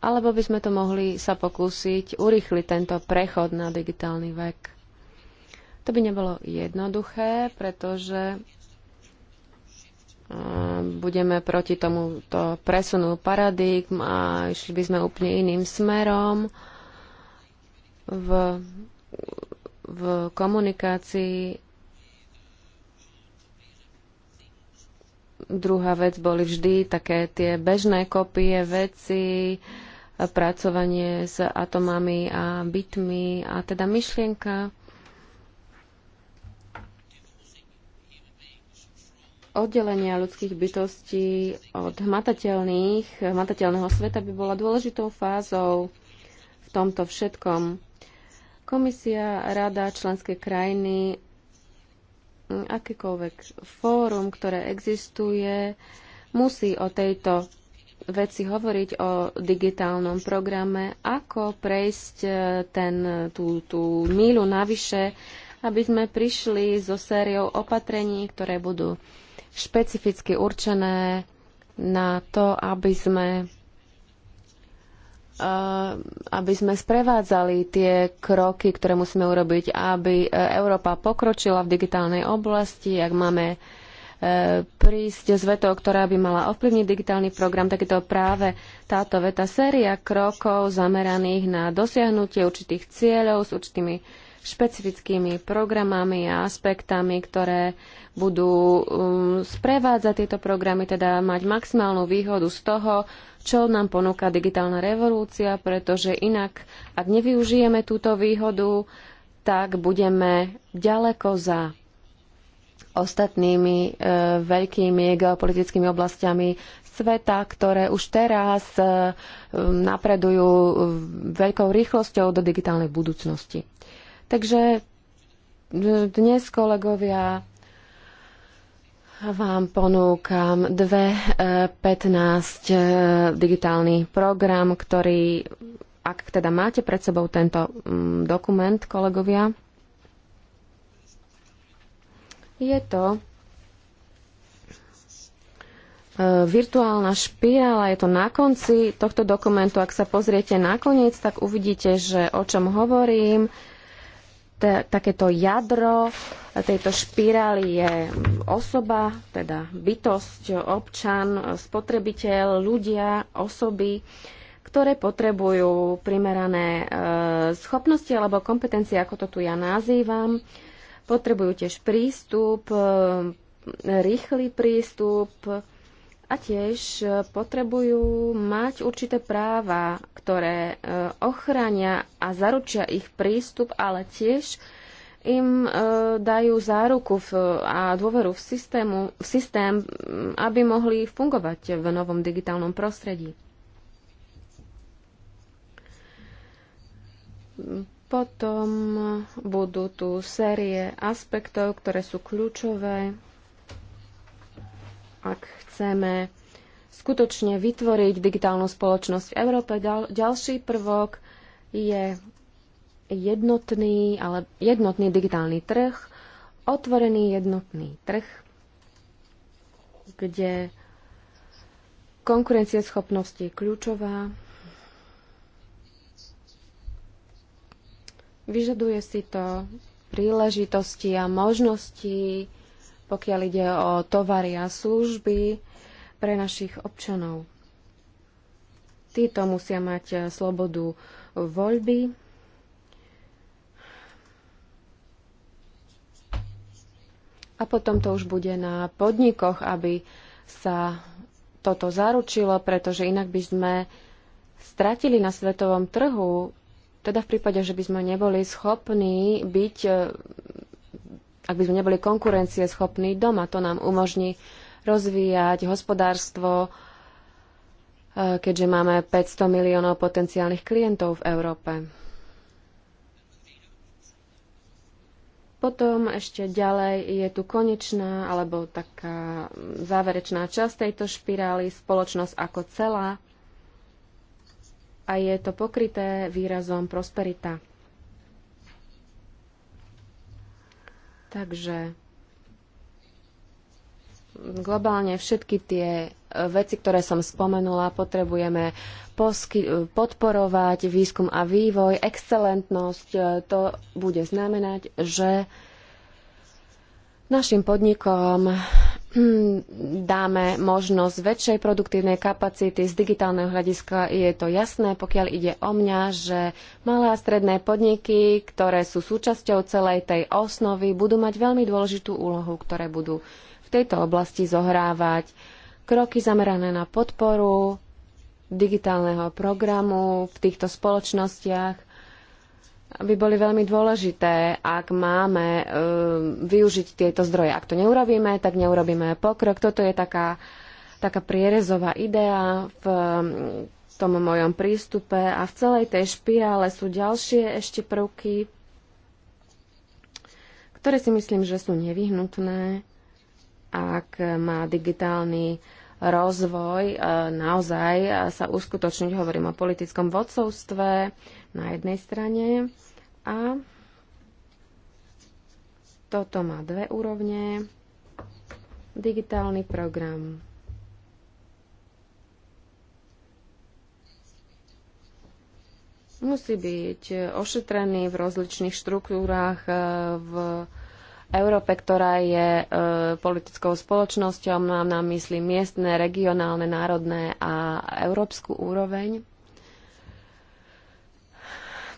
alebo by sme to mohli sa pokúsiť urýchliť tento prechod na digitálny vek. To by nebolo jednoduché, pretože budeme proti tomuto presunu paradigm a išli by sme úplne iným smerom v, v komunikácii. Druhá vec boli vždy také tie bežné kopie veci, pracovanie s atomami a bytmi a teda myšlienka oddelenia ľudských bytostí od hmatateľných, hmatateľného sveta by bola dôležitou fázou v tomto všetkom. Komisia, rada, členské krajiny, akékoľvek fórum, ktoré existuje, musí o tejto veci hovoriť o digitálnom programe, ako prejsť e, ten, tú, tú míľu navyše, aby sme prišli so sériou opatrení, ktoré budú špecificky určené na to, aby sme e, aby sme sprevádzali tie kroky, ktoré musíme urobiť, aby e, Európa pokročila v digitálnej oblasti, ak máme prísť s vetou, ktorá by mala ovplyvniť digitálny program, tak je to práve táto veta séria krokov zameraných na dosiahnutie určitých cieľov s určitými špecifickými programami a aspektami, ktoré budú um, sprevádzať tieto programy, teda mať maximálnu výhodu z toho, čo nám ponúka digitálna revolúcia, pretože inak, ak nevyužijeme túto výhodu, tak budeme ďaleko za ostatnými e, veľkými geopolitickými oblastiami sveta, ktoré už teraz e, napredujú veľkou rýchlosťou do digitálnej budúcnosti. Takže e, dnes, kolegovia, vám ponúkam 2.15 digitálny program, ktorý, ak teda máte pred sebou tento dokument, kolegovia, je to e, virtuálna špirála, je to na konci tohto dokumentu. Ak sa pozriete na koniec, tak uvidíte, že o čom hovorím. T takéto jadro tejto špirály je osoba, teda bytosť, občan, spotrebiteľ, ľudia, osoby, ktoré potrebujú primerané e, schopnosti alebo kompetencie, ako to tu ja nazývam. E, Potrebujú tiež prístup, e, rýchly prístup a tiež potrebujú mať určité práva, ktoré e, ochránia a zaručia ich prístup, ale tiež im e, dajú záruku a dôveru v, systému, v systém, aby mohli fungovať v novom digitálnom prostredí. Potom budú tu série aspektov, ktoré sú kľúčové, ak chceme skutočne vytvoriť digitálnu spoločnosť v Európe. Ďal, ďalší prvok je jednotný, ale jednotný digitálny trh, otvorený jednotný trh, kde konkurencieschopnosť je kľúčová Vyžaduje si to príležitosti a možnosti, pokiaľ ide o tovary a služby pre našich občanov. Títo musia mať eh, slobodu voľby. A potom to už bude na podnikoch, aby sa toto zaručilo, pretože inak by sme stratili na svetovom trhu teda v prípade, že by sme neboli schopní byť, e, ak by sme neboli konkurencie schopní doma, to nám umožní rozvíjať hospodárstvo, e, keďže máme 500 miliónov potenciálnych klientov v Európe. Potom ešte ďalej je tu konečná alebo taká záverečná časť tejto špirály, spoločnosť ako celá a je to pokryté výrazom prosperita. Takže globálne všetky tie e, veci, ktoré som spomenula, potrebujeme e, podporovať výskum a vývoj, excelentnosť. E, to bude znamenať, že Našim podnikom hm, dáme možnosť väčšej produktívnej kapacity. Z digitálneho hľadiska je to jasné, pokiaľ ide o mňa, že malé a stredné podniky, ktoré sú súčasťou celej tej osnovy, budú mať veľmi dôležitú úlohu, ktoré budú v tejto oblasti zohrávať. Kroky zamerané na podporu digitálneho programu v týchto spoločnostiach by boli veľmi dôležité, ak máme e, využiť tieto zdroje. Ak to neurobíme, tak neurobíme pokrok. Toto je taká, taká prierezová idea v e, tom mojom prístupe a v celej tej špirále sú ďalšie ešte prvky, ktoré si myslím, že sú nevyhnutné, ak má digitálny rozvoj e, naozaj e, sa uskutočniť. Hovorím o politickom vodcovstve, na jednej strane a toto má dve úrovne. Digitálny program. Musí byť ošetrený v rozličných štruktúrách e, v Európe, ktorá je e, politickou spoločnosťou. Mám na mysli miestne, regionálne, národné a európsku úroveň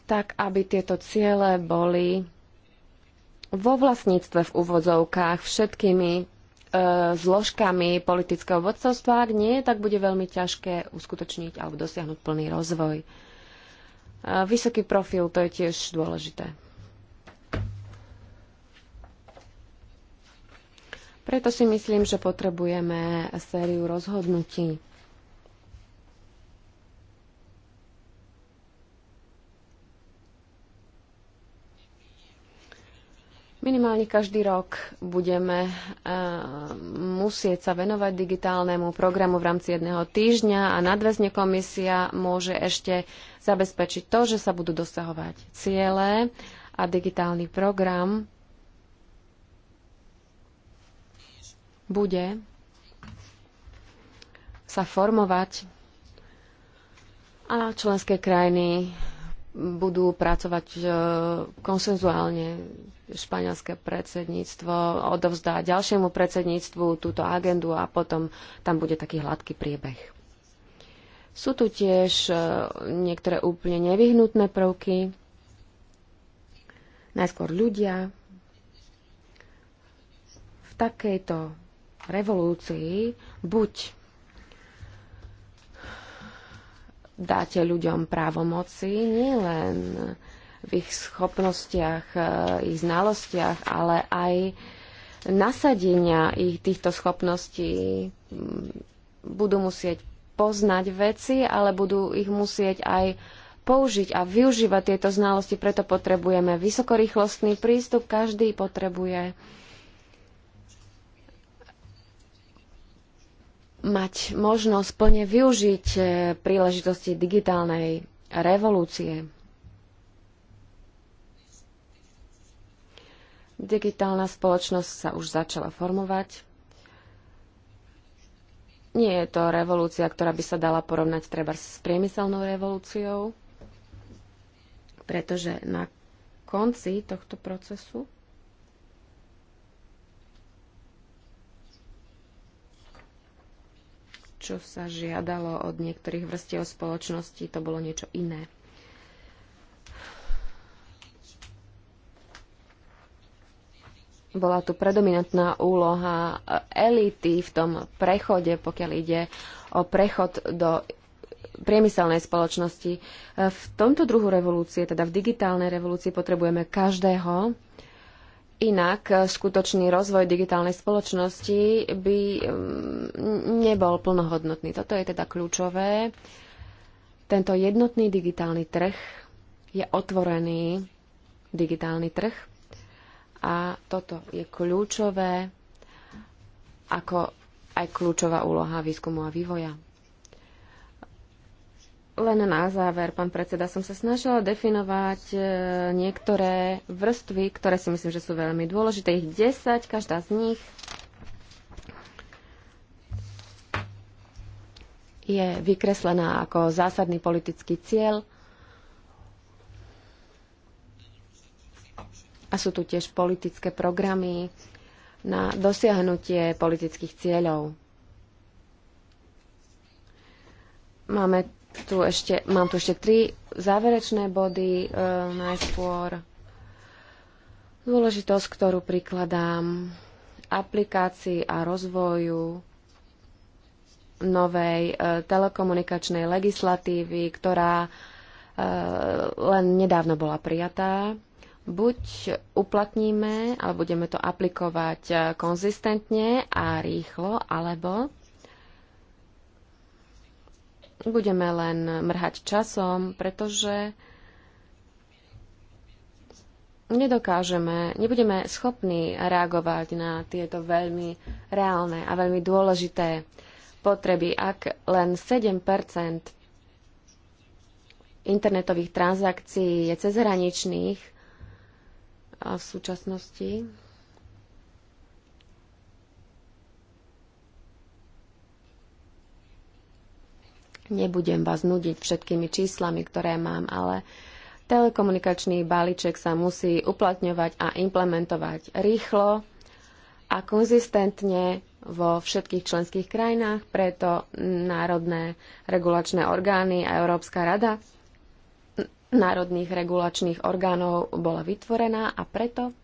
tak aby tieto ciele boli vo vlastníctve v úvodzovkách všetkými e, zložkami politického vodcovstva. Ak nie, tak bude veľmi ťažké uskutočniť alebo dosiahnuť plný rozvoj. E, vysoký profil, to je tiež dôležité. Preto si myslím, že potrebujeme sériu rozhodnutí. Minimálne každý rok budeme eh, musieť sa venovať digitálnemu programu v rámci jedného týždňa a nadväzne komisia môže ešte zabezpečiť to, že sa budú dosahovať ciele a digitálny program bude sa formovať a členské krajiny budú pracovať eh, konsenzuálne španielské predsedníctvo odovzdá ďalšiemu predsedníctvu túto agendu a potom tam bude taký hladký priebeh. Sú tu tiež e, niektoré úplne nevyhnutné prvky. Najskôr ľudia. V takejto revolúcii buď dáte ľuďom právomoci, nielen v ich schopnostiach, e, ich znalostiach, ale aj nasadenia ich týchto schopností budú musieť poznať veci, ale budú ich musieť aj použiť a využívať tieto znalosti. Preto potrebujeme vysokorýchlostný prístup. Každý potrebuje mať možnosť plne využiť e, príležitosti digitálnej revolúcie. Digitálna spoločnosť sa už začala formovať. Nie je to revolúcia, ktorá by sa dala porovnať treba s priemyselnou revolúciou, pretože na konci tohto procesu čo sa žiadalo od niektorých vrstiev spoločnosti, to bolo niečo iné. bola tu predominantná úloha elity v tom prechode, pokiaľ ide o prechod do priemyselnej spoločnosti. V tomto druhu revolúcie, teda v digitálnej revolúcii, potrebujeme každého. Inak eh, skutočný rozvoj digitálnej spoločnosti by mm, nebol plnohodnotný. Toto je teda kľúčové. Tento jednotný digitálny trh je otvorený digitálny trh a toto je kľúčové, ako aj kľúčová úloha výskumu a vývoja. Len na záver, pán predseda, som sa snažila definovať e, niektoré vrstvy, ktoré si myslím, že sú veľmi dôležité. Ich 10, každá z nich je vykreslená ako zásadný politický cieľ a sú tu tiež politické programy na dosiahnutie politických cieľov. Máme tu ešte, mám tu ešte tri záverečné body. E, najskôr dôležitosť, ktorú prikladám aplikácii a rozvoju novej e, telekomunikačnej legislatívy, ktorá e, len nedávno bola prijatá buď uplatníme, ale budeme to aplikovať eh, konzistentne a rýchlo, alebo budeme len mrhať časom, pretože nedokážeme, nebudeme schopní reagovať na tieto veľmi reálne a veľmi dôležité potreby. Ak len 7 internetových transakcií je cezhraničných, v súčasnosti. Nebudem vás nudiť všetkými číslami, ktoré mám, ale telekomunikačný balíček sa musí uplatňovať a implementovať rýchlo a konzistentne vo všetkých členských krajinách, preto národné regulačné orgány a Európska rada národných regulačných orgánov bola vytvorená a preto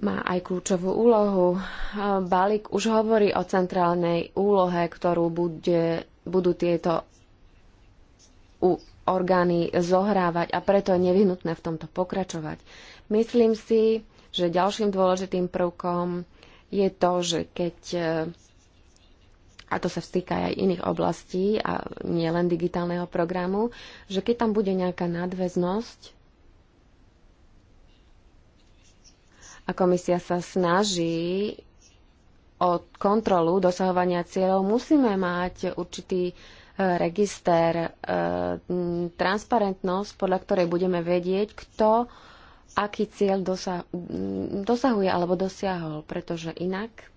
má aj kľúčovú úlohu. E, Balík už hovorí o centrálnej úlohe, ktorú bude, budú tieto orgány zohrávať a preto je nevyhnutné v tomto pokračovať. Myslím si, že ďalším dôležitým prvkom je to, že keď e, a to sa vstýka aj iných oblastí a nielen digitálneho programu, že keď tam bude nejaká nadväznosť a komisia sa snaží o kontrolu dosahovania cieľov, musíme mať určitý e, register, e, transparentnosť, podľa ktorej budeme vedieť, kto aký cieľ dosahuje alebo dosiahol, pretože inak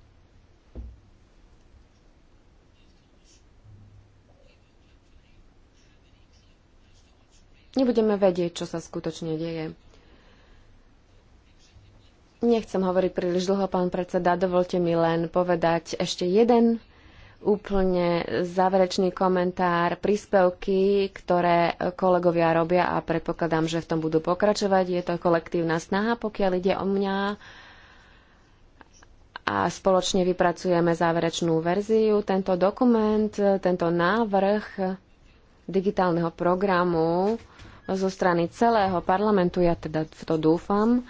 nebudeme vedieť, čo sa skutočne deje. Nechcem hovoriť príliš dlho, pán predseda, dovolte mi len povedať ešte jeden úplne záverečný komentár, príspevky, ktoré kolegovia robia a predpokladám, že v tom budú pokračovať. Je to kolektívna snaha, pokiaľ ide o mňa a spoločne vypracujeme záverečnú verziu. Tento dokument, tento návrh digitálneho programu zo strany celého parlamentu, ja teda v to dúfam,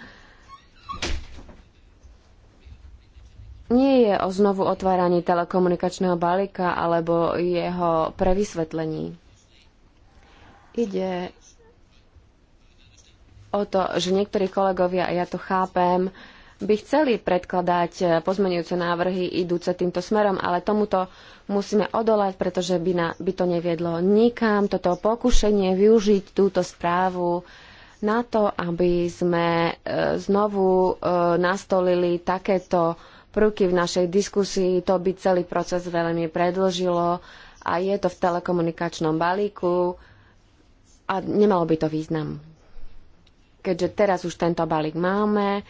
nie je o znovu otváraní telekomunikačného balíka alebo jeho prevysvetlení. Ide o to, že niektorí kolegovia, a ja to chápem, by chceli predkladať eh, pozmenujúce návrhy idúce týmto smerom, ale tomuto musíme odolať, pretože by, na, by to neviedlo nikam. Toto pokušenie využiť túto správu na to, aby sme eh, znovu eh, nastolili takéto prvky v našej diskusii, to by celý proces veľmi predlžilo a je to v telekomunikačnom balíku a nemalo by to význam. Keďže teraz už tento balík máme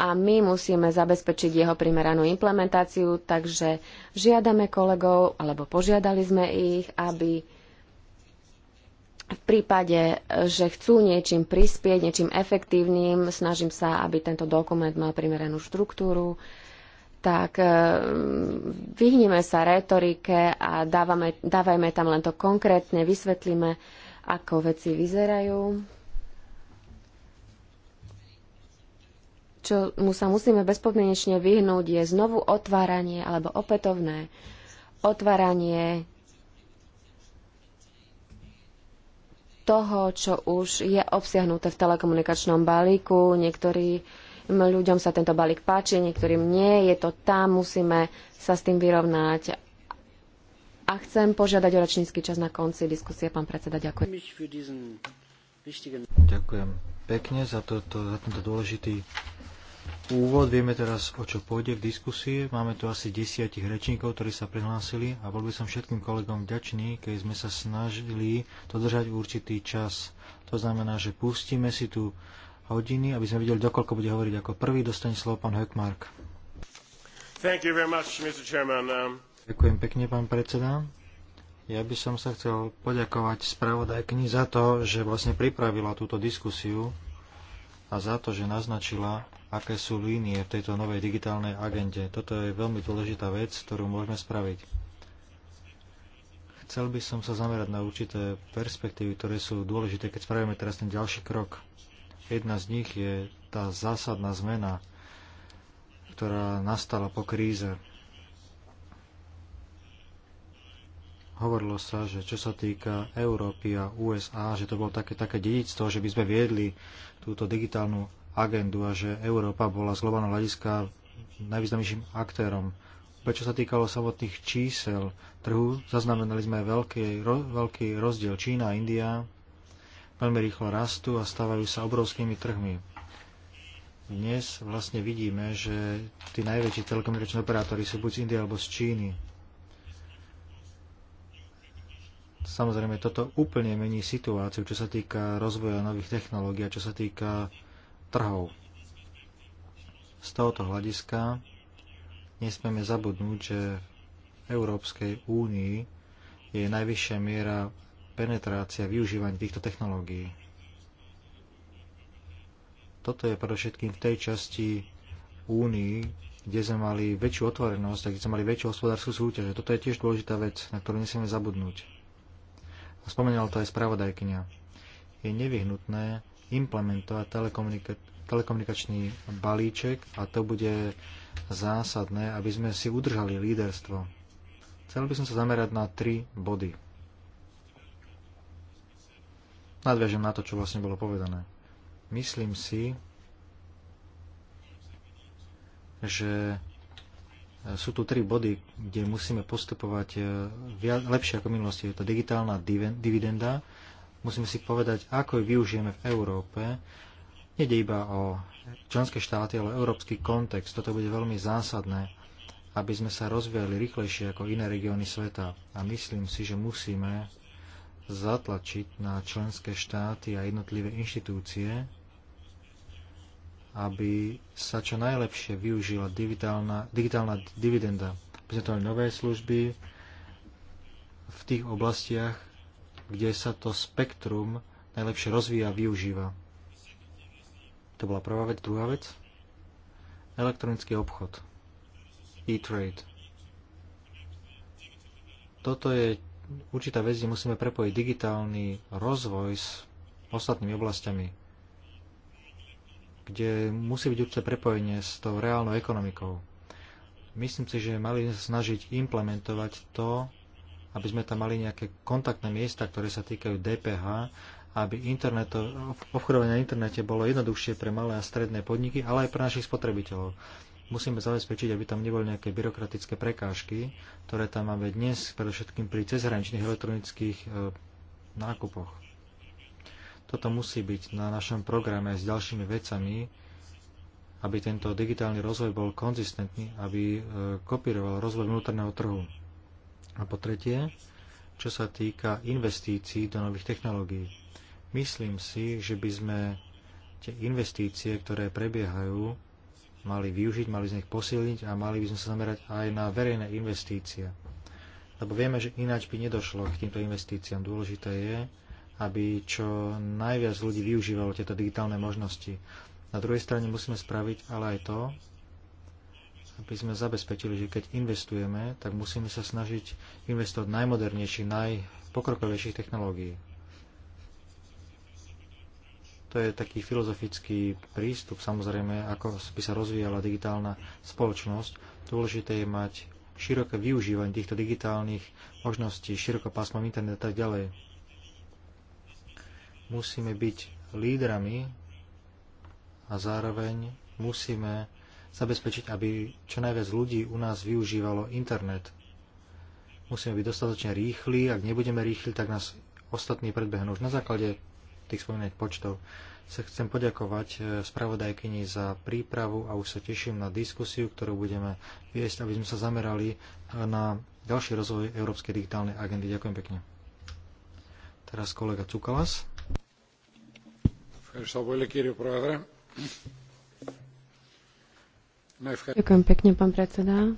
a my musíme zabezpečiť jeho primeranú implementáciu, takže žiadame kolegov, alebo požiadali sme ich, aby v prípade, že chcú niečím prispieť, niečím efektívnym, snažím sa, aby tento dokument mal primeranú štruktúru, tak eh, vyhnime sa retorike a dávame, dávajme tam len to konkrétne, vysvetlíme, ako veci vyzerajú. čo mu sa musíme bezpodmienečne vyhnúť, je znovu otváranie alebo opätovné otváranie toho, čo už je obsiahnuté v telekomunikačnom balíku. niektorým ľuďom sa tento balík páči, niektorým nie, je to tam, musíme sa s tým vyrovnať. A chcem požiadať o račnícky čas na konci diskusie. Pán predseda, ďakujem. Ďakujem pekne za, toto, za tento dôležitý úvod. Vieme teraz, o čo pôjde v diskusii. Máme tu asi desiatich rečníkov, ktorí sa prihlásili a bol by som všetkým kolegom vďačný, keď sme sa snažili dodržať určitý čas. To znamená, že pustíme si tu hodiny, aby sme videli, dokoľko bude hovoriť ako prvý. Dostane slovo pán Hökmark. Much, um, Ďakujem pekne, pán predseda. Ja by som sa chcel poďakovať spravodajkni za to, že vlastne pripravila túto diskusiu a za to, že naznačila, aké sú línie v tejto novej digitálnej agende. Toto je veľmi dôležitá vec, ktorú môžeme spraviť. Chcel by som sa zamerať na určité perspektívy, ktoré sú dôležité, keď spravíme teraz ten ďalší krok. Jedna z nich je tá zásadná zmena, ktorá nastala po kríze. Hovorilo sa, že čo sa týka Európy a USA, že to bolo také, také dedictvo, že by sme viedli túto digitálnu agendu a že Európa bola z globálneho hľadiska najvýznamnejším aktérom. Prečo sa týkalo samotných čísel trhu, zaznamenali sme veľký, ro, veľký rozdiel. Čína a India veľmi rýchlo rastú a stávajú sa obrovskými trhmi. Dnes vlastne vidíme, že tí najväčší telekomunikační operátori sú buď z Indie alebo z Číny. Samozrejme, toto úplne mení situáciu, čo sa týka rozvoja nových technológií a čo sa týka trhov. Z tohoto hľadiska nesmieme zabudnúť, že v Európskej únii je najvyššia miera penetrácia využívania týchto technológií. Toto je predovšetkým v tej časti únii, kde sme mali väčšiu otvorenosť a kde sme mali väčšiu hospodárskú súťaž. Toto je tiež dôležitá vec, na ktorú nesmieme zabudnúť. A spomenula to aj spravodajkynia. Je nevyhnutné implementovať telekomunika- telekomunikačný balíček a to bude zásadné, aby sme si udržali líderstvo. Chcel by som sa zamerať na tri body. Nadviažem na to, čo vlastne bolo povedané. Myslím si, že sú tu tri body, kde musíme postupovať eh, viac, lepšie ako v minulosti. Je to digitálna dividenda, Musíme si povedať, ako ju využijeme v Európe. Nede iba o členské štáty, ale európsky kontext. Toto bude veľmi zásadné, aby sme sa rozvíjali rýchlejšie ako iné regióny sveta. A myslím si, že musíme zatlačiť na členské štáty a jednotlivé inštitúcie, aby sa čo najlepšie využila digitálna, digitálna dividenda. Aby sme to mali nové služby v tých oblastiach, kde sa to spektrum najlepšie rozvíja a využíva. To bola prvá vec. Druhá vec. Elektronický obchod. E-trade. Toto je určitá vec, kde musíme prepojiť digitálny rozvoj s ostatnými oblastiami, kde musí byť určité prepojenie s tou reálnou ekonomikou. Myslím si, že mali sa snažiť implementovať to, aby sme tam mali nejaké kontaktné miesta, ktoré sa týkajú DPH, aby interneto, obchodovanie na internete bolo jednoduchšie pre malé a stredné podniky, ale aj pre našich spotrebiteľov. Musíme zabezpečiť, aby tam neboli nejaké byrokratické prekážky, ktoré tam máme dnes, predovšetkým pri cezhraničných elektronických e, nákupoch. Toto musí byť na našom programe s ďalšími vecami, aby tento digitálny rozvoj bol konzistentný, aby e, kopíroval rozvoj vnútorného trhu. A po tretie, čo sa týka investícií do nových technológií. Myslím si, že by sme tie investície, ktoré prebiehajú, mali využiť, mali z nich posilniť a mali by sme sa zamerať aj na verejné investície. Lebo vieme, že ináč by nedošlo k týmto investíciám. Dôležité je, aby čo najviac ľudí využívalo tieto digitálne možnosti. Na druhej strane musíme spraviť ale aj to, aby sme zabezpečili, že keď investujeme, tak musíme sa snažiť investovať najmodernejších, najpokrokovejších technológií. To je taký filozofický prístup, samozrejme, ako by sa rozvíjala digitálna spoločnosť. Dôležité je mať široké využívanie týchto digitálnych možností, širokopásmom internet a tak ďalej. Musíme byť lídrami a zároveň musíme zabezpečiť, aby čo najviac ľudí u nás využívalo internet. Musíme byť dostatočne rýchli, ak nebudeme rýchli, tak nás ostatní predbehnú už na základe tých spomínaných počtov. Sa chcem poďakovať e, spravodajkyni za prípravu a už sa teším na diskusiu, ktorú budeme viesť, aby sme sa zamerali e, na ďalší rozvoj Európskej digitálnej agendy. Ďakujem pekne. Teraz kolega Cukalas. Ďakujem, Ďakujem pekne, pán predseda.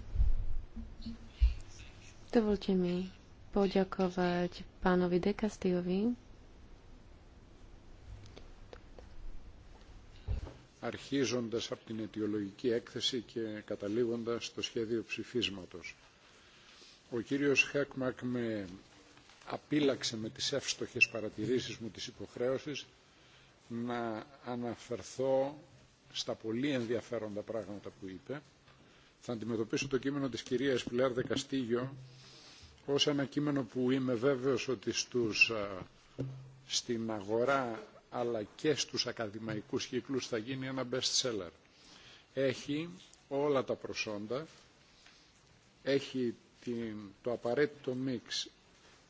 Dovolte mi poďakovať pánovi De Castillovi. αρχίζοντας από την αιτιολογική έκθεση και καταλήγοντας στο σχέδιο ψηφίσματος. Ο κύριος Χέκμακ με απίλαξε με τις εύστοχες παρατηρήσεις μου της υποχρέωσης να αναφερθώ στα πολύ ενδιαφέροντα πράγματα που είπε, θα αντιμετωπίσω το κείμενο της κυρίας Πλέρ Δεκαστήγιο ως ένα κείμενο που είμαι βέβαιος ότι στους, στην αγορά αλλά και στους ακαδημαϊκούς κύκλους θα γίνει ένα best seller. Έχει όλα τα προσόντα, έχει την, το απαραίτητο μίξ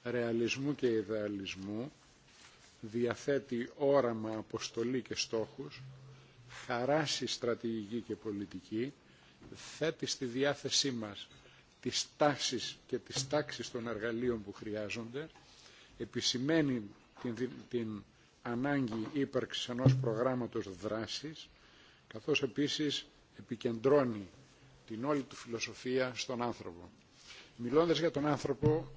ρεαλισμού και ιδεαλισμού, διαθέτει όραμα, αποστολή και στόχους, χαράσει στρατηγική και πολιτική, θέτει στη διάθεσή μας τις τάσεις και τις τάξεις των εργαλείων που χρειάζονται, επισημαίνει την, την ανάγκη ύπαρξης ενός προγράμματος δράσης, καθώς επίσης επικεντρώνει την όλη του φιλοσοφία στον άνθρωπο. Μιλώντας για τον άνθρωπο,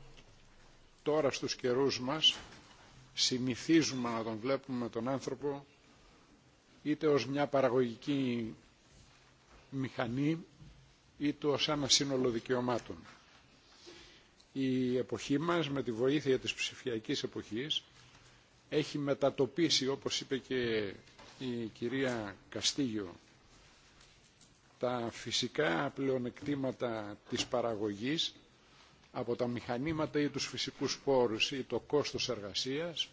τώρα στους καιρούς μας, συνηθίζουμε να τον βλέπουμε τον άνθρωπο είτε ως μια παραγωγική μηχανή είτε ως ένα σύνολο δικαιωμάτων. Η εποχή μας με τη βοήθεια της ψηφιακής εποχής έχει μετατοπίσει όπως είπε και η κυρία Καστίγιο τα φυσικά πλεονεκτήματα της παραγωγής από τα μηχανήματα ή τους φυσικούς πόρους ή το κόστος εργασίας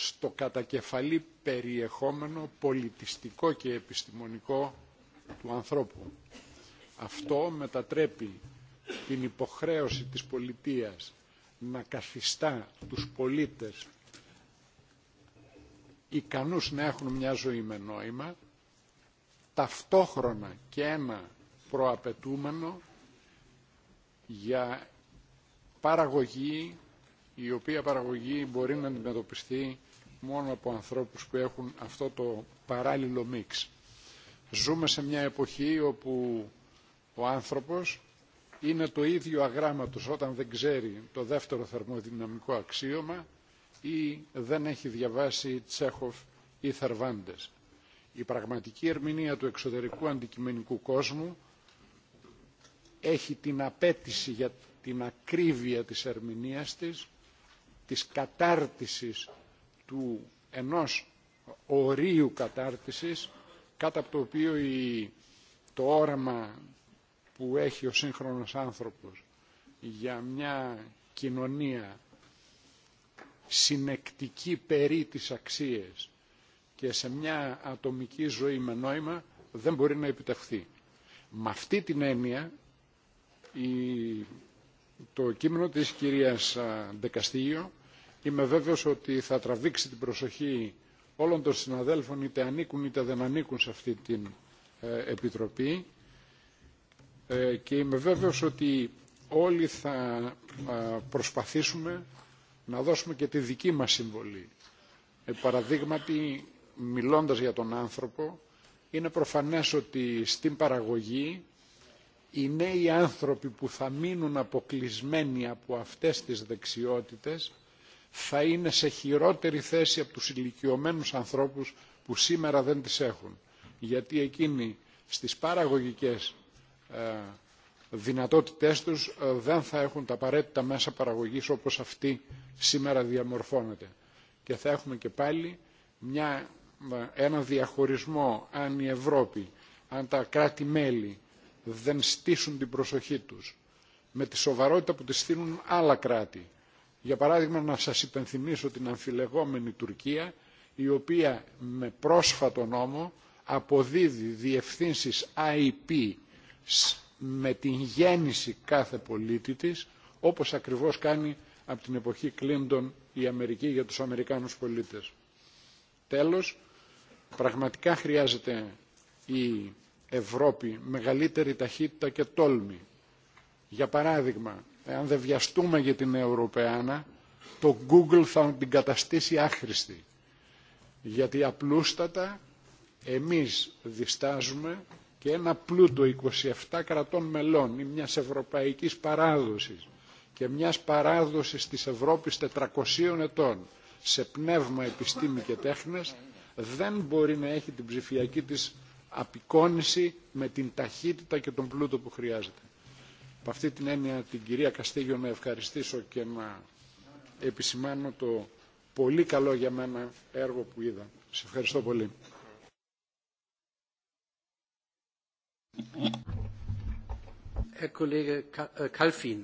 στο κατακεφαλή περιεχόμενο πολιτιστικό και επιστημονικό του ανθρώπου. Αυτό μετατρέπει την υποχρέωση της πολιτείας να καθιστά τους πολίτες ικανούς να έχουν μια ζωή με νόημα, ταυτόχρονα και ένα προαπαιτούμενο για παραγωγή, η οποία παραγωγή μπορεί να αντιμετωπιστεί μόνο από ανθρώπους που έχουν αυτό το παράλληλο μίξ. Ζούμε σε μια εποχή όπου ο άνθρωπος είναι το ίδιο αγράμματος όταν δεν ξέρει το δεύτερο θερμοδυναμικό αξίωμα ή δεν έχει διαβάσει Τσέχοφ ή Θερβάντες. Η πραγματική ερμηνεία του εξωτερικού αντικειμενικού κόσμου έχει την απέτηση για την ακρίβεια της ερμηνείας της, της κατάρτισης του ενός ορίου κατάρτισης, κάτω από το οποίο η, το όραμα που έχει ο σύγχρονος άνθρωπος για μια κοινωνία συνεκτική περί της αξίες και σε μια ατομική ζωή με νόημα δεν μπορεί να επιτευχθεί. Με αυτή την έννοια η, το κείμενο της κυρίας Ντεκαστήγιο Είμαι βέβαιος ότι θα τραβήξει την προσοχή όλων των συναδέλφων, είτε ανήκουν είτε δεν ανήκουν σε αυτή την ε, Επιτροπή ε, και είμαι βέβαιος ότι όλοι θα ε, προσπαθήσουμε να δώσουμε και τη δική μας συμβολή. Ε, παραδείγματι, μιλώντας για τον άνθρωπο, είναι προφανές ότι στην παραγωγή οι νέοι άνθρωποι που θα μείνουν αποκλεισμένοι από αυτές τις δεξιότητες θα είναι σε χειρότερη θέση από τους ηλικιωμένους ανθρώπους που σήμερα δεν τις έχουν. Γιατί εκείνοι στις παραγωγικές ε, δυνατότητές τους ε, δεν θα έχουν τα απαραίτητα μέσα παραγωγής όπως αυτή σήμερα διαμορφώνεται. Και θα έχουμε και πάλι μια, ένα διαχωρισμό αν η Ευρώπη, αν τα κράτη-μέλη δεν στήσουν την προσοχή τους με τη σοβαρότητα που τη στείλουν άλλα κράτη Για παράδειγμα να σας υπενθυμίσω την αμφιλεγόμενη Τουρκία η οποία με πρόσφατο νόμο αποδίδει διευθύνσεις IP με την γέννηση κάθε πολίτη της όπως ακριβώς κάνει από την εποχή Κλίντον η Αμερική για τους Αμερικάνους πολίτες. Τέλος, πραγματικά χρειάζεται η Ευρώπη μεγαλύτερη ταχύτητα και τόλμη. Για παράδειγμα, εάν δεν βιαστούμε για την Ευρωπαϊκή, το Google θα την καταστήσει άχρηστη. Γιατί απλούστατα εμείς διστάζουμε και ένα πλούτο 27 κρατών μελών ή μιας ευρωπαϊκής παράδοσης και μιας παράδοσης της Ευρώπης 400 ετών σε πνεύμα επιστήμη και τέχνες δεν μπορεί να έχει την ψηφιακή της απεικόνηση με την ταχύτητα και τον πλούτο που χρειάζεται. Με αυτή την έννοια την κυρία Καστίγιο να ευχαριστήσω και να επισημάνω το πολύ καλό για μένα έργο που είδα. Σε ευχαριστώ πολύ. Herr Kollege äh, Kalfin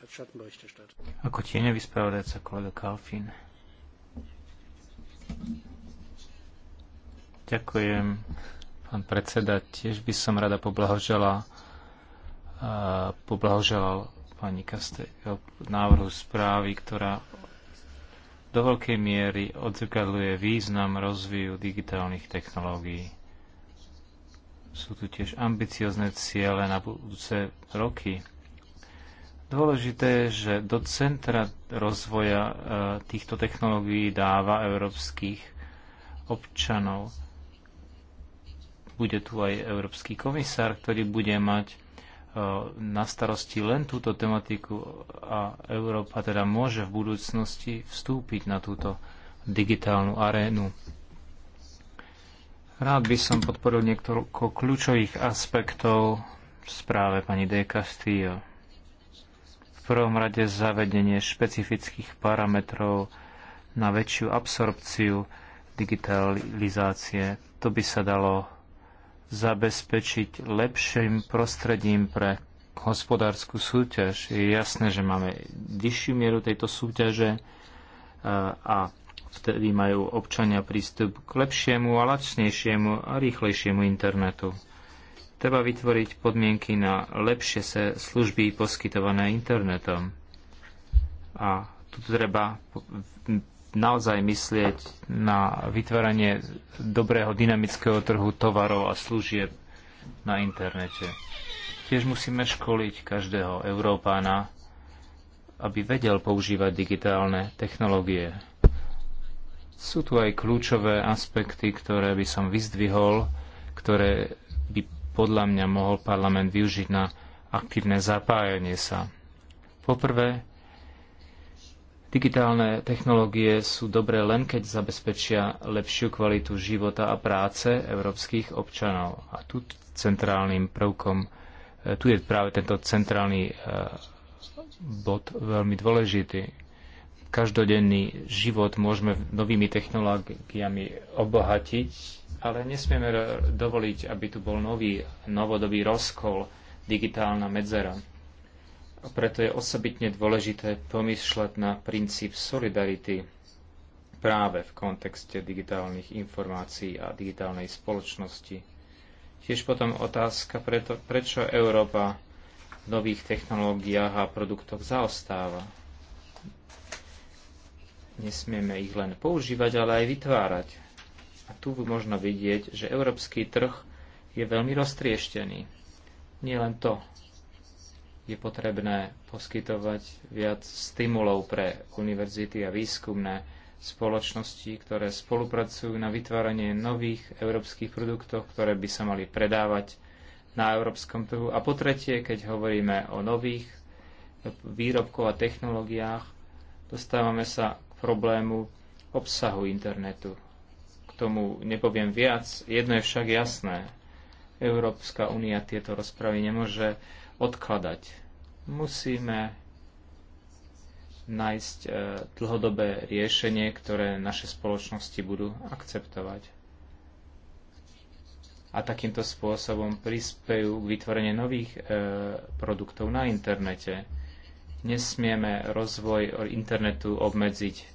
als Schattenberichterstatter. Ako tieňový spravodajca kolega Kalfin. Ďakujem, pán predseda. Tiež by som rada poblahožela poblahoželal pani Kaste návrhu správy, ktorá do veľkej miery odzrkadľuje význam rozvoju digitálnych technológií. Sú tu tiež ambiciozne ciele na budúce roky. Dôležité je, že do centra rozvoja e, týchto technológií dáva európskych občanov. Bude tu aj európsky komisár, ktorý bude mať na starosti len túto tematiku a Európa teda môže v budúcnosti vstúpiť na túto digitálnu arénu. Rád by som podporil niekoľko kľúčových aspektov v správe pani De Castillo. V prvom rade zavedenie špecifických parametrov na väčšiu absorpciu digitalizácie. To by sa dalo zabezpečiť lepším prostredím pre hospodárskú súťaž. Je jasné, že máme vyššiu mieru tejto súťaže e, a vtedy majú občania prístup k lepšiemu a lacnejšiemu a rýchlejšiemu internetu. Treba vytvoriť podmienky na lepšie sa služby poskytované internetom. A tu treba naozaj myslieť na vytváranie dobrého dynamického trhu tovarov a služieb na internete. Tiež musíme školiť každého Európána, aby vedel používať digitálne technológie. Sú tu aj kľúčové aspekty, ktoré by som vyzdvihol, ktoré by podľa mňa mohol parlament využiť na aktívne zapájanie sa. Poprvé, Digitálne technológie sú dobré len keď zabezpečia lepšiu kvalitu života a práce európskych občanov. A tu centrálnym prvkom, e, tu je práve tento centrálny e, bod veľmi dôležitý. Každodenný život môžeme novými technológiami obohatiť, ale nesmieme dovoliť, aby tu bol nový, novodobý rozkol, digitálna medzera preto je osobitne dôležité pomýšľať na princíp solidarity práve v kontexte digitálnych informácií a digitálnej spoločnosti. Tiež potom otázka, preto, prečo Európa v nových technológiách a produktoch zaostáva. Nesmieme ich len používať, ale aj vytvárať. A tu možno vidieť, že európsky trh je veľmi roztrieštený. Nie len to, je potrebné poskytovať viac stimulov pre univerzity a výskumné spoločnosti, ktoré spolupracujú na vytváranie nových európskych produktov, ktoré by sa mali predávať na európskom trhu. A po tretie, keď hovoríme o nových výrobkoch a technológiách, dostávame sa k problému obsahu internetu. K tomu nepoviem viac, jedno je však jasné. Európska únia tieto rozpravy nemôže odkladať. Musíme nájsť e, dlhodobé riešenie, ktoré naše spoločnosti budú akceptovať. A takýmto spôsobom prispejú k vytvoreniu nových e, produktov na internete. Nesmieme rozvoj internetu obmedziť.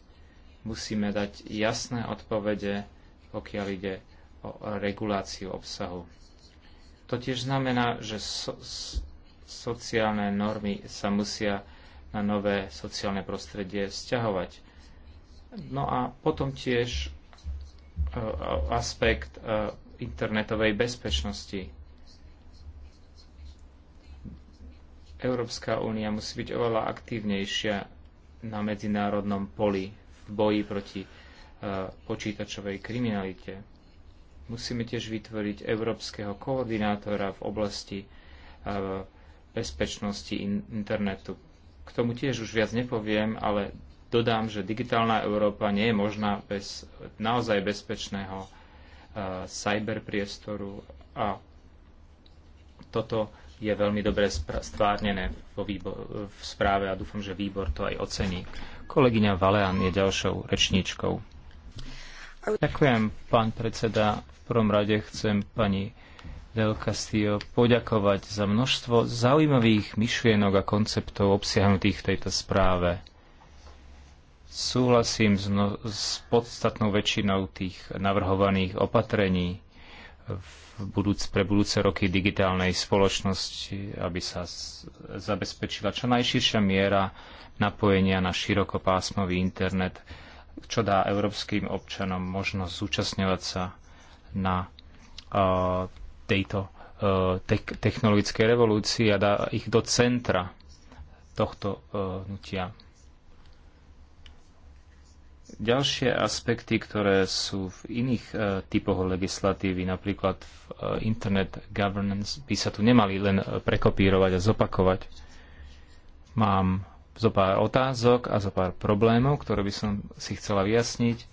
Musíme dať jasné odpovede, pokiaľ ide o reguláciu obsahu. To tiež znamená, že so, Sociálne normy sa musia na nové sociálne prostredie vzťahovať. No a potom tiež e, aspekt e, internetovej bezpečnosti. Európska únia musí byť oveľa aktívnejšia na medzinárodnom poli v boji proti e, počítačovej kriminalite. Musíme tiež vytvoriť európskeho koordinátora v oblasti bezpečnosti internetu. K tomu tiež už viac nepoviem, ale dodám, že digitálna Európa nie je možná bez naozaj bezpečného uh, cyberpriestoru a toto je veľmi dobre stvárnené vo výbor, v správe a dúfam, že výbor to aj ocení. Kolegyňa Valean je ďalšou rečníčkou. Ďakujem, pán predseda. V prvom rade chcem pani del Castillo poďakovať za množstvo zaujímavých myšlienok a konceptov obsiahnutých v tejto správe. Súhlasím s, no, s podstatnou väčšinou tých navrhovaných opatrení v budúc, pre budúce roky digitálnej spoločnosti, aby sa zabezpečila čo najširšia miera napojenia na širokopásmový internet, čo dá európskym občanom možnosť zúčastňovať sa na uh, tejto eh, technologickej revolúcii a dá ich do centra tohto eh, hnutia. Ďalšie aspekty, ktoré sú v iných eh, typoch legislatívy, napríklad v Internet Governance, by sa tu nemali len prekopírovať a zopakovať. Mám zo pár otázok a zo pár problémov, ktoré by som si chcela vyjasniť.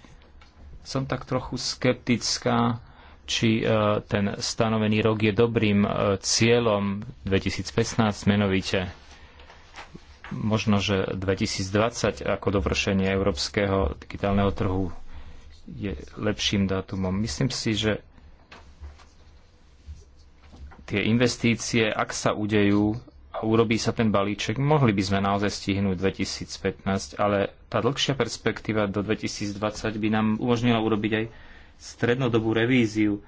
Som tak trochu skeptická, či e, ten stanovený rok je dobrým e, cieľom 2015 menovite možno, že 2020 ako dovršenie európskeho digitálneho trhu je lepším dátumom. Myslím si, že tie investície, ak sa udejú a urobí sa ten balíček, mohli by sme naozaj stihnúť 2015, ale tá dlhšia perspektíva do 2020 by nám umožnila urobiť aj strednodobú revíziu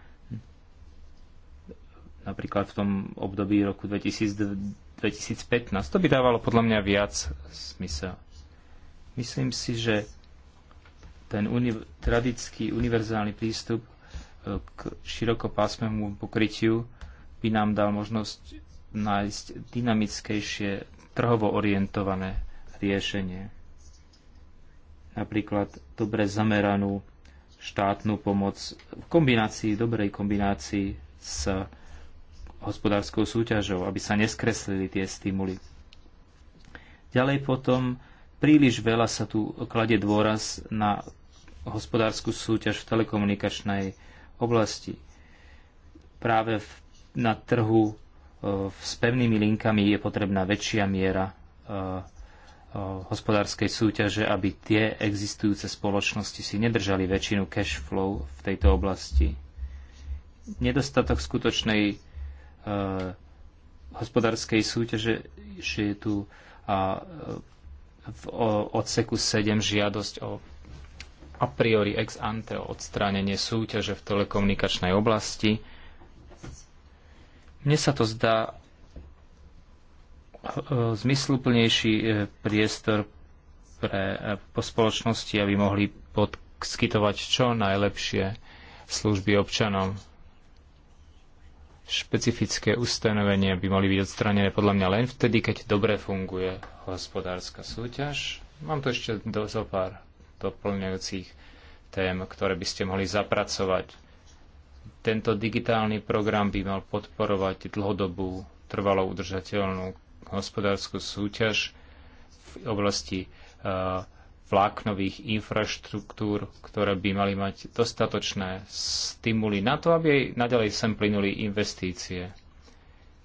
napríklad v tom období roku 2000, 2015. To by dávalo podľa mňa viac smysel. Myslím si, že ten uni- tradický univerzálny prístup e, k širokopásmemu pokrytiu by nám dal možnosť nájsť dynamickejšie, trhovo orientované riešenie. Napríklad dobre zameranú štátnu pomoc v kombinácii, dobrej kombinácii s hospodárskou súťažou, aby sa neskreslili tie stimuly. Ďalej potom príliš veľa sa tu kladie dôraz na hospodárskú súťaž v telekomunikačnej oblasti. Práve v, na trhu e, s pevnými linkami je potrebná väčšia miera e, hospodárskej súťaže, aby tie existujúce spoločnosti si nedržali väčšinu cash flow v tejto oblasti. Nedostatok skutočnej uh, hospodárskej súťaže, že je tu a, e, v uh, odseku 7 žiadosť o a priori ex ante o odstránenie súťaže v telekomunikačnej oblasti. Mne sa to zdá E, zmysluplnejší e, priestor pre e, spoločnosti, aby mohli podskytovať čo najlepšie služby občanom. Špecifické ustanovenia by mohli byť odstranené podľa mňa len vtedy, keď dobre funguje hospodárska súťaž. Mám tu ešte do, zo pár doplňujúcich tém, ktoré by ste mohli zapracovať. Tento digitálny program by mal podporovať dlhodobú, trvalo udržateľnú hospodárskú súťaž v oblasti vláknových infraštruktúr, ktoré by mali mať dostatočné stimuly na to, aby nadalej naďalej sem plynuli investície.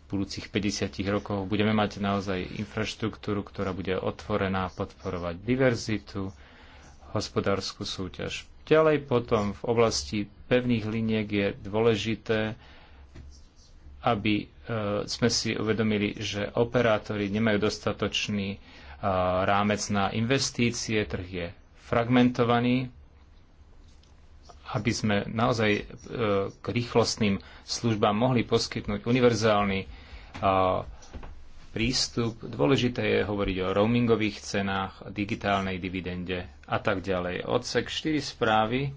V budúcich 50 rokoch budeme mať naozaj infraštruktúru, ktorá bude otvorená podporovať diverzitu, hospodárskú súťaž. Ďalej potom v oblasti pevných liniek je dôležité, aby E, sme si uvedomili, že operátori nemajú dostatočný e, rámec na investície, trh je fragmentovaný, aby sme naozaj e, k rýchlostným službám mohli poskytnúť univerzálny prístup. Dôležité je hovoriť o roamingových cenách, digitálnej dividende a tak ďalej. Odsek 4 správy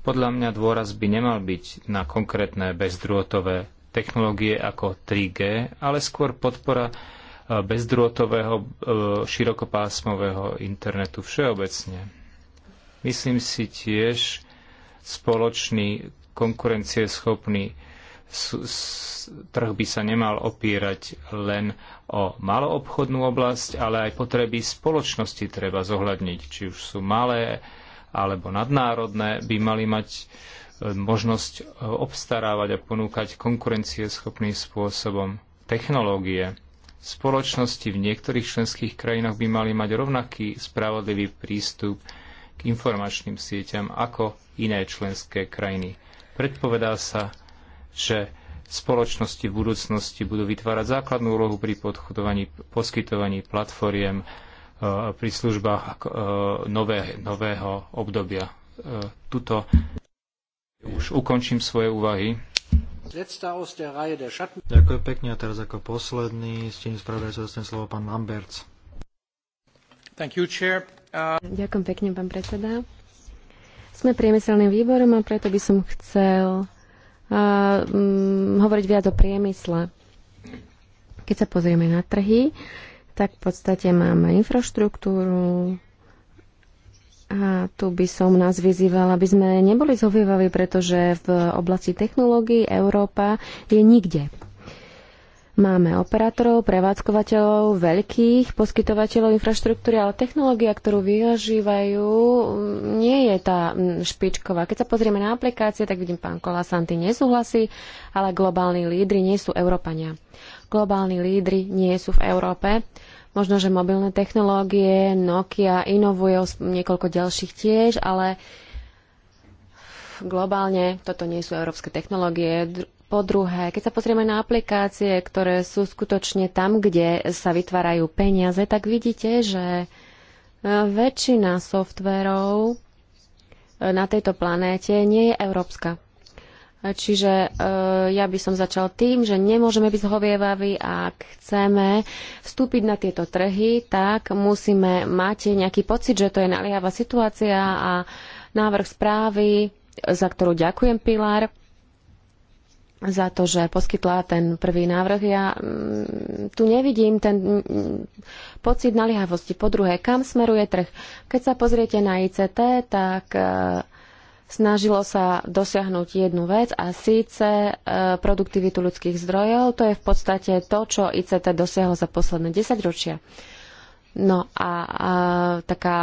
podľa mňa dôraz by nemal byť na konkrétne bezdrôtové technológie ako 3G, ale skôr podpora e, bezdrôtového e, širokopásmového internetu všeobecne. Myslím si tiež spoločný konkurencieschopný trh by sa nemal opírať len o maloobchodnú oblasť, ale aj potreby spoločnosti treba zohľadniť. Či už sú malé alebo nadnárodné, by mali mať možnosť e, obstarávať a ponúkať konkurencieschopným spôsobom technológie. Spoločnosti v niektorých členských krajinách by mali mať rovnaký spravodlivý prístup k informačným sieťam ako iné členské krajiny. Predpovedá sa, že spoločnosti v budúcnosti budú vytvárať základnú úlohu pri podchodovaní, poskytovaní platformiem e, pri službách e, nové, nového obdobia. Tuto už ukončím svoje úvahy. Ďakujem pekne a teraz ako posledný s tým spravodajcom dostane slovo pán Lamberts. You, uh... Ďakujem pekne, pán predseda. Sme priemyselným výborom a preto by som chcel uh, um, hovoriť viac o priemysle. Keď sa pozrieme na trhy, tak v podstate máme infraštruktúru, a tu by som nás vyzývala, aby sme neboli zhovievaví, pretože v oblasti technológií Európa je nikde. Máme operátorov, prevádzkovateľov, veľkých poskytovateľov infraštruktúry, ale technológia, ktorú využívajú, nie je tá špičková. Keď sa pozrieme na aplikácie, tak vidím, pán Kolasanty nesúhlasí, ale globálni lídry nie sú Európania. Globálni lídry nie sú v Európe Možno, že mobilné technológie, Nokia inovuje niekoľko ďalších tiež, ale globálne toto nie sú európske technológie. Po druhé, keď sa pozrieme na aplikácie, ktoré sú skutočne tam, kde sa vytvárajú peniaze, tak vidíte, že e, väčšina softverov e, na tejto planéte nie je európska. Čiže e, ja by som začal tým, že nemôžeme byť zhovievaví, ak chceme vstúpiť na tieto trhy, tak musíme mať nejaký pocit, že to je naliehavá situácia a návrh správy, za ktorú ďakujem Pilar, za to, že poskytla ten prvý návrh. Ja mm, tu nevidím ten mm, pocit naliehavosti. Po druhé, kam smeruje trh? Keď sa pozriete na ICT, tak e, snažilo sa dosiahnuť jednu vec a síce e, produktivitu ľudských zdrojov. To je v podstate to, čo ICT dosiahlo za posledné ročia. No a, a taká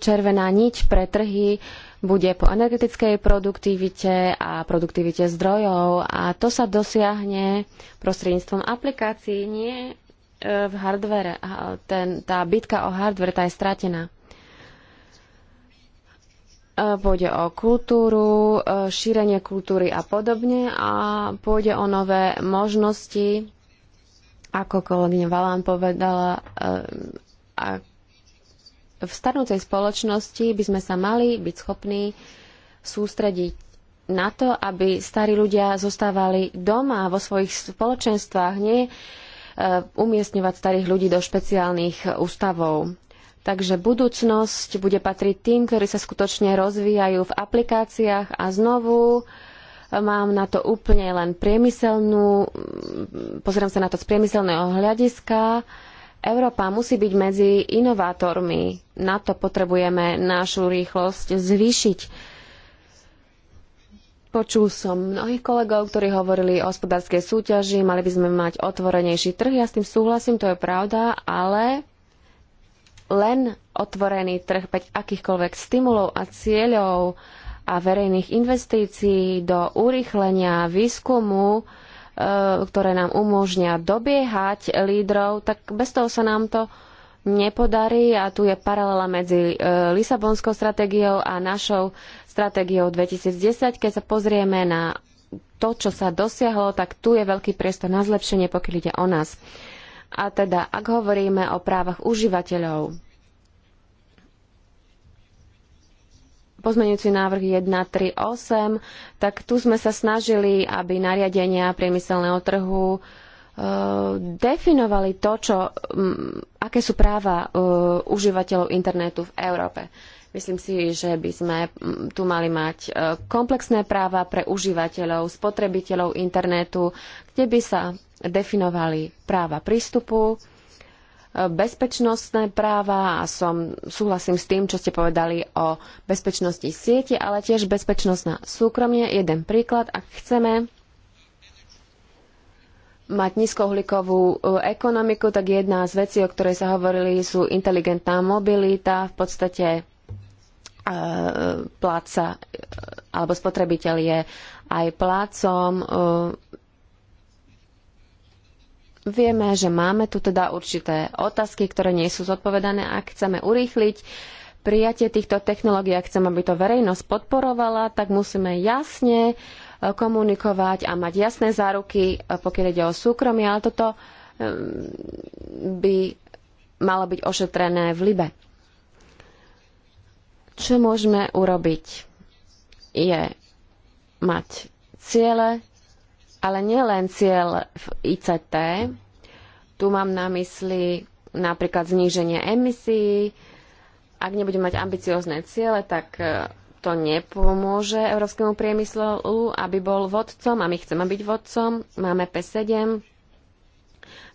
červená niť pre trhy bude po energetickej produktivite a produktivite zdrojov a to sa dosiahne prostredníctvom aplikácií, nie e, v hardvere. Ten, tá bitka o hardware tá je stratená. E, pôjde o kultúru, e, šírenie kultúry a podobne a pôjde o nové možnosti, ako kolegyňa Valán povedala, e, a v starnúcej spoločnosti by sme sa mali byť schopní sústrediť na to, aby starí ľudia zostávali doma vo svojich spoločenstvách, nie umiestňovať starých ľudí do špeciálnych ústavov. Takže budúcnosť bude patriť tým, ktorí sa skutočne rozvíjajú v aplikáciách a znovu e, mám na to úplne len priemyselnú, pozriem sa na to z priemyselného hľadiska. Európa musí byť medzi inovátormi. Na to potrebujeme našu rýchlosť zvýšiť. Počul som mnohých kolegov, ktorí hovorili o hospodárskej súťaži, mali by sme mať otvorenejší trh. Ja s tým súhlasím, to je pravda, ale len otvorený trh bez akýchkoľvek stimulov a cieľov a verejných investícií do urýchlenia výskumu, e, ktoré nám umožnia dobiehať lídrov, tak bez toho sa nám to nepodarí a tu je paralela medzi e, Lisabonskou stratégiou a našou stratégiou 2010. Keď sa pozrieme na to, čo sa dosiahlo, tak tu je veľký priestor na zlepšenie, pokiaľ ide o nás. A teda, ak hovoríme o právach užívateľov, pozmeňujúci návrh 138, tak tu sme sa snažili, aby nariadenia priemyselného trhu e, definovali to, čo, aké sú práva e, užívateľov internetu v Európe. Myslím si, že by sme tu mali mať e, komplexné práva pre užívateľov, spotrebiteľov internetu, kde by sa definovali práva prístupu, bezpečnostné práva a som, súhlasím s tým, čo ste povedali o bezpečnosti siete, ale tiež bezpečnosť na súkromie. Jeden príklad, ak chceme mať nízkouhlíkovú e, ekonomiku, tak jedna z vecí, o ktorej sa hovorili, sú inteligentná mobilita, v podstate e, pláca e, alebo spotrebiteľ je aj plácom, Vieme, že máme tu teda určité otázky, ktoré nie sú zodpovedané a chceme urýchliť prijatie týchto technológií a chcem, aby to verejnosť podporovala, tak musíme jasne e, komunikovať a mať jasné záruky, e, pokiaľ ide o súkromie, ale toto e, by malo byť ošetrené v Libe. Čo môžeme urobiť? Je mať ciele, ale nielen cieľ v ICT, tu mám na mysli napríklad zníženie emisí. Ak nebudeme mať ambiciozne ciele, tak e, to nepomôže európskemu priemyslu, aby bol vodcom a my chceme byť vodcom. Máme P7,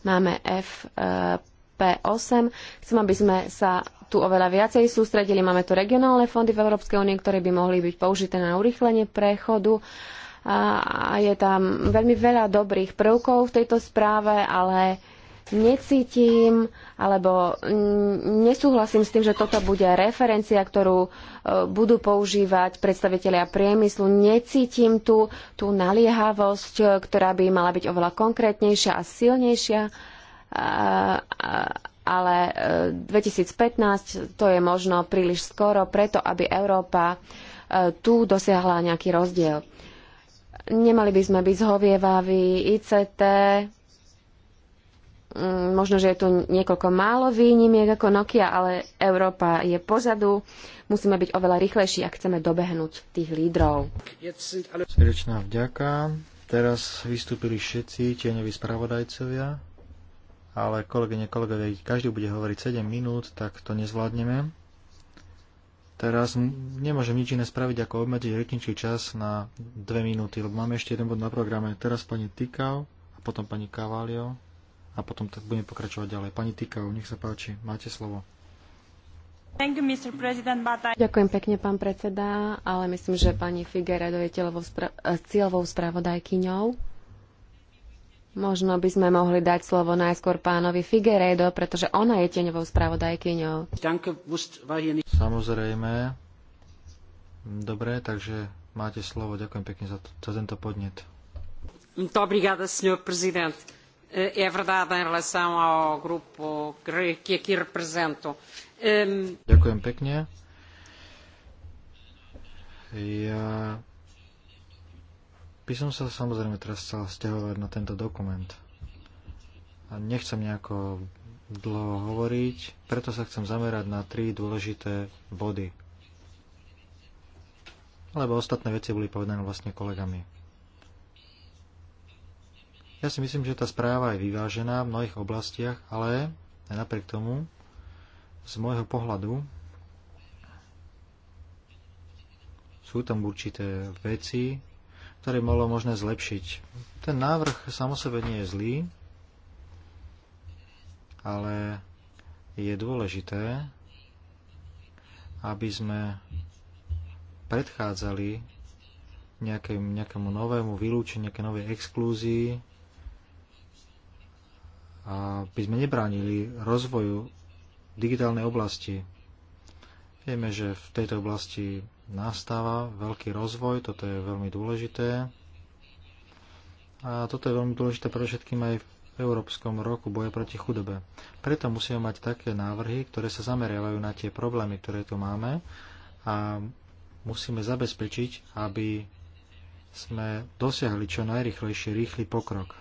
máme FP8. Chcem, aby sme sa tu oveľa viacej sústredili. Máme tu regionálne fondy v Európskej únii, ktoré by mohli byť použité na urychlenie prechodu a je tam veľmi veľa dobrých prvkov v tejto správe, ale necítim alebo nesúhlasím s tým, že toto bude referencia, ktorú e, budú používať predstavitelia priemyslu. Necítim tú, tú naliehavosť, e, ktorá by mala byť oveľa konkrétnejšia a silnejšia. E, ale 2015 to je možno príliš skoro preto, aby Európa tu dosiahla nejaký rozdiel. Nemali by sme byť zhovievaví. ICT, mm, možno, že je tu niekoľko málo výnimiek ako Nokia, ale Európa je pozadu. Musíme byť oveľa rýchlejší, ak chceme dobehnúť tých lídrov. Srdečná vďaka. Teraz vystúpili všetci tieňoví spravodajcovia, ale kolegyne, kolegovia, každý bude hovoriť 7 minút, tak to nezvládneme teraz nemôžem nič iné spraviť, ako obmedziť rečničký čas na dve minúty, lebo máme ešte jeden bod na programe. Teraz pani Tikal a potom pani Kavalio a potom tak budem pokračovať ďalej. Pani Tikau, nech sa páči, máte slovo. You, I... Ďakujem pekne, pán predseda, ale myslím, že pani Figueredo je cieľovou, spra- cieľovou spravodajkyňou Možno by sme mohli dať slovo najskôr pánovi Figueredo, pretože ona je tieňovou spravodajkyňou. Samozrejme. Dobre, takže máte slovo. Ďakujem pekne za, to, za tento podnet. Muito obrigada, senhor presidente. Eh, é verdade em relação ao grupo que aqui represento. Ehm, Ďakujem pekne. Ja by som sa samozrejme teraz chcel stiahovať na tento dokument. A nechcem nejako dlho hovoriť, preto sa chcem zamerať na tri dôležité body. Lebo ostatné veci boli povedané vlastne kolegami. Ja si myslím, že tá správa je vyvážená v mnohých oblastiach, ale aj napriek tomu, z môjho pohľadu, sú tam určité veci, ktorý bolo možné zlepšiť. Ten návrh samo sebe nie je zlý, ale je dôležité, aby sme predchádzali nejakému, nejakému novému vylúčeniu, nejaké novej exklúzii, aby sme nebránili rozvoju digitálnej oblasti. Vieme, že v tejto oblasti nastáva veľký rozvoj, toto je veľmi dôležité. A toto je veľmi dôležité pre všetkým aj v Európskom roku boja proti chudobe. Preto musíme mať také návrhy, ktoré sa zameriavajú na tie problémy, ktoré tu máme a musíme zabezpečiť, aby sme dosiahli čo najrychlejší rýchly pokrok.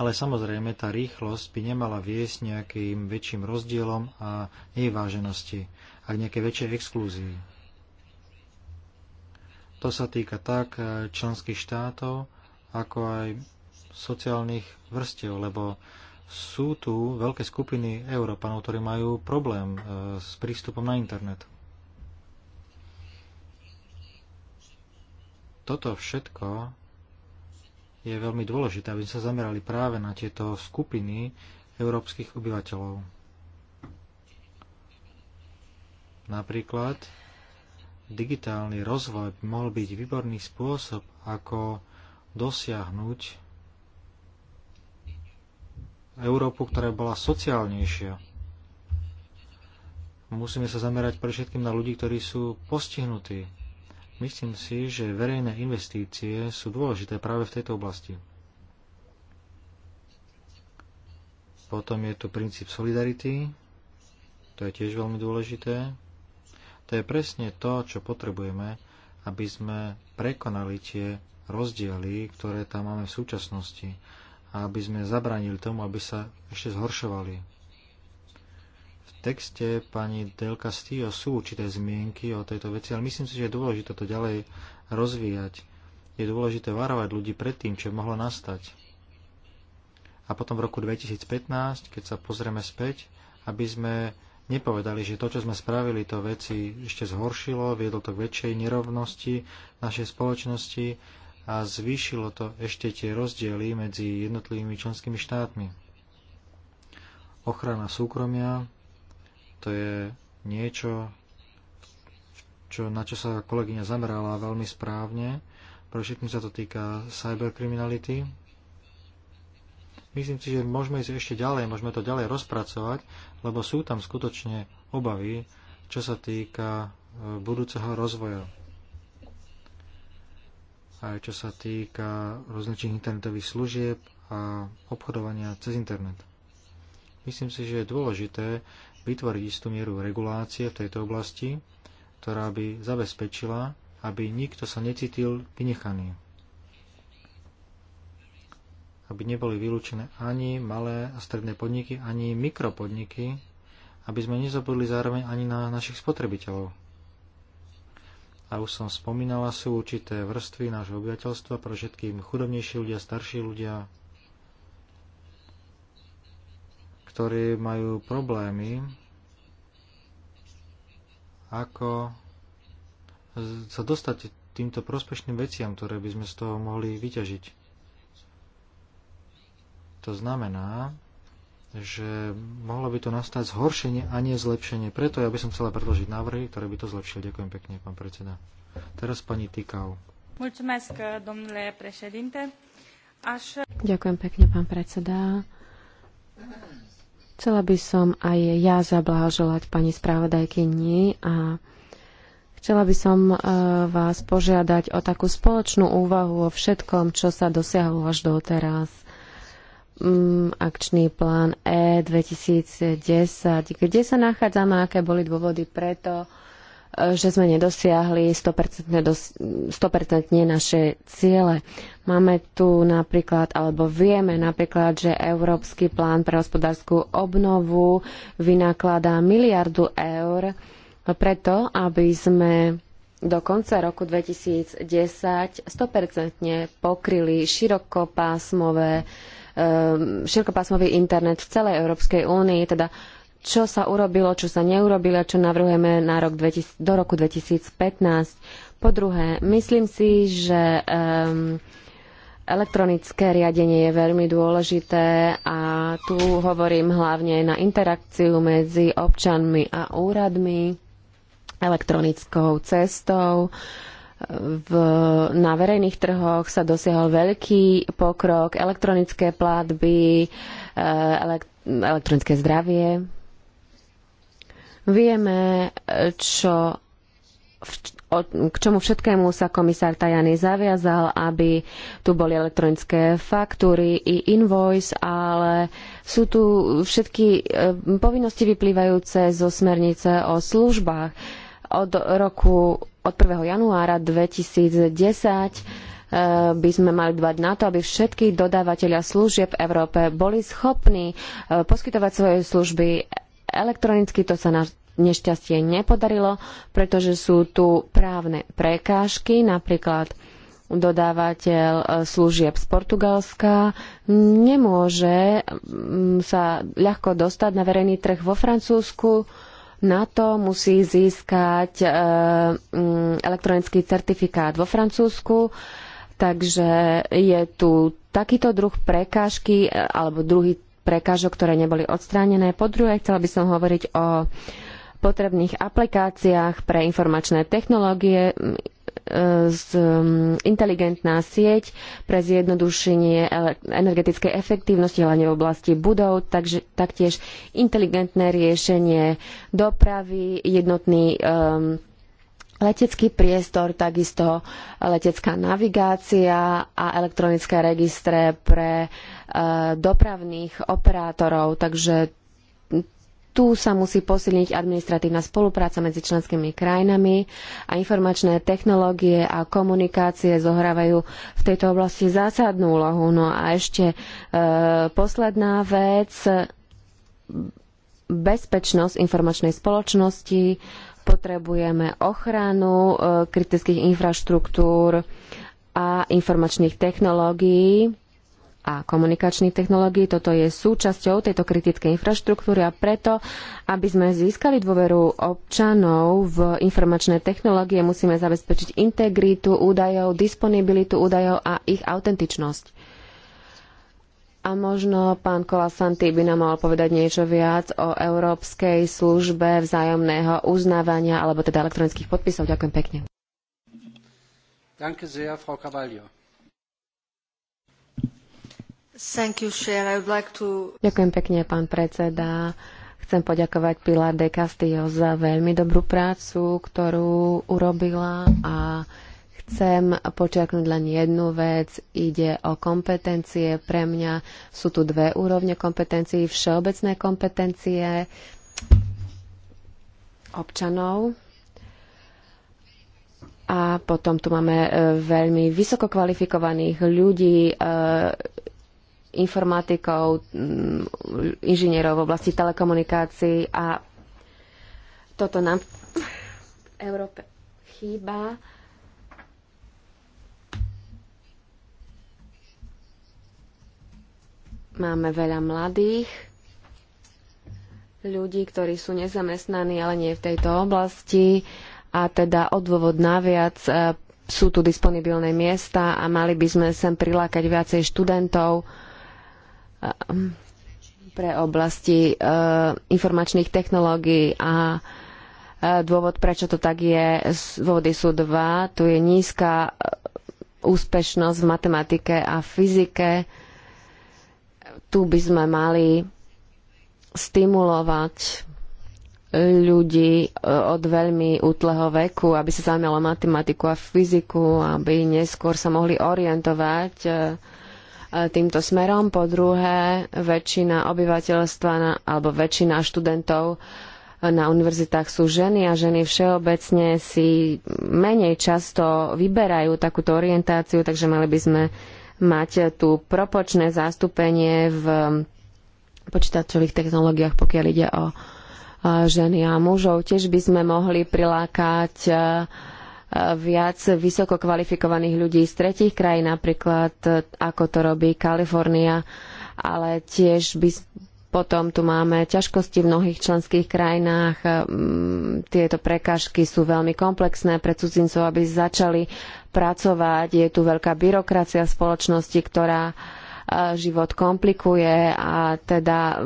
Ale samozrejme tá rýchlosť by nemala viesť nejakým väčším rozdielom a nevyváženosti a nejaké nejakej väčšej exklúzii. To sa týka tak e, členských štátov, ako aj sociálnych vrstiev, lebo sú tu veľké skupiny Európanov, ktorí majú problém e, s prístupom na internet. Toto všetko je veľmi dôležité, aby sa zamerali práve na tieto skupiny európskych obyvateľov. Napríklad digitálny rozvoj by mohol byť výborný spôsob, ako dosiahnuť Európu, ktorá bola sociálnejšia. Musíme sa zamerať pre všetkým na ľudí, ktorí sú postihnutí. Myslím si, že verejné investície sú dôležité práve v tejto oblasti. Potom je tu princíp solidarity, to je tiež veľmi dôležité. To je presne to, čo potrebujeme, aby sme prekonali tie rozdiely, ktoré tam máme v súčasnosti a aby sme zabránili tomu, aby sa ešte zhoršovali. V texte pani Del Castillo sú určité zmienky o tejto veci, ale myslím si, že je dôležité to ďalej rozvíjať. Je dôležité varovať ľudí pred tým, čo mohlo nastať. A potom v roku 2015, keď sa pozrieme späť, aby sme nepovedali, že to, čo sme spravili, to veci ešte zhoršilo, viedlo to k väčšej nerovnosti našej spoločnosti a zvýšilo to ešte tie rozdiely medzi jednotlivými členskými štátmi. Ochrana súkromia, to je niečo, čo, na čo sa kolegyňa zamerala veľmi správne. Pre všetkým sa to týka cyberkriminality, Myslím si, že môžeme ísť ešte ďalej, môžeme to ďalej rozpracovať, lebo sú tam skutočne obavy, čo sa týka e, budúceho rozvoja. Aj čo sa týka rozličných internetových služieb a obchodovania cez internet. Myslím si, že je dôležité vytvoriť istú mieru regulácie v tejto oblasti, ktorá by zabezpečila, aby nikto sa necítil vynechaný aby neboli vylúčené ani malé a stredné podniky, ani mikropodniky, aby sme nezabudli zároveň ani na našich spotrebiteľov. A už som spomínala, sú určité vrstvy nášho obyvateľstva, pre všetkým chudobnejší ľudia, starší ľudia, ktorí majú problémy, ako sa dostať týmto prospešným veciam, ktoré by sme z toho mohli vyťažiť. To znamená, že mohlo by to nastať zhoršenie a nie zlepšenie. Preto ja by som chcela predložiť návrhy, ktoré by to zlepšili. Ďakujem pekne, pán predseda. Teraz pani Tikau. Ďakujem pekne, pán predseda. Chcela by som aj ja zablážovať pani správodajkyni a chcela by som e, vás požiadať o takú spoločnú úvahu o všetkom, čo sa dosiahlo až doteraz – um, akčný plán E 2010, kde sa nachádzame, aké boli dôvody preto, e, že sme nedosiahli 100%, dos- 100% naše ciele. Máme tu napríklad, alebo vieme napríklad, že Európsky plán pre hospodárskú obnovu vynakladá miliardu eur preto, aby sme do konca roku 2010 100% pokryli širokopásmové Ehm, širokopásmový internet v celej Európskej únii, teda čo sa urobilo, čo sa neurobilo, čo navrhujeme na rok 2000, do roku 2015. Po druhé, myslím si, že um, elektronické riadenie je veľmi dôležité a tu hovorím hlavne na interakciu medzi občanmi a úradmi elektronickou cestou. Uh, v, na verejných trhoch sa dosiahol veľký pokrok, elektronické platby, eh, elektronické zdravie. Vieme, čo, k čomu všetkému sa komisár Tajany zaviazal, aby tu boli elektronické faktúry i invoice, ale sú tu všetky eh, povinnosti vyplývajúce zo smernice o službách od roku od 1. januára 2010 e, by sme mali dbať na to, aby všetky dodávateľia služieb v Európe boli schopní e, poskytovať svoje služby elektronicky. To sa na nešťastie nepodarilo, pretože sú tu právne prekážky, napríklad dodávateľ e, služieb z Portugalska nemôže mm, sa ľahko dostať na verejný trh vo Francúzsku, na to musí získať e, mm, elektronický certifikát vo Francúzsku, takže je tu takýto druh prekážky e, alebo druhý prekážok, ktoré neboli odstránené. Po druhé, chcela by som hovoriť o potrebných aplikáciách pre informačné technológie, inteligentná sieť pre zjednodušenie energetickej efektívnosti, hlavne v oblasti budov, takže, taktiež inteligentné riešenie dopravy, jednotný um, letecký priestor, takisto letecká navigácia a elektronické registre pre uh, dopravných operátorov. Takže tu sa musí posilniť administratívna spolupráca medzi členskými krajinami a informačné technológie a komunikácie zohrávajú v tejto oblasti zásadnú úlohu. No a ešte e, posledná vec, bezpečnosť informačnej spoločnosti, potrebujeme ochranu e, kritických infraštruktúr a informačných technológií a komunikačných technológií. Toto je súčasťou tejto kritickej infraštruktúry a preto, aby sme získali dôveru občanov v informačné technológie, musíme zabezpečiť integritu údajov, disponibilitu údajov a ich autentičnosť. A možno pán Kolasanti by nám mal povedať niečo viac o Európskej službe vzájomného uznávania alebo teda elektronických podpisov. Ďakujem pekne. Danke sehr, Frau Cavaglio. You, like to... Ďakujem pekne, pán predseda. Chcem poďakovať Pilar de Castillo za veľmi dobrú prácu, ktorú urobila a chcem počiarknúť len jednu vec. Ide o kompetencie. Pre mňa sú tu dve úrovne kompetencií. Všeobecné kompetencie občanov a potom tu máme e, veľmi vysoko kvalifikovaných ľudí, e, informatikov, inžinierov v oblasti telekomunikácií a toto nám v Európe chýba. Máme veľa mladých ľudí, ktorí sú nezamestnaní, ale nie v tejto oblasti a teda odôvod naviac e, sú tu disponibilné miesta a mali by sme sem prilákať viacej študentov, pre oblasti e, informačných technológií a e, dôvod, prečo to tak je, dôvody sú dva. Tu je nízka e, úspešnosť v matematike a fyzike. Tu by sme mali stimulovať ľudí od veľmi útleho veku, aby sa zaujímalo matematiku a fyziku, aby neskôr sa mohli orientovať E, týmto smerom. Po druhé, väčšina obyvateľstva na, alebo väčšina študentov e, na univerzitách sú ženy a ženy všeobecne si menej často vyberajú takúto orientáciu, takže mali by sme mať tu propočné zastúpenie v počítačových technológiách, pokiaľ ide o e, ženy a mužov. Tiež by sme mohli prilákať viac vysoko kvalifikovaných ľudí z tretích krajín, napríklad e, ako to robí Kalifornia, ale tiež by potom tu máme ťažkosti v mnohých členských krajinách. E, tieto prekážky sú veľmi komplexné pre cudzincov, aby začali pracovať. Je tu veľká byrokracia spoločnosti, ktorá e, život komplikuje a teda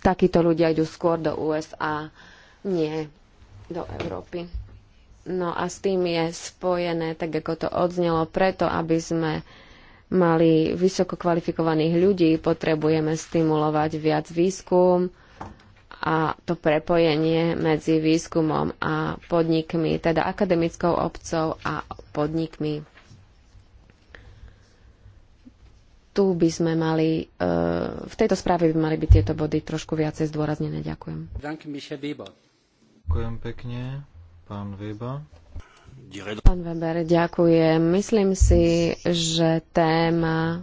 takíto ľudia idú skôr do USA, nie do Európy. No a s tým je spojené, tak ako to odznelo, preto, aby sme mali vysoko kvalifikovaných ľudí, potrebujeme stimulovať viac výskum a to prepojenie medzi výskumom a podnikmi, teda akademickou obcov a podnikmi. Tu by sme mali, e, v tejto správe by mali byť tieto body trošku viacej zdôraznené. Ďakujem. Ďakujem pekne. Pán Weber. Pán Weber, ďakujem. Myslím si, že téma,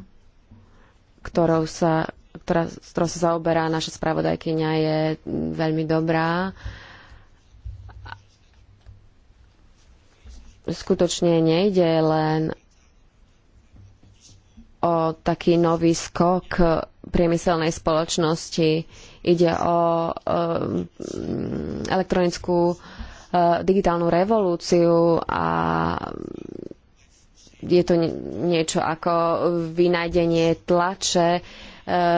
ktorou sa, ktorá, ktorou sa zaoberá naša spravodajkyňa, je veľmi dobrá. Skutočne nejde len o taký nový skok priemyselnej spoločnosti. Ide o um, elektronickú Eh, digitálnu revolúciu a je to niečo ako vynajdenie tlače, eh,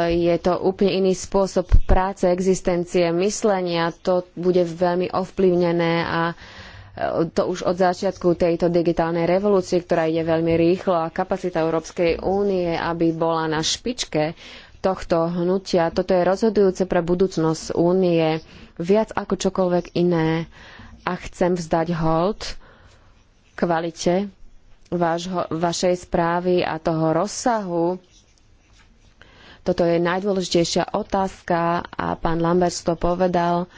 je to úplne iný spôsob práce, existencie, myslenia. To bude veľmi ovplyvnené a eh, to už od začiatku tejto digitálnej revolúcie, ktorá ide veľmi rýchlo a kapacita Európskej únie, aby bola na špičke tohto hnutia. Toto je rozhodujúce pre budúcnosť únie viac ako čokoľvek iné. Uh, a chcem vzdať hold kvalite vášho, vašej správy a toho rozsahu. Toto je najdôležitejšia otázka a pán Lambert to povedal.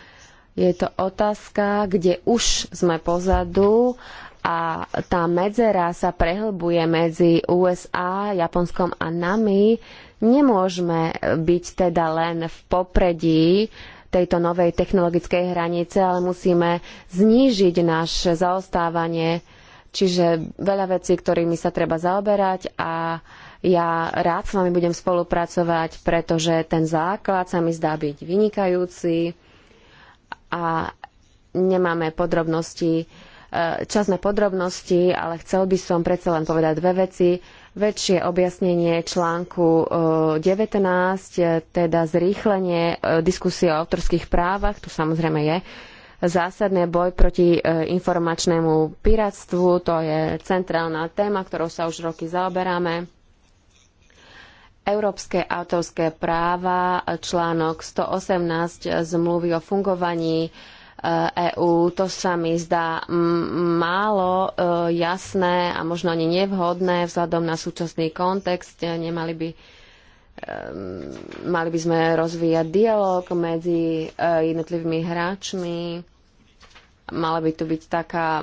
Je to otázka, kde už sme pozadu a tá medzera sa prehlbuje medzi USA, Japonskom a nami. Nemôžeme byť teda len v popredí tejto novej technologickej hranice, ale musíme znížiť naše zaostávanie. Čiže veľa vecí, ktorými sa treba zaoberať a ja rád s vami budem spolupracovať, pretože ten základ sa mi zdá byť vynikajúci a nemáme podrobnosti, eh, čas na podrobnosti, ale chcel by som predsa len povedať dve veci väčšie objasnenie článku 19, e, e, teda zrýchlenie e, diskusie o autorských právach, tu samozrejme je zásadný boj proti informačnému piráctvu, to je centrálna téma, ktorou sa už roky zaoberáme. Európske autorské práva, článok 118 zmluvy o fungovaní EÚ. Eh, e to sa mi zdá málo eh, jasné a možno ani nevhodné vzhľadom na súčasný kontext. Nemali by eh, mali by sme rozvíjať dialog medzi jednotlivými hráčmi. Mala by tu byť taká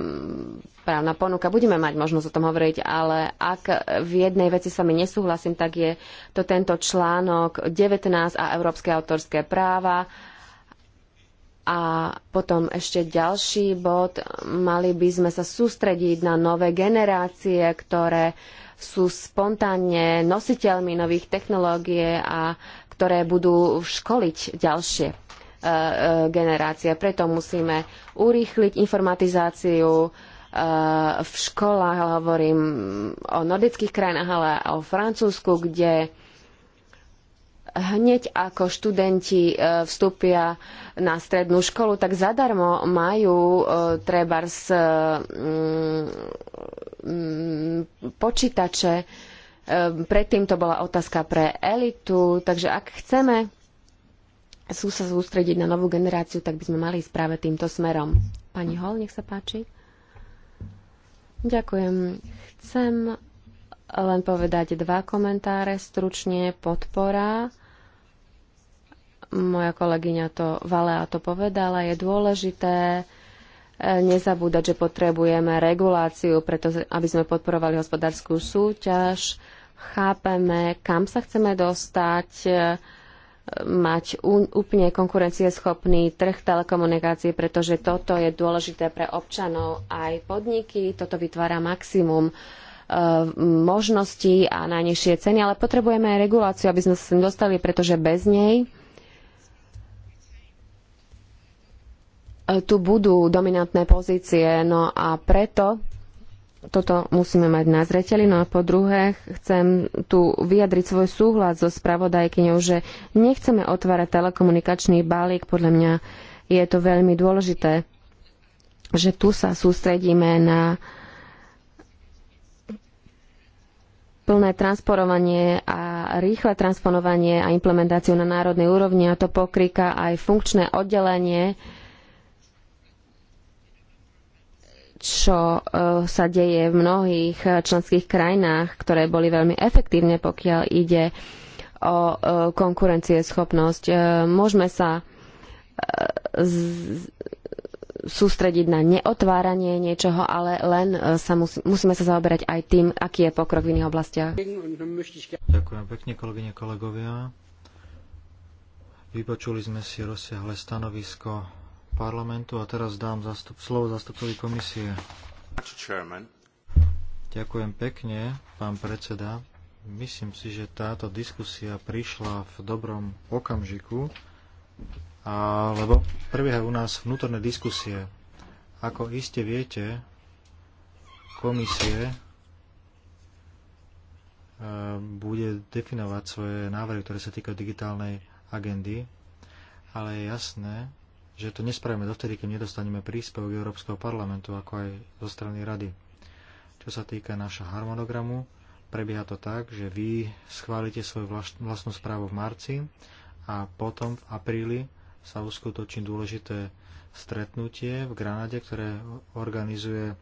právna ponuka. Budeme mať možnosť o tom hovoriť, ale ak v jednej veci sa mi nesúhlasím, tak je to tento článok 19 a Európske autorské práva a potom ešte ďalší bod, mali by sme sa sústrediť na nové generácie, ktoré sú spontánne nositeľmi nových technológie a ktoré budú školiť ďalšie e, e, generácie. Preto musíme urýchliť informatizáciu e, v školách, hovorím o nordických krajinách, ale o Francúzsku, kde hneď ako študenti e, vstúpia na strednú školu, tak zadarmo majú e, trebárs e, mm, mm, počítače. Predtým to bola otázka pre elitu, takže ak chceme sú sa sústrediť na novú generáciu, tak by sme mali ísť práve týmto smerom. Pani Hol, nech sa páči. Ďakujem. Chcem len povedať dva komentáre. Stručne podpora moja kolegyňa to Valea to povedala, je dôležité e, nezabúdať, že potrebujeme reguláciu, preto aby sme podporovali hospodárskú súťaž, chápeme, kam sa chceme dostať, e, mať úplne konkurencieschopný trh telekomunikácií, pretože toto je dôležité pre občanov aj podniky. Toto vytvára maximum e, možností a najnižšie ceny, ale potrebujeme aj reguláciu, aby sme sa sem dostali, pretože bez nej E, tu budú dominantné pozície, no a preto toto musíme mať na zreteli. No a po druhé, chcem tu vyjadriť svoj súhlas so spravodajkyňou, že nechceme otvárať telekomunikačný balík. Podľa mňa je to veľmi dôležité, že tu sa sústredíme na plné transporovanie a rýchle transponovanie a implementáciu na národnej úrovni a to pokrýka aj funkčné oddelenie uh, čo e, sa deje v mnohých e, členských krajinách, ktoré boli veľmi efektívne, pokiaľ ide o e, konkurencieschopnosť. Môžeme sa sústrediť na neotváranie niečoho, ale len sa musíme sa zaoberať aj tým, aký je pokrok v iných oblastiach. Ďakujem pekne, kolegyne, kolegovia. Vypočuli sme si rozsiahle stanovisko parlamentu a teraz dám zastup, slovo zastupcovi komisie. Ďakujem pekne, pán predseda. Myslím si, že táto diskusia prišla v dobrom okamžiku, a, lebo prebiehajú u nás vnútorné diskusie. Ako iste viete, komisie e, bude definovať svoje návrhy, ktoré sa týkajú digitálnej agendy, ale je jasné, že to nespravíme dovtedy, kým nedostaneme príspevok Európskeho parlamentu, ako aj zo strany Rady. Čo sa týka našho harmonogramu, prebieha to tak, že vy schválite svoju vlastnú správu v marci a potom v apríli sa uskutoční dôležité stretnutie v Granade, ktoré organizuje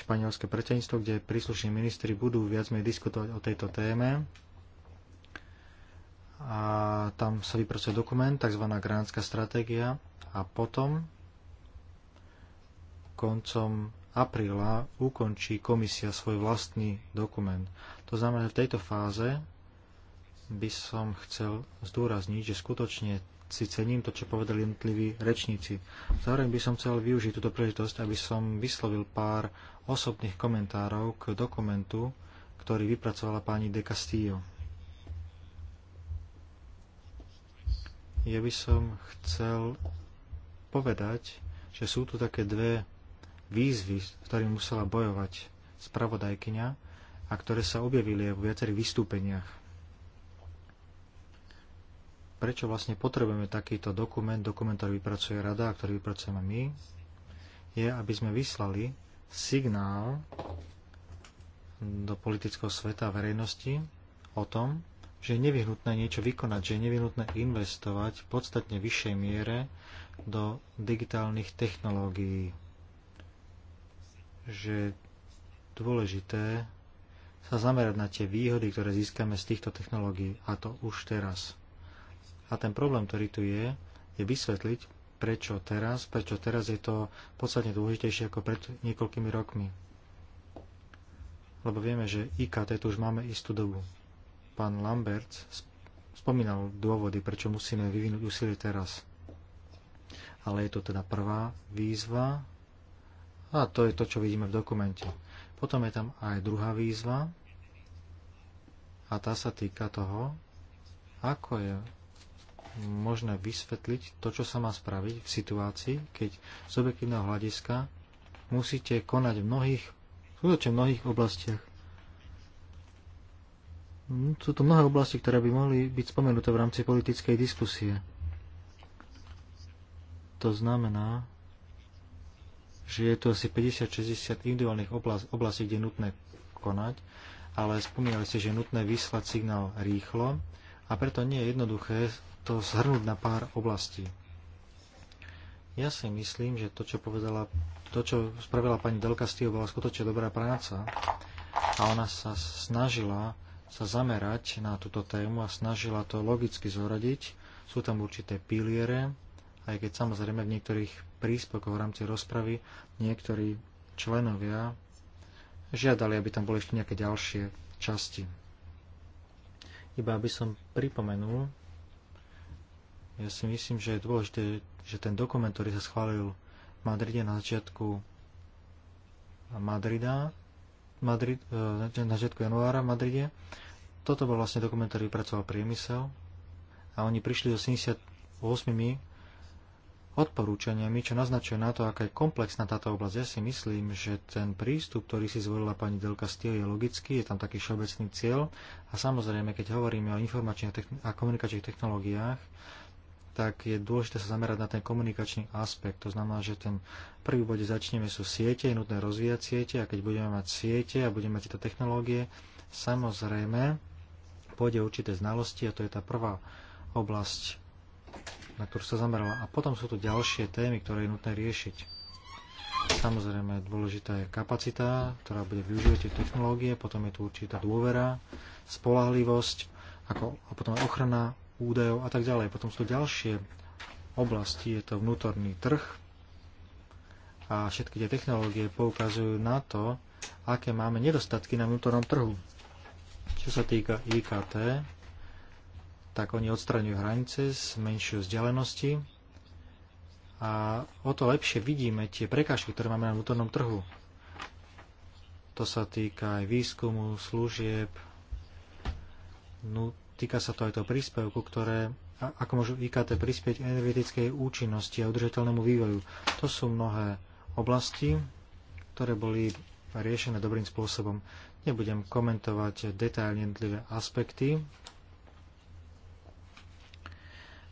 španielské predsedníctvo, kde príslušní ministri budú viac menej diskutovať o tejto téme a tam sa vypracuje dokument, tzv. granátska stratégia a potom koncom apríla ukončí komisia svoj vlastný dokument. To znamená, že v tejto fáze by som chcel zdôrazniť, že skutočne si cením to, čo povedali jednotliví rečníci. Zároveň by som chcel využiť túto príležitosť, aby som vyslovil pár osobných komentárov k dokumentu, ktorý vypracovala pani De Castillo. ja by som chcel povedať, že sú tu také dve výzvy, s ktorými musela bojovať spravodajkyňa a ktoré sa objavili aj vo viacerých vystúpeniach. Prečo vlastne potrebujeme takýto dokument, dokument, ktorý vypracuje rada a ktorý vypracujeme my, je, aby sme vyslali signál do politického sveta a verejnosti o tom, že je nevyhnutné niečo vykonať, že je nevyhnutné investovať v podstatne vyššej miere do digitálnych technológií. Že je dôležité sa zamerať na tie výhody, ktoré získame z týchto technológií, a to už teraz. A ten problém, ktorý tu je, je vysvetliť, prečo teraz, prečo teraz je to podstatne dôležitejšie ako pred niekoľkými rokmi. Lebo vieme, že IKT tu už máme istú dobu. Pán Lambert spomínal dôvody, prečo musíme vyvinúť úsilie teraz. Ale je to teda prvá výzva a to je to, čo vidíme v dokumente. Potom je tam aj druhá výzva a tá sa týka toho, ako je možné vysvetliť to, čo sa má spraviť v situácii, keď z objektívneho hľadiska musíte konať v mnohých, v mnohých oblastiach. Hm, sú tu mnohé oblasti, ktoré by mohli byť spomenuté v rámci politickej diskusie. To znamená, že je tu asi 50-60 individuálnych oblast, oblastí, kde je nutné konať, ale spomínali ste, že je nutné vyslať signál rýchlo a preto nie je jednoduché to zhrnúť na pár oblastí. Ja si myslím, že to, čo povedala, to, čo spravila pani Delka bola skutočne dobrá práca a ona sa snažila sa zamerať na túto tému a snažila to logicky zoradiť. Sú tam určité piliere, aj keď samozrejme v niektorých príspevkoch v rámci rozpravy niektorí členovia žiadali, aby tam boli ešte nejaké ďalšie časti. Iba aby som pripomenul, ja si myslím, že je dôležité, že ten dokument, ktorý sa schválil v Madride na začiatku Madrida, Madrid, e, na začiatku januára v Madride. Toto bol vlastne dokument, ktorý vypracoval priemysel a oni prišli so 78 odporúčaniami, čo naznačuje na to, aká je komplexná táto oblasť. Ja si myslím, že ten prístup, ktorý si zvolila pani Delka Stiel, je logický, je tam taký všeobecný cieľ a samozrejme, keď hovoríme o informačných a komunikačných technológiách, tak je dôležité sa zamerať na ten komunikačný aspekt. To znamená, že ten prvý bod začneme sú siete, je nutné rozvíjať siete a keď budeme mať siete a budeme mať tieto technológie, samozrejme pôjde určité znalosti a to je tá prvá oblasť, na ktorú sa zamerala. A potom sú tu ďalšie témy, ktoré je nutné riešiť. Samozrejme, dôležitá je kapacita, ktorá bude využívať tie technológie, potom je tu určitá dôvera, spolahlivosť, ako, a potom aj ochrana údajov a tak ďalej. Potom sú ďalšie oblasti, je to vnútorný trh a všetky tie technológie poukazujú na to, aké máme nedostatky na vnútornom trhu. Čo sa týka IKT, tak oni odstraňujú hranice, zmenšujú vzdialenosti a o to lepšie vidíme tie prekážky, ktoré máme na vnútornom trhu. To sa týka aj výskumu, služieb, týka sa to aj toho príspevku, ktoré, ako môžu IKT prispieť energetickej účinnosti a udržateľnému vývoju. To sú mnohé oblasti, ktoré boli riešené dobrým spôsobom. Nebudem komentovať detailne jednotlivé aspekty,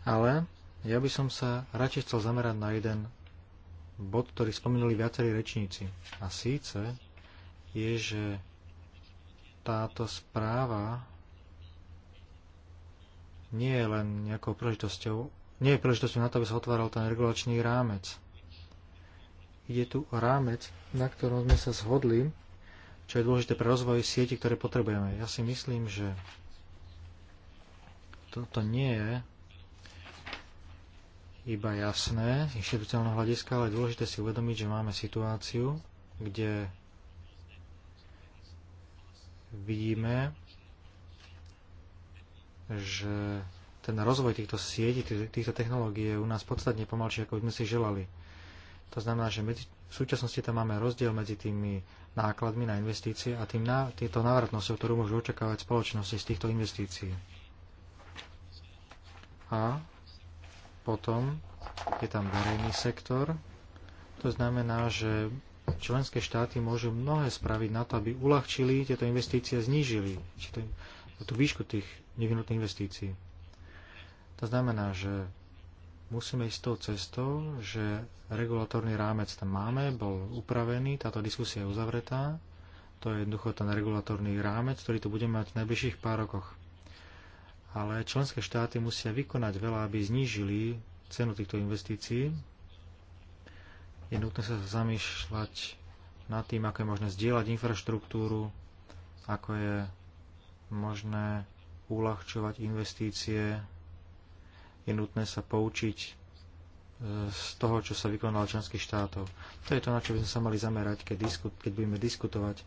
ale ja by som sa radšej chcel zamerať na jeden bod, ktorý spomenuli viacerí rečníci. A síce je, že táto správa nie je len nejakou príležitosťou, nie je príležitosťou na to, aby sa otváral ten regulačný rámec. Ide tu o rámec, na ktorom sme sa zhodli, čo je dôležité pre rozvoj sieti, ktoré potrebujeme. Ja si myslím, že toto nie je iba jasné z inštitucionálneho hľadiska, ale je dôležité si uvedomiť, že máme situáciu, kde vidíme že ten rozvoj týchto sietí, týchto technológií je u nás podstatne pomalší, ako by sme si želali. To znamená, že medzi, v súčasnosti tam máme rozdiel medzi tými nákladmi na investície a tým na, týmto návratnosťou, ktorú môžu očakávať spoločnosti z týchto investícií. A potom je tam verejný sektor. To znamená, že členské štáty môžu mnohé spraviť na to, aby uľahčili tieto investície, znížili tú výšku tých nevinutých investícií. To znamená, že musíme ísť tou cestou, že regulatorný rámec tam máme, bol upravený, táto diskusia je uzavretá. To je jednoducho ten regulatorný rámec, ktorý tu budeme mať v najbližších pár rokoch. Ale členské štáty musia vykonať veľa, aby znížili cenu týchto investícií. Je nutné sa zamýšľať nad tým, ako je možné zdieľať infraštruktúru, ako je možné uľahčovať investície. Je nutné sa poučiť e, z toho, čo sa vykonalo členských štátov. To je to, na čo by sme sa mali zamerať, keď, diskut, keď budeme diskutovať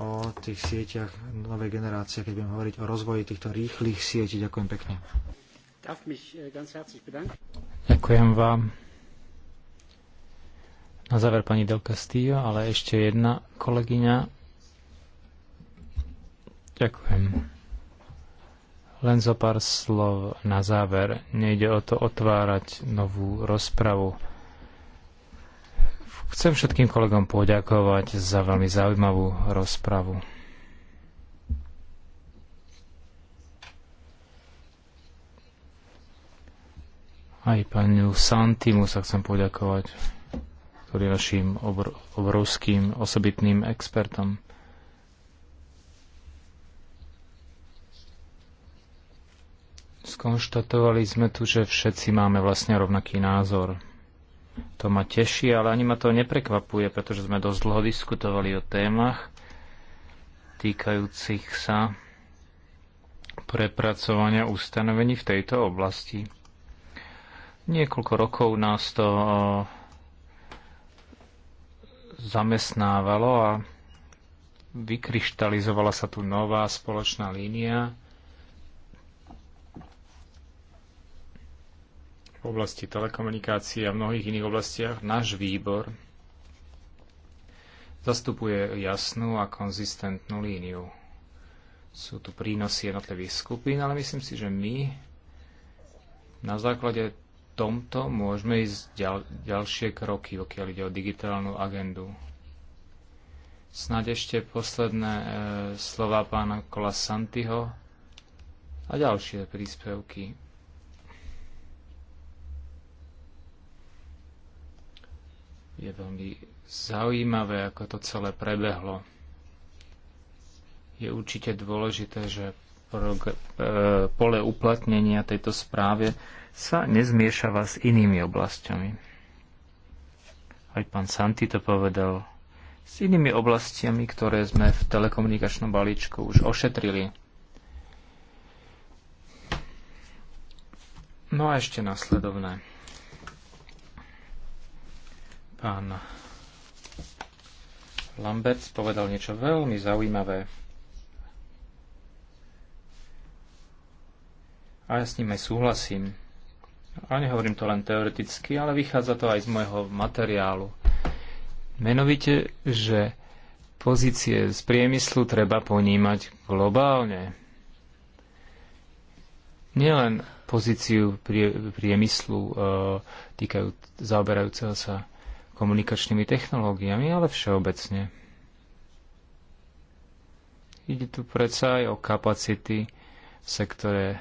o tých sieťach novej generácie, keď budeme hovoriť o rozvoji týchto rýchlych sietí. Ďakujem pekne. Äh, Ďakujem vám. Na záver pani Del Castillo, ale ešte jedna kolegyňa. Ďakujem. Len zo pár slov na záver. Nejde o to otvárať novú rozpravu. Chcem všetkým kolegom poďakovať za veľmi zaujímavú rozpravu. Aj pánu Santimu sa chcem poďakovať, ktorý je našim obrovským osobitným expertom. Skonštatovali sme tu, že všetci máme vlastne rovnaký názor. To ma teší, ale ani ma to neprekvapuje, pretože sme dosť dlho diskutovali o témach týkajúcich sa prepracovania ustanovení v tejto oblasti. Niekoľko rokov nás to zamestnávalo a vykryštalizovala sa tu nová spoločná línia v oblasti telekomunikácií a v mnohých iných oblastiach náš výbor zastupuje jasnú a konzistentnú líniu. Sú tu prínosy jednotlivých skupín, ale myslím si, že my na základe tomto môžeme ísť ďal, ďalšie kroky, pokiaľ ide o digitálnu agendu. Snáď ešte posledné e, slova pána Kola Santiho a ďalšie príspevky. Je veľmi zaujímavé, ako to celé prebehlo. Je určite dôležité, že e, pole uplatnenia tejto správe sa nezmiešava s inými oblastiami. Aj pán Santi to povedal. S inými oblastiami, ktoré sme v telekomunikačnom balíčku už ošetrili. No a ešte nasledovné. Pán Lambert povedal niečo veľmi zaujímavé. A ja s ním aj súhlasím. A nehovorím to len teoreticky, ale vychádza to aj z môjho materiálu. Menovite, že pozície z priemyslu treba ponímať globálne. Nielen pozíciu prie, priemyslu e, týkajú, zaoberajúceho sa komunikačnými technológiami, ale všeobecne. Ide tu predsa aj o kapacity v sektore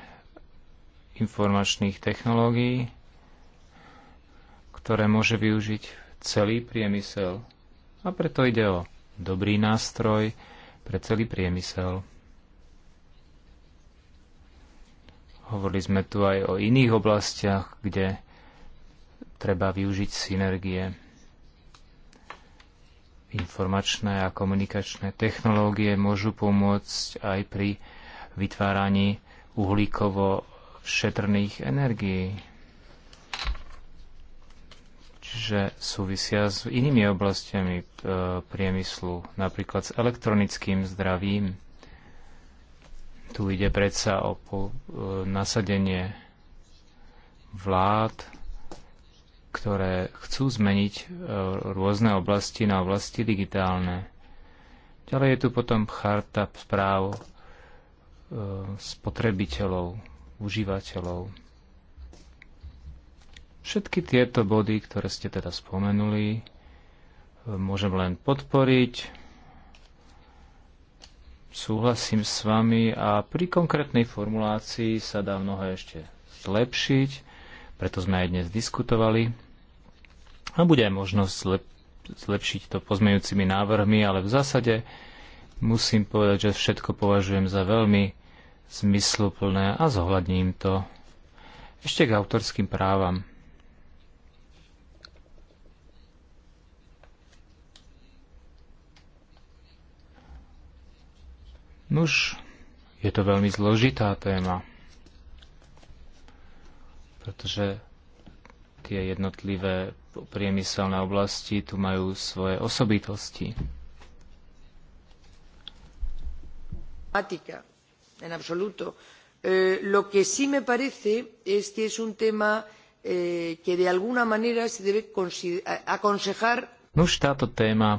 informačných technológií, ktoré môže využiť celý priemysel. A preto ide o dobrý nástroj pre celý priemysel. Hovorili sme tu aj o iných oblastiach, kde treba využiť synergie. Informačné a komunikačné technológie môžu pomôcť aj pri vytváraní uhlíkovo šetrných energií. Čiže súvisia s inými oblastiami e, priemyslu, napríklad s elektronickým zdravím. Tu ide predsa o e, nasadenie vlád, ktoré chcú zmeniť e, rôzne oblasti na oblasti digitálne. Ďalej je tu potom charta správ e, spotrebiteľov, užívateľov. Všetky tieto body, ktoré ste teda spomenuli, e, môžem len podporiť. Súhlasím s vami a pri konkrétnej formulácii sa dá mnohé ešte zlepšiť preto sme aj dnes diskutovali. A bude aj možnosť lep- zlepšiť to pozmejúcimi návrhmi, ale v zásade musím povedať, že všetko považujem za veľmi zmysluplné a zohľadním to. Ešte k autorským právam. Nuž, je to veľmi zložitá téma pretože tie jednotlivé priemyselné oblasti tu majú svoje osobitosti. En absoluto. Eh, lo que sí me parece es que es un tema eh, que de alguna manera se debe aconsejar. No táto téma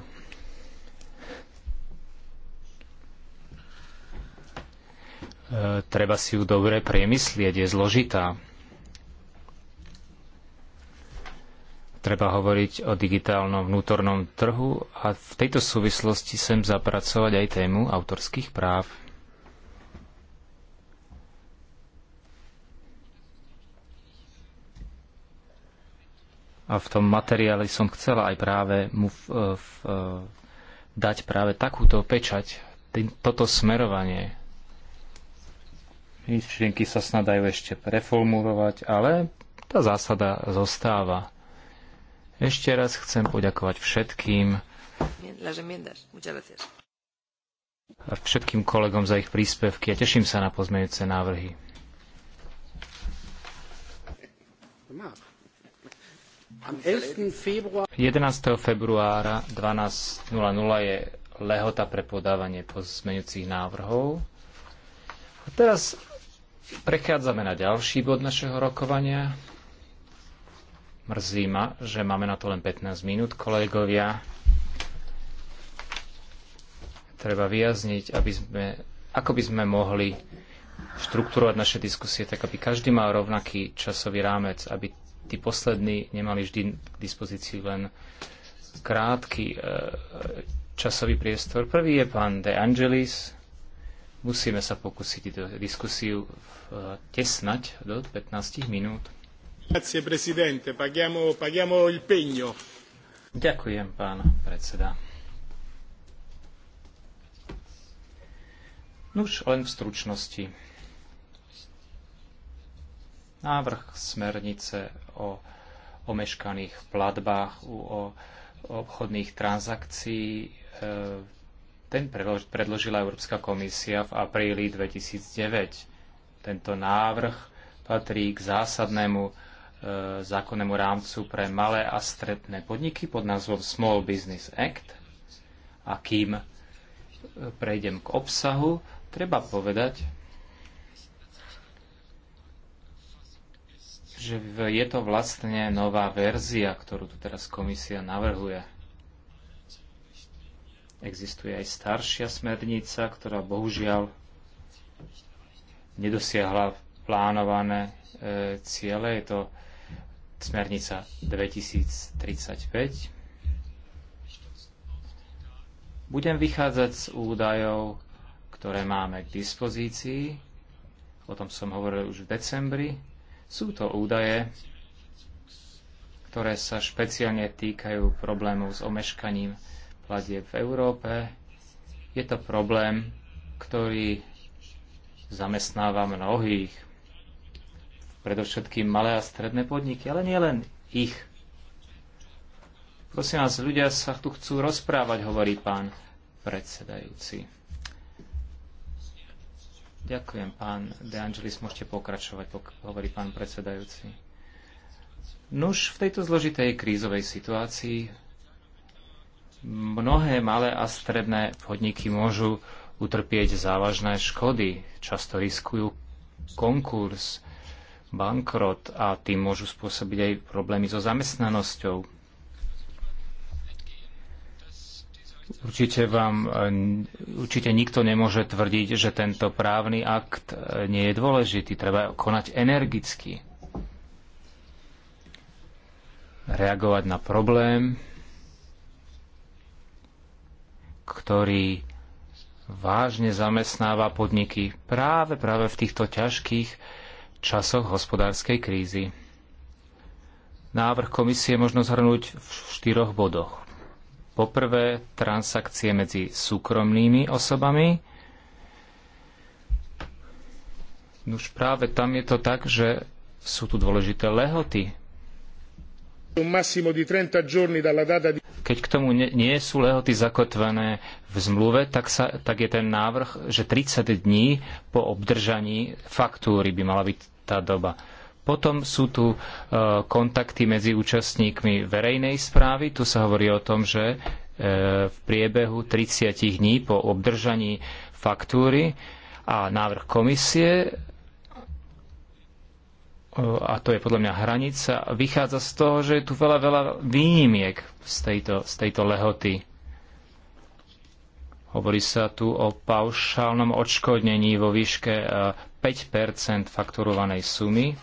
eh, treba si ju dobre priemyslieť, je zložitá. treba hovoriť o digitálnom vnútornom trhu a v tejto súvislosti sem zapracovať aj tému autorských práv. A v tom materiáli som chcela aj práve mu v, e, v, e, dať práve takúto pečať, tý, toto smerovanie. Myšlienky sa snadajú ešte preformulovať, ale tá zásada zostáva ešte raz chcem poďakovať všetkým a všetkým kolegom za ich príspevky a teším sa na pozmeňujúce návrhy. Am 11. februára 12.00 je lehota pre podávanie pozmeňujúcich návrhov. A teraz prechádzame na ďalší bod našeho rokovania. Mrzí ma, že máme na to len 15 minút, kolegovia. Treba vyjazniť, aby sme, ako by sme mohli štruktúrovať naše diskusie tak, aby každý mal rovnaký časový rámec, aby tí poslední nemali vždy k dispozícii len krátky e, časový priestor. Prvý je pán De Angelis. Musíme sa pokúsiť diskusiu e, tesnať do 15 minút. Grazie, presidente. Paghiamo, il pegno. Ďakujem, pán predseda. Nuž len v stručnosti. Návrh smernice o omeškaných platbách u obchodných transakcií e, ten predložila Európska komisia v apríli 2009. Tento návrh patrí k zásadnému E, zákonnému rámcu pre malé a stredné podniky pod názvom Small Business Act. A kým e, prejdem k obsahu, treba povedať, že je to vlastne nová verzia, ktorú tu teraz komisia navrhuje. Existuje aj staršia smernica, ktorá bohužiaľ nedosiahla plánované e, ciele. Je to smernica 2035. Budem vychádzať z údajov, ktoré máme k dispozícii. O tom som hovoril už v decembri. Sú to údaje, ktoré sa špeciálne týkajú problémov s omeškaním platieb v Európe. Je to problém, ktorý zamestnáva mnohých predovšetkým malé a stredné podniky, ale nielen ich. Prosím vás, ľudia sa tu chcú rozprávať, hovorí pán predsedajúci. Ďakujem, pán De Angelis, môžete pokračovať, hovorí pán predsedajúci. Nuž, v tejto zložitej krízovej situácii mnohé malé a stredné podniky môžu utrpieť závažné škody, často riskujú konkurs, bankrot a tým môžu spôsobiť aj problémy so zamestnanosťou. Určite vám určite nikto nemôže tvrdiť, že tento právny akt nie je dôležitý. Treba konať energicky. Reagovať na problém, ktorý vážne zamestnáva podniky práve, práve v týchto ťažkých časoch hospodárskej krízy. Návrh komisie možno zhrnúť v štyroch bodoch. Poprvé, transakcie medzi súkromnými osobami. Už práve tam je to tak, že sú tu dôležité lehoty. Keď k tomu nie sú lehoty zakotvené v zmluve, tak, sa, tak je ten návrh, že 30 dní po obdržaní faktúry by mala byť tá doba. Potom sú tu e, kontakty medzi účastníkmi verejnej správy. Tu sa hovorí o tom, že e, v priebehu 30 dní po obdržaní faktúry a návrh komisie e, a to je podľa mňa hranica, vychádza z toho, že je tu veľa, veľa výnimiek z tejto, z tejto lehoty. Hovorí sa tu o paušálnom odškodnení vo výške 5 fakturovanej sumy.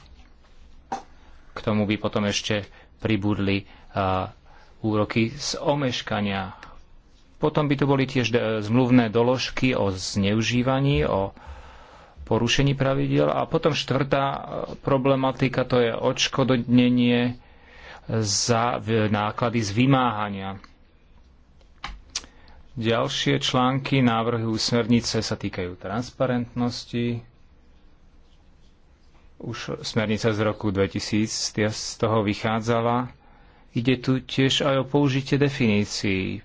K tomu by potom ešte pribudli úroky z omeškania. Potom by tu boli tiež e, zmluvné doložky o zneužívaní, o porušení pravidel. A potom štvrtá e, problematika to je odškodnenie za náklady z vymáhania. Ďalšie články návrhy smernice sa týkajú transparentnosti, už smernica z roku 2000 z toho vychádzala. Ide tu tiež aj o použitie definícií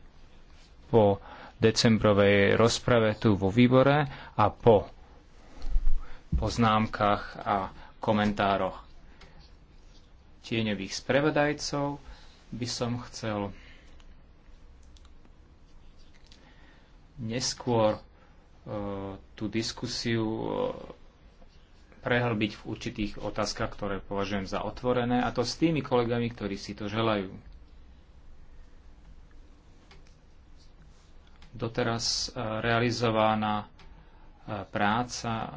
po decembrovej rozprave tu vo výbore a po poznámkach a komentároch tieňových sprevedajcov by som chcel neskôr e, tú diskusiu e, prehlbiť v určitých otázkach, ktoré považujem za otvorené, a to s tými kolegami, ktorí si to želajú. Doteraz e, realizovaná e, práca e,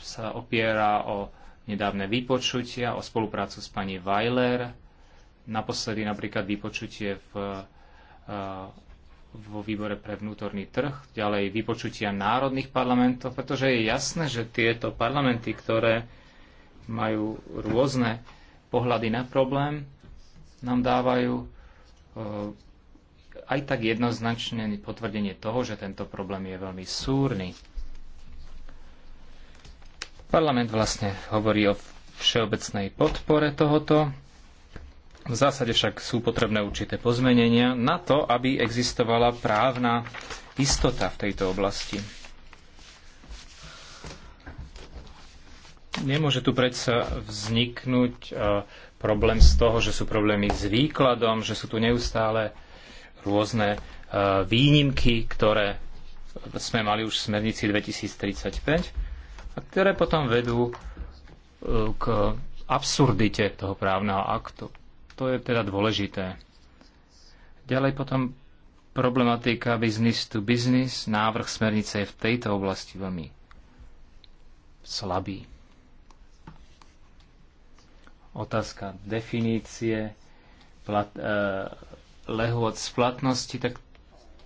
sa opiera o nedávne vypočutia, o spoluprácu s pani Weiler, naposledy napríklad vypočutie v vo výbore pre vnútorný trh, ďalej vypočutia národných parlamentov, pretože je jasné, že tieto parlamenty, ktoré majú rôzne pohľady na problém, nám dávajú eh, aj tak jednoznačné potvrdenie toho, že tento problém je veľmi súrny. Parlament vlastne hovorí o všeobecnej podpore tohoto v zásade však sú potrebné určité pozmenenia na to, aby existovala právna istota v tejto oblasti. Nemôže tu predsa vzniknúť e, problém z toho, že sú problémy s výkladom, že sú tu neustále rôzne e, výnimky, ktoré sme mali už v smernici 2035 a ktoré potom vedú e, k absurdite toho právneho aktu. To je teda dôležité. Ďalej potom problematika business to business, návrh smernice je v tejto oblasti veľmi slabý. Otázka definície plat, e, lehôd splatnosti, tak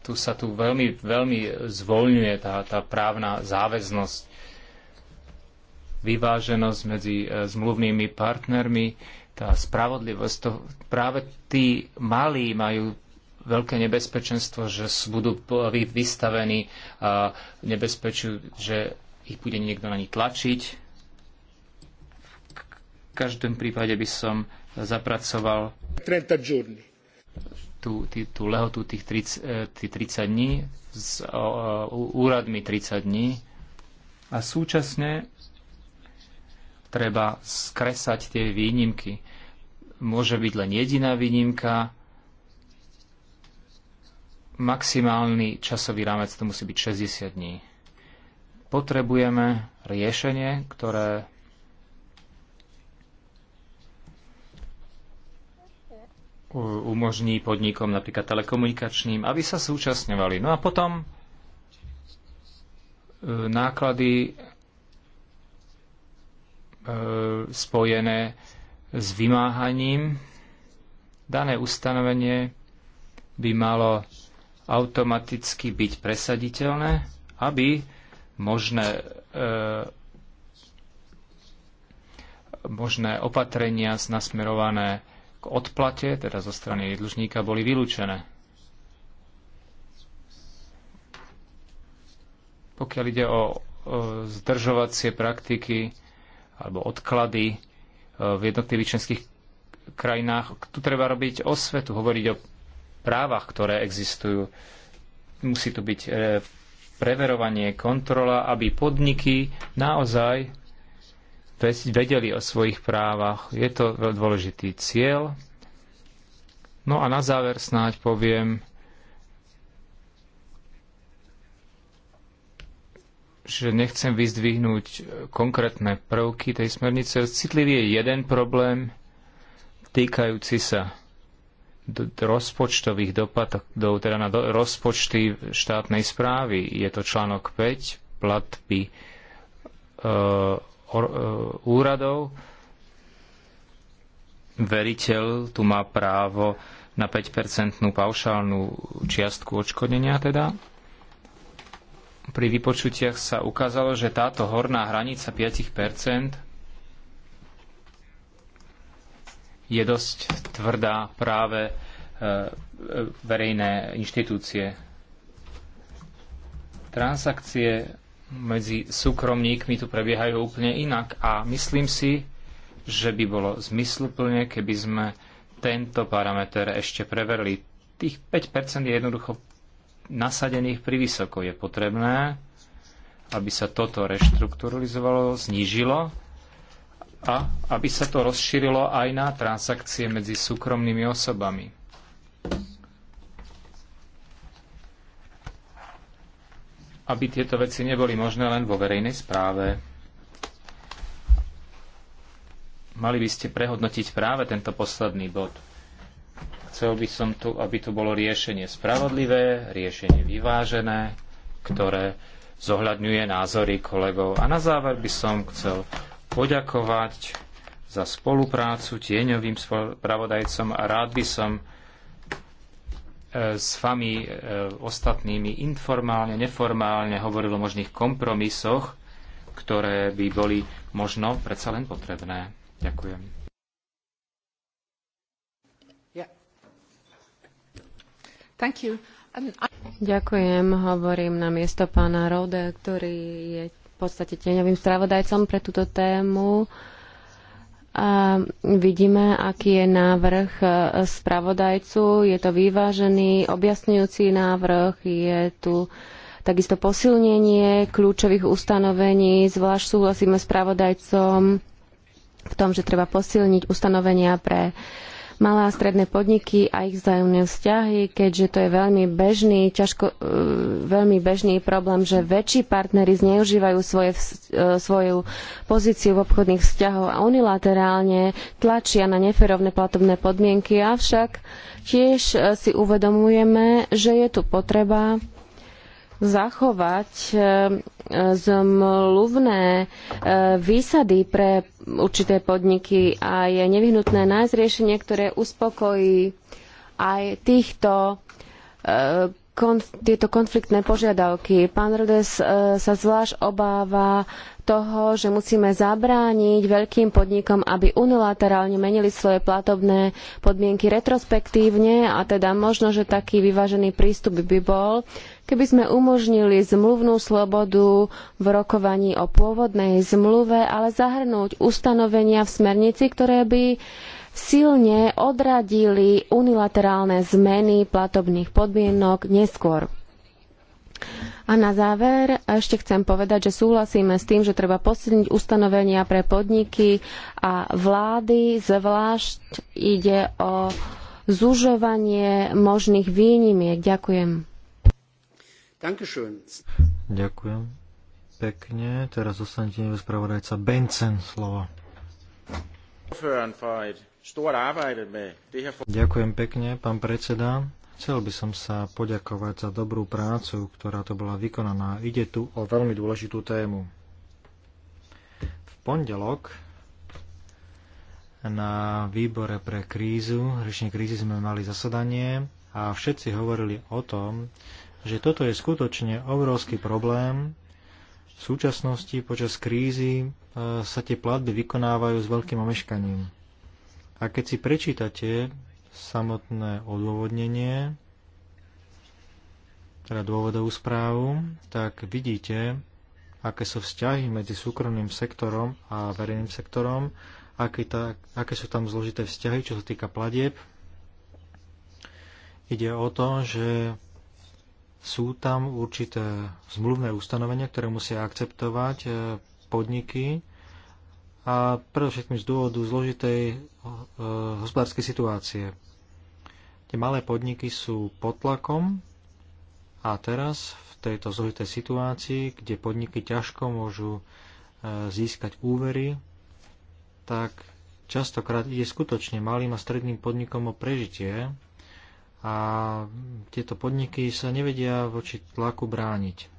tu sa tu veľmi, veľmi zvoľňuje tá, tá právna záväznosť, vyváženosť medzi e, zmluvnými partnermi, tá spravodlivosť, to práve tí malí majú veľké nebezpečenstvo, že budú vystavení a nebezpečiu, že ich bude niekto na nich tlačiť. V každom prípade by som zapracoval 30 Tú, tý, tú lehotu tých 30, e, tých 30 dní s úradmi 30 dní a súčasne treba skresať tie výnimky. Môže byť len jediná výnimka, maximálny časový rámec to musí byť 60 dní. Potrebujeme riešenie, ktoré umožní podnikom, napríklad telekomunikačným, aby sa súčasňovali. No a potom e, náklady E, spojené s vymáhaním. Dané ustanovenie by malo automaticky byť presaditeľné, aby možné, e, možné opatrenia nasmerované k odplate, teda zo strany dlžníka, boli vylúčené. Pokiaľ ide o, o zdržovacie praktiky, alebo odklady e, v jednotlivých členských krajinách. Tu treba robiť osvetu, hovoriť o právach, ktoré existujú. Musí tu byť e, preverovanie, kontrola, aby podniky naozaj vedeli o svojich právach. Je to dôležitý cieľ. No a na záver snáď poviem, že nechcem vyzdvihnúť e, konkrétne prvky tej smernice. Citlivý je jeden problém týkajúci sa do, do rozpočtových dopadov, teda na do, rozpočty štátnej správy. Je to článok 5, platby e, or, e, úradov. Veriteľ tu má právo na 5-percentnú paušálnu čiastku odškodenia. teda pri vypočutiach sa ukázalo, že táto horná hranica 5% je dosť tvrdá práve e, e, verejné inštitúcie. Transakcie medzi súkromníkmi tu prebiehajú úplne inak a myslím si, že by bolo zmysluplne, keby sme tento parameter ešte preverili. Tých 5% je jednoducho nasadených privysoko. Je potrebné, aby sa toto reštrukturalizovalo, znížilo a aby sa to rozšírilo aj na transakcie medzi súkromnými osobami. Aby tieto veci neboli možné len vo verejnej správe. Mali by ste prehodnotiť práve tento posledný bod. Chcel by som tu, aby tu bolo riešenie spravodlivé, riešenie vyvážené, ktoré zohľadňuje názory kolegov. A na záver by som chcel poďakovať za spoluprácu tieňovým spravodajcom a rád by som e, s vami e, ostatnými informálne, neformálne hovoril o možných kompromisoch, ktoré by boli možno predsa len potrebné. Ďakujem. Um, Ďakujem, hovorím na miesto pána Rode, ktorý je v podstate tieňovým spravodajcom pre túto tému. A vidíme, aký je návrh e, spravodajcu. Je to vyvážený, objasňujúci návrh. Je tu takisto posilnenie kľúčových ustanovení. Zvlášť súhlasíme s spravodajcom v tom, že treba posilniť ustanovenia pre uh, malé a stredné podniky a ich vzájomné vzťahy, keďže to je veľmi bežný, ťažko, e, veľmi bežný problém, že väčší partnery zneužívajú svoje, e, svoju pozíciu v obchodných vzťahoch a unilaterálne tlačia na neferovné platobné podmienky, avšak tiež e, si uvedomujeme, že je tu potreba zachovať eh, zmluvné eh, výsady pre určité podniky a je nevyhnutné nájsť riešenie, ktoré uspokojí aj týchto eh, konf- tieto konfliktné požiadavky. Pán Rodes sa zvlášť obáva toho, že musíme zabrániť veľkým podnikom, aby unilaterálne menili svoje platobné podmienky retrospektívne a teda možno, že taký vyvážený prístup by bol, Keby sme umožnili zmluvnú slobodu v rokovaní o pôvodnej zmluve, ale zahrnúť ustanovenia v smernici, ktoré by silne odradili unilaterálne zmeny platobných podmienok neskôr. A na záver ešte chcem povedať, že súhlasíme s tým, že treba posilniť ustanovenia pre podniky a vlády, zvlášť ide o zužovanie možných výnimiek. Ďakujem. Ďakujem pekne. Teraz dostanete spravodajca Bencen slovo. Ďakujem pekne, pán predseda. Chcel by som sa poďakovať za dobrú prácu, ktorá to bola vykonaná. Ide tu o veľmi dôležitú tému. V pondelok na výbore pre krízu, riešenie krízy sme mali zasadanie a všetci hovorili o tom, že toto je skutočne obrovský problém. V súčasnosti počas krízy e, sa tie platby vykonávajú s veľkým omeškaním. A keď si prečítate samotné odôvodnenie, teda dôvodovú správu, tak vidíte, aké sú vzťahy medzi súkromným sektorom a verejným sektorom, aké, tá, aké sú tam zložité vzťahy, čo sa týka platieb. Ide o to, že sú tam určité zmluvné ustanovenia, ktoré musia akceptovať e, podniky a predovšetkým z dôvodu zložitej e, hospodárskej situácie. Tie malé podniky sú pod tlakom a teraz v tejto zložitej situácii, kde podniky ťažko môžu e, získať úvery, tak častokrát ide skutočne malým a stredným podnikom o prežitie a tieto podniky sa nevedia voči tlaku brániť.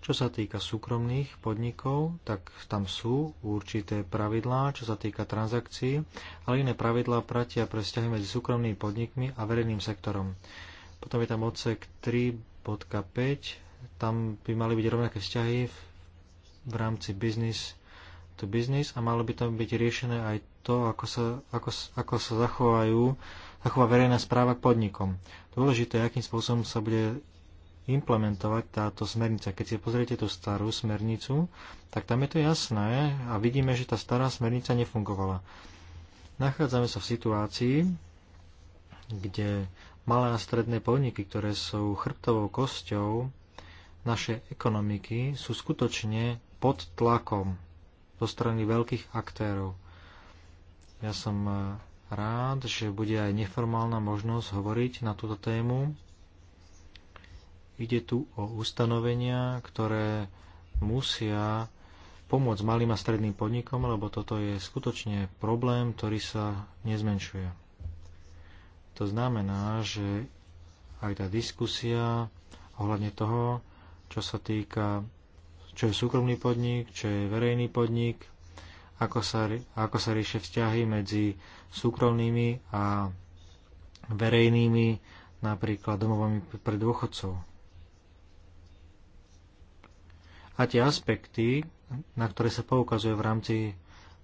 Čo sa týka súkromných podnikov, tak tam sú určité pravidlá, čo sa týka transakcií, ale iné pravidlá pratia pre vzťahy medzi súkromnými podnikmi a verejným sektorom. Potom je tam odsek 3.5, tam by mali byť rovnaké vzťahy v, v rámci business to business a malo by tam byť riešené aj to, ako sa, ako, ako sa zachovajú zachová verejná správa k podnikom. Dôležité je, akým spôsobom sa bude implementovať táto smernica. Keď si pozriete tú starú smernicu, tak tam je to jasné a vidíme, že tá stará smernica nefungovala. Nachádzame sa v situácii, kde malé a stredné podniky, ktoré sú chrbtovou kosťou našej ekonomiky, sú skutočne pod tlakom zo strany veľkých aktérov. Ja som eh, rád, že bude aj neformálna možnosť hovoriť na túto tému. Ide tu o ustanovenia, ktoré musia pomôcť malým a stredným podnikom, lebo toto je skutočne problém, ktorý sa nezmenšuje. To znamená, že aj tá diskusia ohľadne toho, čo sa týka, čo je súkromný podnik, čo je verejný podnik, ako sa, ako sa riešia vzťahy medzi súkromnými a verejnými, napríklad domovami pre dôchodcov. A tie aspekty, na ktoré sa poukazuje v rámci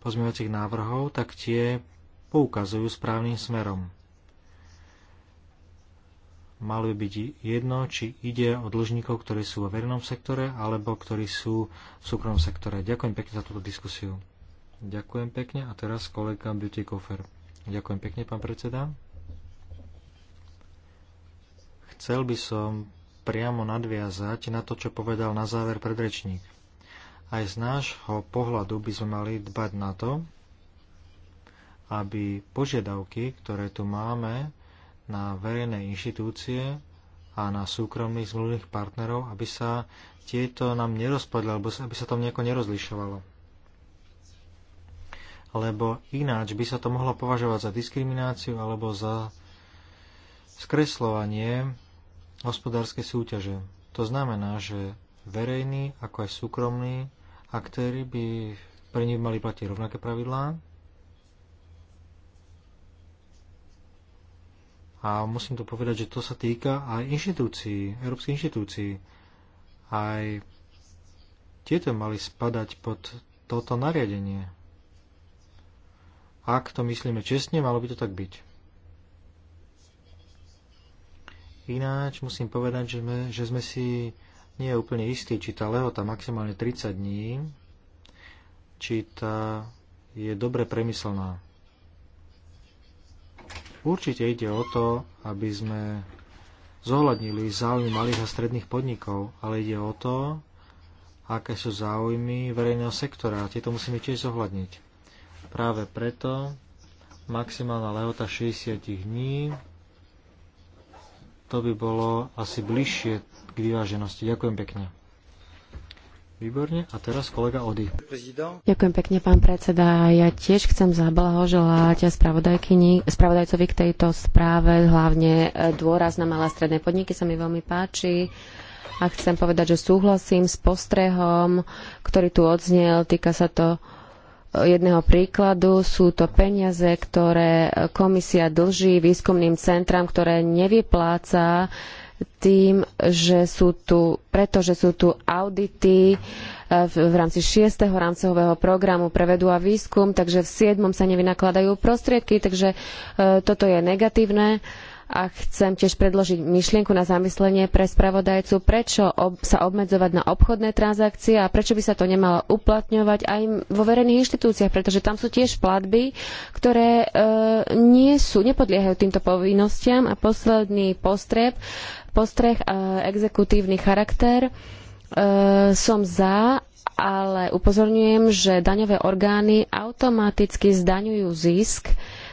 pozmeňovacích návrhov, tak tie poukazujú správnym smerom. Malo by byť jedno, či ide o dlžníkov, ktorí sú vo verejnom sektore, alebo ktorí sú v súkromnom sektore. Ďakujem pekne za túto diskusiu. Ďakujem pekne. A teraz kolega Koffer. Ďakujem pekne, pán predseda. Chcel by som priamo nadviazať na to, čo povedal na záver predrečník. Aj z nášho pohľadu by sme mali dbať na to, aby požiadavky, ktoré tu máme na verejné inštitúcie a na súkromných zmluvných partnerov, aby sa tieto nám nerozpadli, alebo aby sa tam nejako nerozlišovalo lebo ináč by sa to mohlo považovať za diskrimináciu alebo za skreslovanie hospodárskej súťaže. To znamená, že verejní ako aj súkromní aktéry by pre nich mali platiť rovnaké pravidlá. A musím to povedať, že to sa týka aj inštitúcií, európskych inštitúcií. Aj tieto mali spadať pod toto nariadenie. Ak to myslíme čestne, malo by to tak byť. Ináč musím povedať, že sme, že sme si nie je úplne istí, či tá lehota maximálne 30 dní, či tá je dobre premyslná. Určite ide o to, aby sme zohľadnili záujmy malých a stredných podnikov, ale ide o to, aké sú záujmy verejného sektora. Tieto musíme tiež zohľadniť. Práve preto maximálna lehota 60 dní, to by bolo asi bližšie k vyváženosti. Ďakujem pekne. Výborne. A teraz kolega Ody. Ďakujem pekne, pán predseda. Ja tiež chcem zablahoželať spravodajcovi k tejto správe, hlavne e, dôraz na malé stredné podniky sa mi veľmi páči. A chcem povedať, že súhlasím s postrehom, ktorý tu odznel. Týka sa to jedného príkladu. Sú to peniaze, ktoré komisia dlží výskumným centram, ktoré nevypláca tým, že sú tu, pretože sú tu audity eh, v, v rámci 6. rámcového programu pre vedu a výskum, takže v 7. sa nevynakladajú prostriedky, takže e, toto je negatívne. E, a chcem tiež predložiť myšlienku na zamyslenie pre spravodajcu, prečo ob, sa obmedzovať na obchodné transakcie a prečo by sa to nemalo uplatňovať aj vo verejných inštitúciách, pretože tam sú tiež platby, ktoré e, nie sú, nepodliehajú týmto povinnostiam a posledný postreb, postreh a e, exekutívny charakter. E, som za, ale upozorňujem, že daňové orgány automaticky zdaňujú zisk,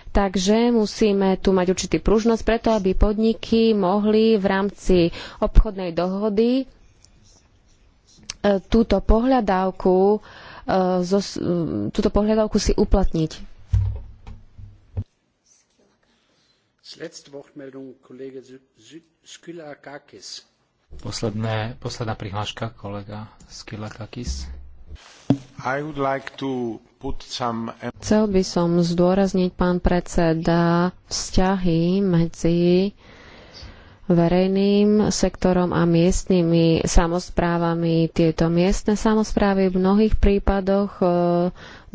Takže musíme tu mať určitý pružnosť preto, aby podniky mohli v rámci obchodnej dohody e, túto pohľadávku, e, e, túto pohľadávku si uplatniť. Posledné, posledná prihláška kolega Skylakakis. I would like to Chcel by som zdôrazniť, pán predseda, vzťahy medzi verejným sektorom a miestnymi samozprávami. Tieto miestne samozprávy v mnohých prípadoch e,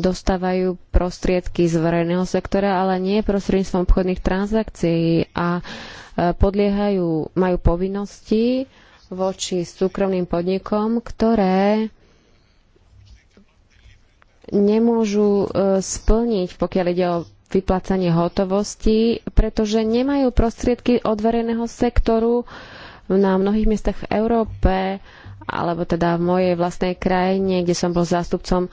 dostávajú prostriedky z verejného sektora, ale nie prostredníctvom obchodných transakcií a e, podliehajú, majú povinnosti voči súkromným podnikom, ktoré nemôžu e, splniť, pokiaľ ide o vyplácanie hotovosti, pretože nemajú prostriedky od verejného sektoru na mnohých miestach v Európe, alebo teda v mojej vlastnej krajine, kde som bol zástupcom e, e,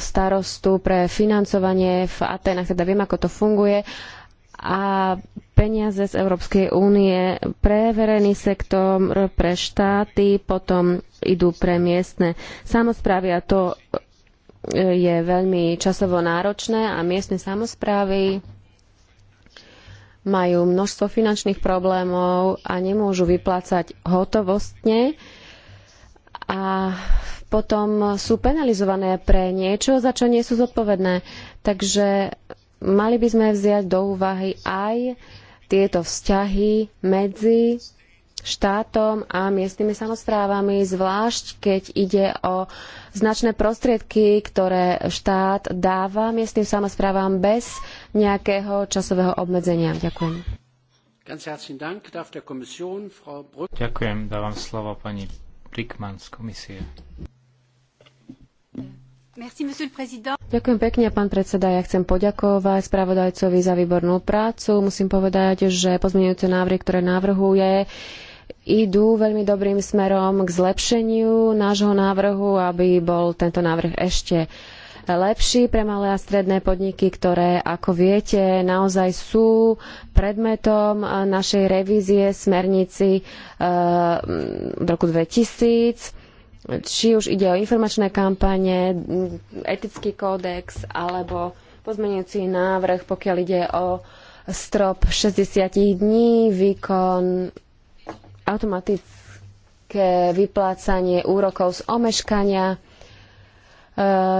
starostu pre financovanie v Atenách, teda viem, ako to funguje. A peniaze z Európskej únie pre verejný sektor, pre štáty, potom idú pre miestne samozprávy a to je veľmi časovo náročné a miestne samozprávy majú množstvo finančných problémov a nemôžu vyplácať hotovostne a potom sú penalizované pre niečo, za čo nie sú zodpovedné. Takže mali by sme vziať do úvahy aj tieto vzťahy medzi štátom a miestnymi samozprávami, zvlášť keď ide o značné prostriedky, ktoré štát dáva miestnym samozprávam bez nejakého časového obmedzenia. Ďakujem. Ďakujem. Dávam slovo pani Brickman z komisie. Merci, Ďakujem pekne, pán predseda. Ja chcem poďakovať spravodajcovi za výbornú prácu. Musím povedať, že pozmeňujúce návrhy, ktoré navrhuje, idú veľmi dobrým smerom k zlepšeniu nášho návrhu, aby bol tento návrh ešte lepší pre malé a stredné podniky, ktoré, ako viete, naozaj sú predmetom eh, našej revízie smernici eh, v roku 2000 či už ide o informačné kampane, etický kódex alebo pozmenujúci návrh, pokiaľ ide o strop 60 dní, výkon automatické vyplácanie úrokov z omeškania, e,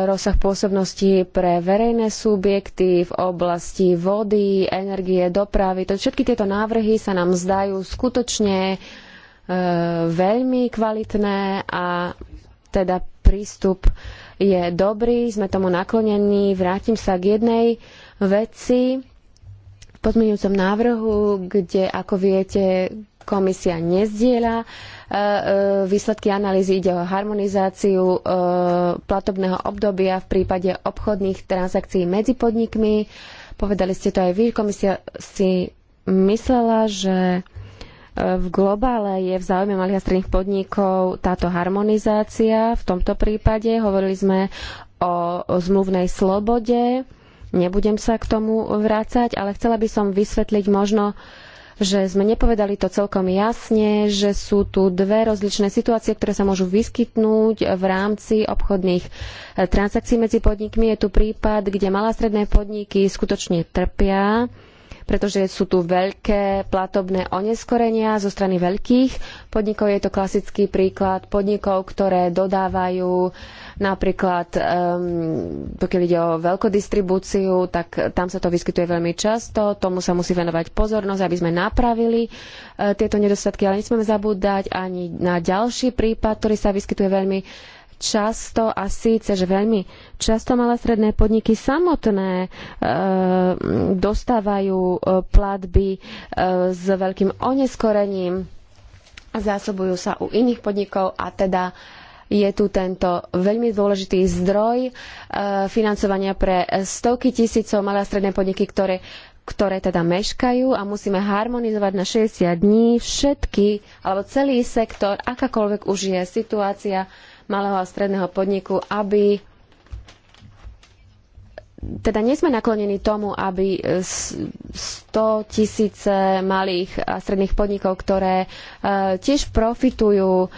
rozsah pôsobnosti pre verejné subjekty v oblasti vody, energie, dopravy. To, všetky tieto návrhy sa nám zdajú skutočne e, veľmi kvalitné a teda prístup je dobrý, sme tomu naklonení. Vrátim sa k jednej veci pozmeňujúcom návrhu, kde, ako viete, komisia nezdieľa e, e, výsledky analýzy. Ide o harmonizáciu e, platobného obdobia v prípade obchodných transakcií medzi podnikmi. Povedali ste to aj vy. Komisia si myslela, že v globále je v záujme malých a stredných podnikov táto harmonizácia. V tomto prípade hovorili sme o, o zmluvnej slobode Nebudem sa k tomu vrácať, ale chcela by som vysvetliť možno, že sme nepovedali to celkom jasne, že sú tu dve rozličné situácie, ktoré sa môžu vyskytnúť v rámci obchodných eh, transakcií medzi podnikmi. Je tu prípad, kde malá stredné podniky skutočne trpia pretože sú tu veľké platobné oneskorenia zo strany veľkých podnikov. Je to klasický príklad podnikov, ktoré dodávajú napríklad, um, pokiaľ ide o veľkodistribúciu, tak tam sa to vyskytuje veľmi často. Tomu sa musí venovať pozornosť, aby sme napravili uh, tieto nedostatky, ale nesmieme zabúdať ani na ďalší prípad, ktorý sa vyskytuje veľmi často a síce, že veľmi často malé stredné podniky samotné e, dostávajú e, platby e, s veľkým oneskorením, zásobujú sa u iných podnikov a teda je tu tento veľmi dôležitý zdroj e, financovania pre stovky tisícov malé a stredné podniky, ktoré ktoré teda meškajú a musíme harmonizovať na 60 dní všetky, alebo celý sektor, akákoľvek už je situácia, malého a stredného podniku, aby teda nie sme naklonení tomu, aby 100 tisíce malých a stredných podnikov, ktoré e, tiež profitujú e,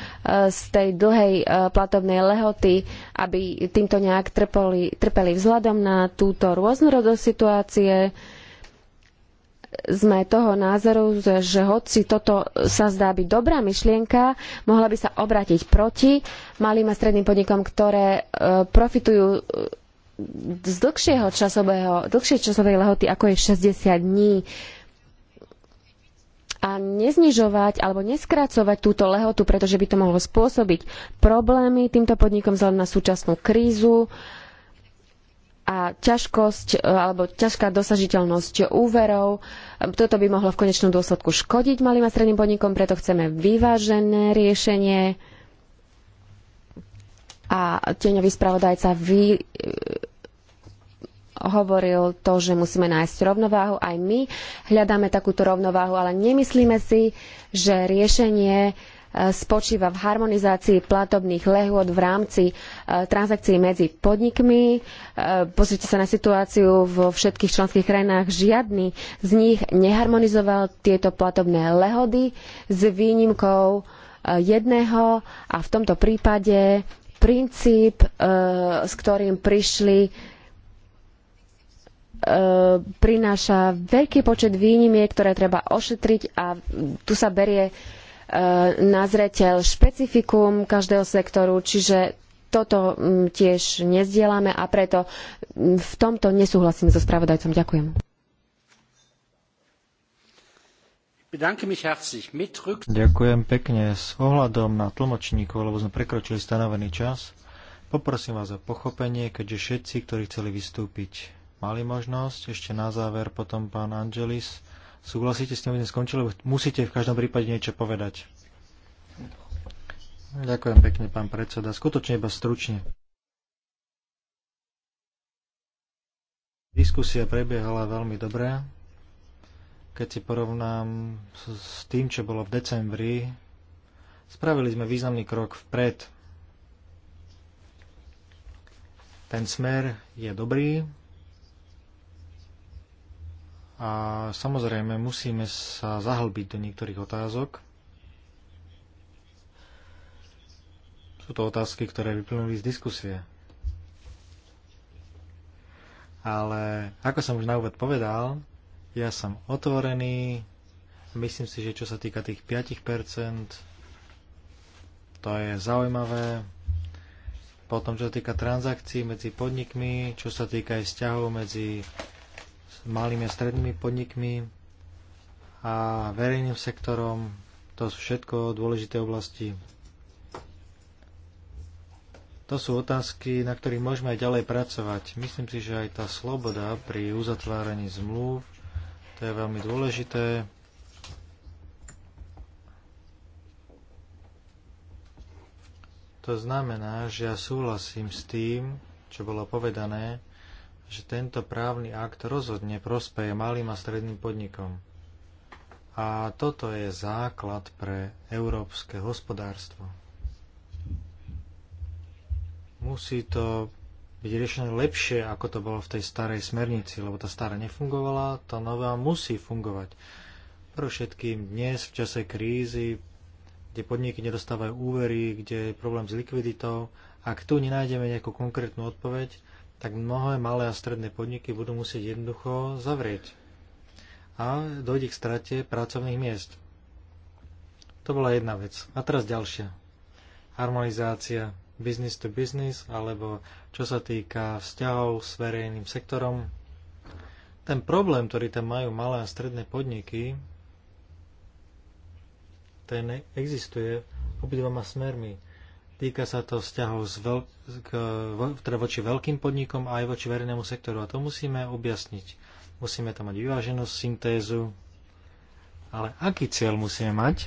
z tej dlhej e, platobnej lehoty, aby týmto nejak trpeli, trpeli vzhľadom na túto rôznorodosť situácie, sme toho názoru, že hoci toto sa zdá byť dobrá myšlienka, mohla by sa obrátiť proti malým a stredným podnikom, ktoré e, profitujú e, z dlhšieho časového, dlhšej časovej lehoty, ako je 60 dní a neznižovať alebo neskracovať túto lehotu, pretože by to mohlo spôsobiť problémy týmto podnikom vzhľadom na súčasnú krízu, uh, a ťažkosť e, alebo ťažká dosažiteľnosť úverov. E, Toto by mohlo v konečnom dôsledku škodiť malým a stredným podnikom, preto chceme vyvážené riešenie. A tieňový spravodajca vy, e, hovoril to, že musíme nájsť rovnováhu. Aj my hľadáme takúto rovnováhu, ale nemyslíme si, že riešenie spočíva v harmonizácii platobných lehôd v rámci e, transakcií medzi podnikmi. E, pozrite sa na situáciu vo všetkých členských krajinách. Žiadny z nich neharmonizoval tieto platobné lehody s výnimkou e, jedného a v tomto prípade princíp, s ktorým prišli prináša veľký počet výnimiek, ktoré treba ošetriť a tu sa berie E, na zreteľ špecifikum každého sektoru, čiže toto tiež nezdielame a preto v tomto nesúhlasím so spravodajcom. Ďakujem. Ďakujem pekne. S ohľadom na tlmočníkov, lebo sme prekročili stanovený čas, poprosím vás o pochopenie, keďže všetci, ktorí chceli vystúpiť, mali možnosť. Ešte na záver potom pán Angelis súhlasíte s tým, aby sme skončili, lebo musíte v každom prípade niečo povedať. Ďakujem pekne, pán predseda. Skutočne iba stručne. Diskusia prebiehala veľmi dobre. Keď si porovnám s tým, čo bolo v decembri, spravili sme významný krok vpred. Ten smer je dobrý, a samozrejme musíme sa zahlbiť do niektorých otázok. Sú to otázky, ktoré vyplnuli z diskusie. Ale ako som už na úvod povedal, ja som otvorený. Myslím si, že čo sa týka tých 5%, to je zaujímavé. Potom, čo sa týka transakcií medzi podnikmi, čo sa týka aj vzťahov medzi malými a strednými podnikmi a verejným sektorom. To sú všetko dôležité oblasti. To sú otázky, na ktorých môžeme aj ďalej pracovať. Myslím si, že aj tá sloboda pri uzatváraní zmluv, to je veľmi dôležité. To znamená, že ja súhlasím s tým, čo bolo povedané, že tento právny akt rozhodne prospeje malým a stredným podnikom. A toto je základ pre európske hospodárstvo. Musí to byť riešené lepšie, ako to bolo v tej starej smernici, lebo tá stará nefungovala, tá nová musí fungovať. Pro všetkým dnes, v čase krízy, kde podniky nedostávajú úvery, kde je problém s likviditou, ak tu nenájdeme nejakú konkrétnu odpoveď, tak mnohé malé a stredné podniky budú musieť jednoducho zavrieť a dojde k strate pracovných miest. To bola jedna vec. A teraz ďalšia. Harmonizácia business to business, alebo čo sa týka vzťahov s verejným sektorom. Ten problém, ktorý tam majú malé a stredné podniky, ten existuje obidvoma smermi. Týka sa to vzťahov s veľk, k, teda voči veľkým podnikom a aj voči verejnému sektoru. A to musíme objasniť. Musíme tam mať vyváženosť, syntézu. Ale aký cieľ musíme mať?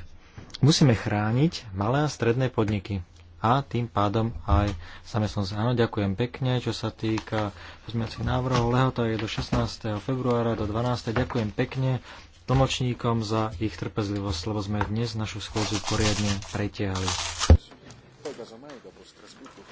Musíme chrániť malé a stredné podniky a tým pádom aj zamestnanosť. Áno, ďakujem pekne, čo sa týka pozmeňacích návrhov. Lehota je do 16. februára do 12. Ďakujem pekne tlmočníkom za ich trpezlivosť, lebo sme dnes našu schôdzu poriadne pretiahli casomai dopo Strasburgo